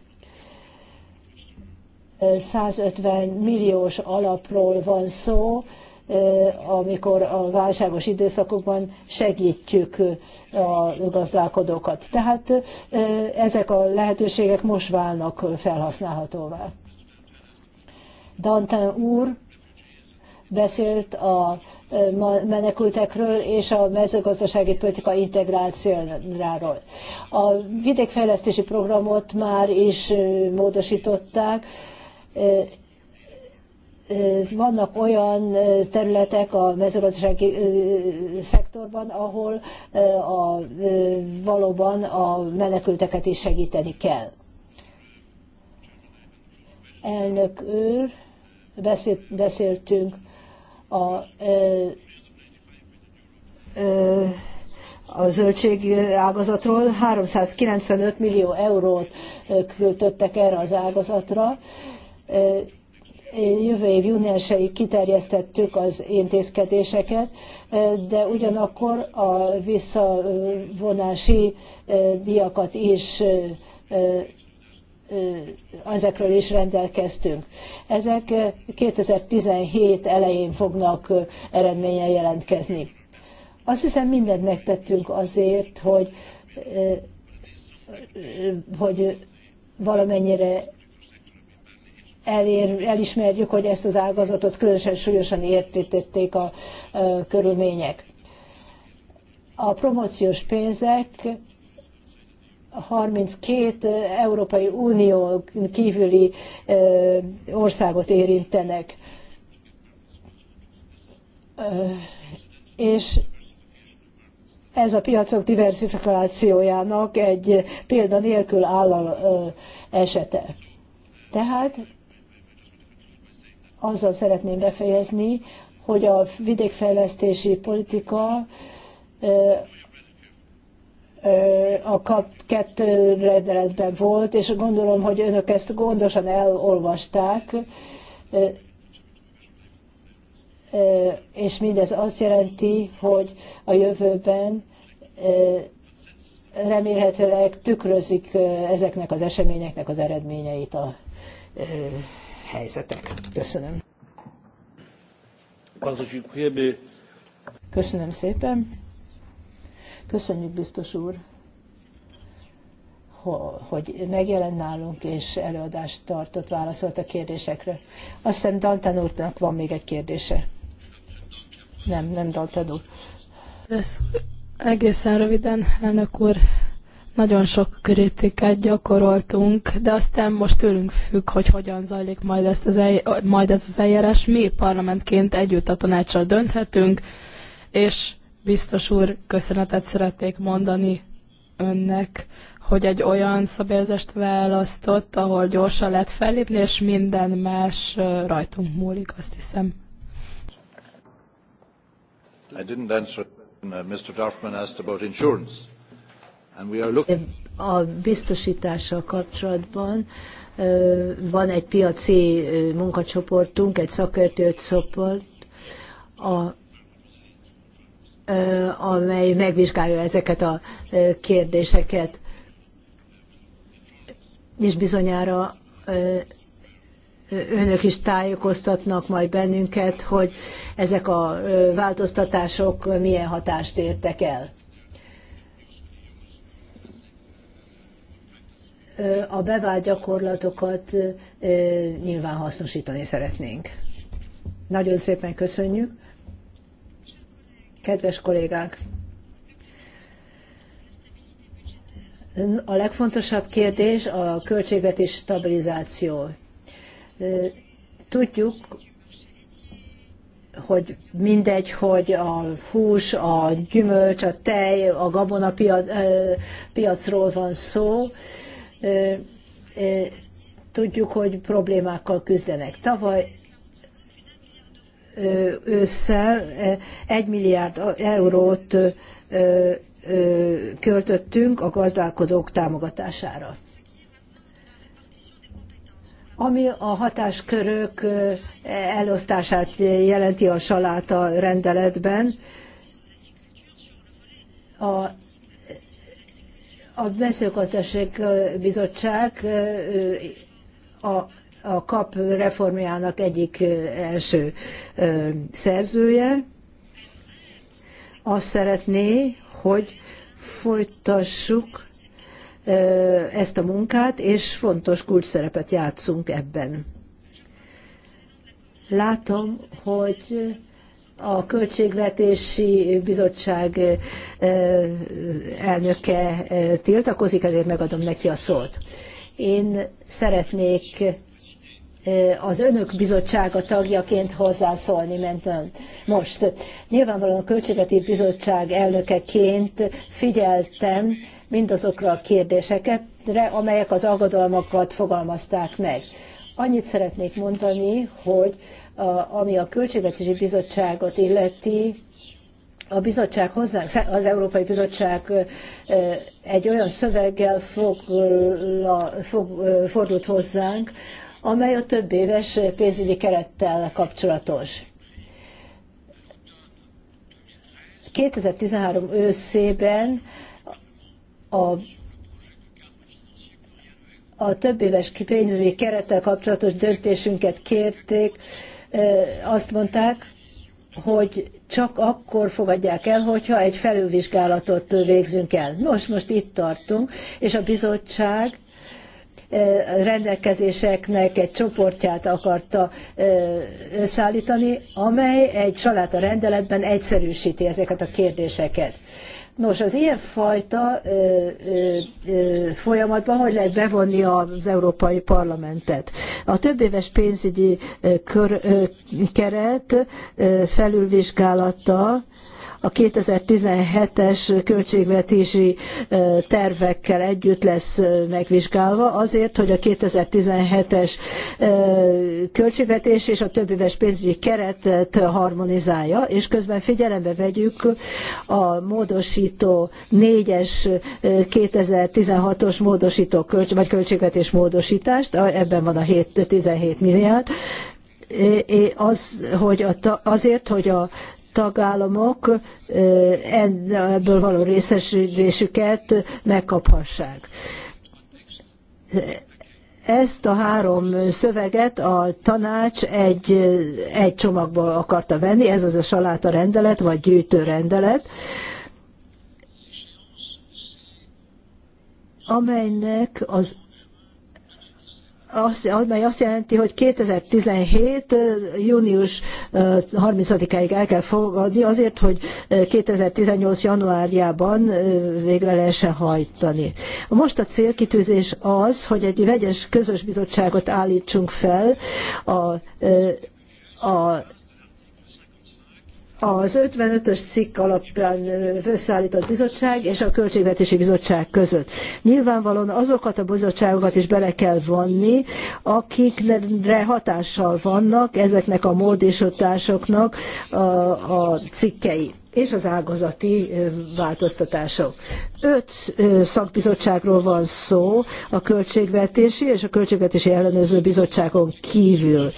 Speaker 5: 150 milliós alapról van szó, amikor a válságos időszakokban segítjük a gazdálkodókat. Tehát ezek a lehetőségek most válnak felhasználhatóvá. Dante úr beszélt a menekültekről és a mezőgazdasági politika integrációjáról. A vidékfejlesztési programot már is módosították, vannak olyan területek a mezőgazdasági szektorban, ahol a, valóban a menekülteket is segíteni kell. Elnök úr, beszélt, beszéltünk a, a zöldség ágazatról. 395 millió eurót költöttek erre az ágazatra jövő év júniusáig kiterjesztettük az intézkedéseket, de ugyanakkor a visszavonási díjakat is ezekről is rendelkeztünk. Ezek 2017 elején fognak eredménye jelentkezni. Azt hiszem mindent megtettünk azért, hogy, hogy valamennyire elér, elismerjük, hogy ezt az ágazatot különösen súlyosan értették a körülmények. A promóciós pénzek 32 Európai Unió kívüli országot érintenek. És ez a piacok diversifikációjának egy példa nélkül áll esete. Tehát azzal szeretném befejezni, hogy a vidékfejlesztési politika a kap kettő rendeletben volt, és gondolom, hogy önök ezt gondosan elolvasták, és mindez azt jelenti, hogy a jövőben remélhetőleg tükrözik ezeknek az eseményeknek az eredményeit a helyzetek. Köszönöm. Köszönöm szépen. Köszönjük, biztos úr, hogy megjelent nálunk és előadást tartott, válaszolt a kérdésekre. Azt hiszem Dantan úrnak van még egy kérdése. Nem, nem Dantan úr.
Speaker 4: Ez egészen röviden, elnök úr, nagyon sok kritikát gyakoroltunk, de aztán most tőlünk függ, hogy hogyan zajlik majd, ezt az el, majd ez az eljárás. Mi parlamentként együtt a tanácssal dönthetünk, és biztos úr, köszönetet szeretnék mondani önnek, hogy egy olyan szabályozást választott, ahol gyorsan lehet fellépni, és minden más rajtunk múlik, azt hiszem.
Speaker 1: I didn't answer. Uh, Mr. Dorfman asked about insurance.
Speaker 5: A biztosítással kapcsolatban van egy piaci munkacsoportunk, egy szakértő csoport, a, amely megvizsgálja ezeket a kérdéseket. És bizonyára önök is tájékoztatnak majd bennünket, hogy ezek a változtatások milyen hatást értek el. a bevált gyakorlatokat nyilván hasznosítani szeretnénk. Nagyon szépen köszönjük. Kedves kollégák! A legfontosabb kérdés a költségvetés stabilizáció. Tudjuk, hogy mindegy, hogy a hús, a gyümölcs, a tej, a gabona piacról van szó, tudjuk, hogy problémákkal küzdenek. Tavaly ősszel egy milliárd eurót költöttünk a gazdálkodók támogatására. Ami a hatáskörök elosztását jelenti a saláta rendeletben, a a mezőgazdaság bizottság a, a kap reformjának egyik első szerzője. Azt szeretné, hogy folytassuk ezt a munkát, és fontos szerepet játszunk ebben. Látom, hogy a Költségvetési Bizottság eh, eh, elnöke eh, tiltakozik, ezért megadom neki a szót. Én szeretnék az önök bizottsága tagjaként hozzászólni mert most. Nyilvánvalóan a Költségveti Bizottság elnökeként figyeltem mindazokra a kérdésekre, amelyek az aggodalmakat fogalmazták meg. Annyit szeretnék mondani, hogy a, ami a Költségvetési Bizottságot illeti, a bizottság hozzá, az Európai Bizottság egy olyan szöveggel fogla, fog, fordult hozzánk, amely a több éves pénzügyi kerettel kapcsolatos. 2013 őszében a a többéves pénzügyi kerettel kapcsolatos döntésünket kérték, azt mondták, hogy csak akkor fogadják el, hogyha egy felülvizsgálatot végzünk el. Nos, most itt tartunk, és a bizottság rendelkezéseknek egy csoportját akarta összeállítani, amely egy saláta rendeletben egyszerűsíti ezeket a kérdéseket. Nos, az ilyenfajta ö, ö, folyamatban hogy lehet bevonni az Európai Parlamentet? A éves pénzügyi kör, ö, keret ö, felülvizsgálata a 2017-es költségvetési tervekkel együtt lesz megvizsgálva, azért, hogy a 2017-es költségvetés és a többéves pénzügyi keretet harmonizálja, és közben figyelembe vegyük a módosító 4-es 2016-os módosító költség, vagy költségvetés módosítást, ebben van a 7, 17 milliárd, az, hogy a, azért, hogy a tagállamok eh, ebből való részesülésüket megkaphassák. Ezt a három szöveget a tanács egy, egy csomagba akarta venni, ez az a saláta rendelet, vagy gyűjtő rendelet, amelynek az az, amely azt jelenti, hogy 2017. június 30-áig el kell fogadni azért, hogy 2018. januárjában végre lehessen hajtani. Most a célkitűzés az, hogy egy vegyes közös bizottságot állítsunk fel a, a az 55-ös cikk alapján összeállított bizottság és a Költségvetési Bizottság között. Nyilvánvalóan azokat a bizottságokat is bele kell vonni, akikre hatással vannak ezeknek a módosításoknak a, a cikkei és az ágazati változtatások. Öt szakbizottságról van szó, a költségvetési és a költségvetési ellenőrző bizottságon kívül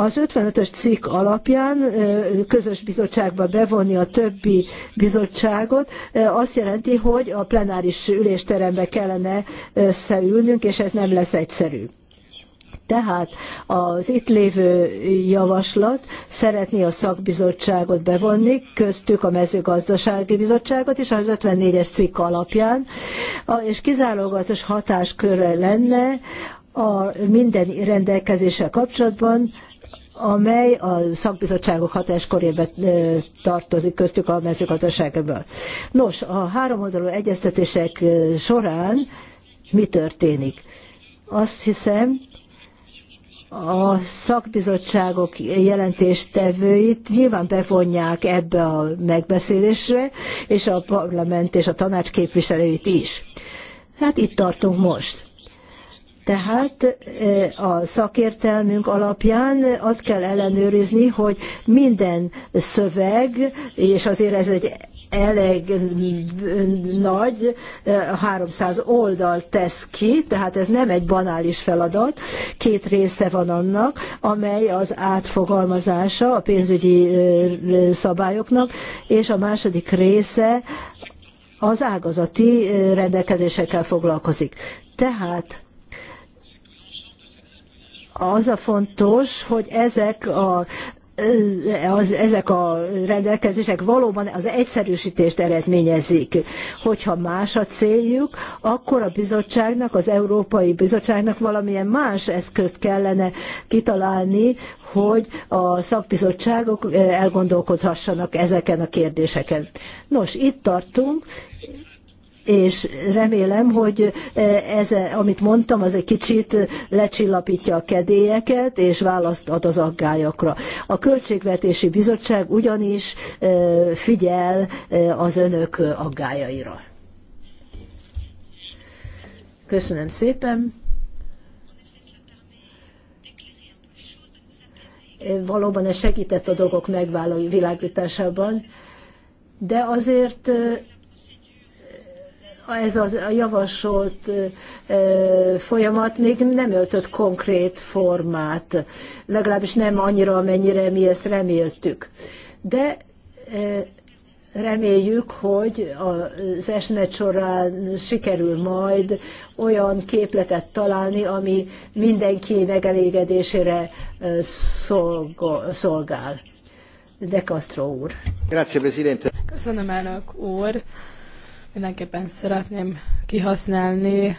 Speaker 5: az 55-ös cikk alapján közös bizottságba bevonni a többi bizottságot azt jelenti, hogy a plenáris ülésterembe kellene összeülnünk, és ez nem lesz egyszerű. Tehát az itt lévő javaslat szeretné a szakbizottságot bevonni, köztük a mezőgazdasági bizottságot is az 54-es cikk alapján, és kizárólagos hatásköre lenne a minden rendelkezéssel kapcsolatban, amely a szakbizottságok hatáskörébe tartozik, köztük a mezőgazdaságból. Nos, a háromoldalú egyeztetések során mi történik? Azt hiszem, a szakbizottságok jelentéstevőit nyilván bevonják ebbe a megbeszélésre, és a parlament és a tanács képviselőit is. Hát itt tartunk most. Tehát eh, a szakértelmünk alapján azt kell ellenőrizni, hogy minden szöveg, és azért ez egy elég nagy, 300 eh, oldal tesz ki, tehát ez nem egy banális feladat, két része van annak, amely az átfogalmazása a pénzügyi eh, szabályoknak, és a második része az ágazati rendelkezésekkel foglalkozik. Tehát az a fontos, hogy ezek a az, ezek a rendelkezések valóban az egyszerűsítést eredményezik. Hogyha más a céljuk, akkor a bizottságnak, az Európai Bizottságnak valamilyen más eszközt kellene kitalálni, hogy a szakbizottságok elgondolkodhassanak ezeken a kérdéseken. Nos, itt tartunk, és remélem, hogy eh, ez, eh, amit mondtam, az egy kicsit eh, lecsillapítja a kedélyeket, és választ ad az aggályokra. A Költségvetési Bizottság ugyanis figyel az önök aggályaira. Köszönöm szépen. Valóban ez segített a dolgok megvilágításában, de azért ez az a javasolt folyamat még nem öltött konkrét formát, legalábbis nem annyira, amennyire mi ezt reméltük. De reméljük, hogy az esnet során sikerül majd olyan képletet találni, ami mindenki megelégedésére szolgál.
Speaker 4: De Castro úr.
Speaker 3: Grazie, Presidente.
Speaker 4: Köszönöm, elnök úr. Mindenképpen szeretném kihasználni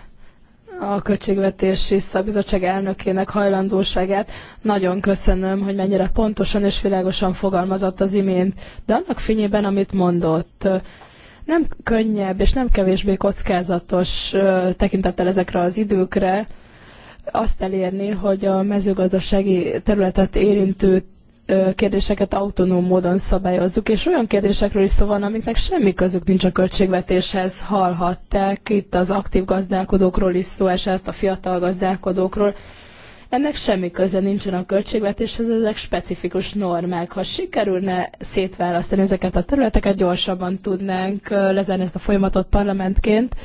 Speaker 4: a Költségvetési Szakbizottság elnökének hajlandóságát. Nagyon köszönöm, hogy mennyire pontosan és világosan fogalmazott az imént, de annak fényében, amit mondott, nem könnyebb és nem kevésbé kockázatos tekintettel ezekre az időkre azt elérni, hogy a mezőgazdasági területet érintő kérdéseket autonóm módon szabályozzuk, és olyan kérdésekről is szó van, amiknek semmi közük nincs a költségvetéshez, hallhatták. Itt az aktív gazdálkodókról is szó esett, a fiatal gazdálkodókról. Ennek semmi köze nincsen a költségvetéshez, ezek specifikus normák. Ha sikerülne szétválasztani ezeket a területeket, gyorsabban tudnánk lezárni ezt a folyamatot parlamentként,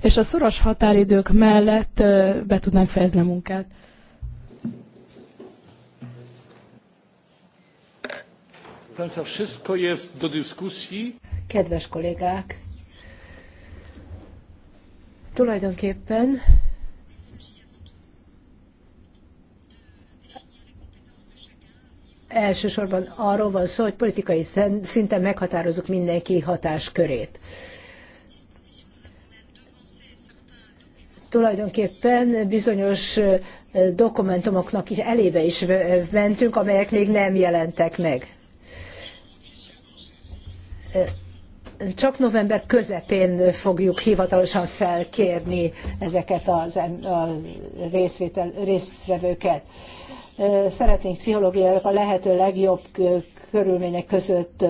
Speaker 4: és a szoros határidők mellett be tudnánk fejezni a munkát. Kedves kollégák,
Speaker 5: tulajdonképpen elsősorban arról van szó, hogy politikai szinten meghatározunk mindenki hatáskörét. Tulajdonképpen bizonyos dokumentumoknak is elébe is mentünk, amelyek még nem jelentek meg csak november közepén fogjuk hivatalosan felkérni ezeket az, a részvétel, résztvevőket. Szeretnénk pszichológiailag a lehető legjobb körülmények között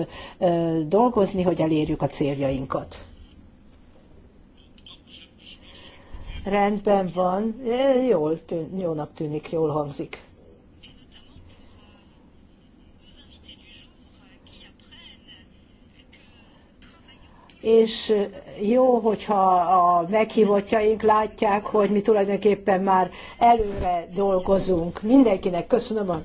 Speaker 5: dolgozni, hogy elérjük a céljainkat. Rendben van, jól tűn, jónak tűnik, jól hangzik. és jó, hogyha a meghívottjaink látják, hogy mi tulajdonképpen már előre dolgozunk. Mindenkinek köszönöm a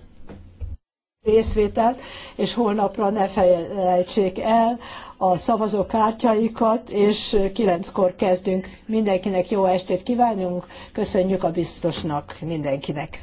Speaker 5: részvételt, és holnapra ne felejtsék el a szavazókártyaikat, és kilenckor kezdünk. Mindenkinek jó estét kívánunk, köszönjük a biztosnak mindenkinek.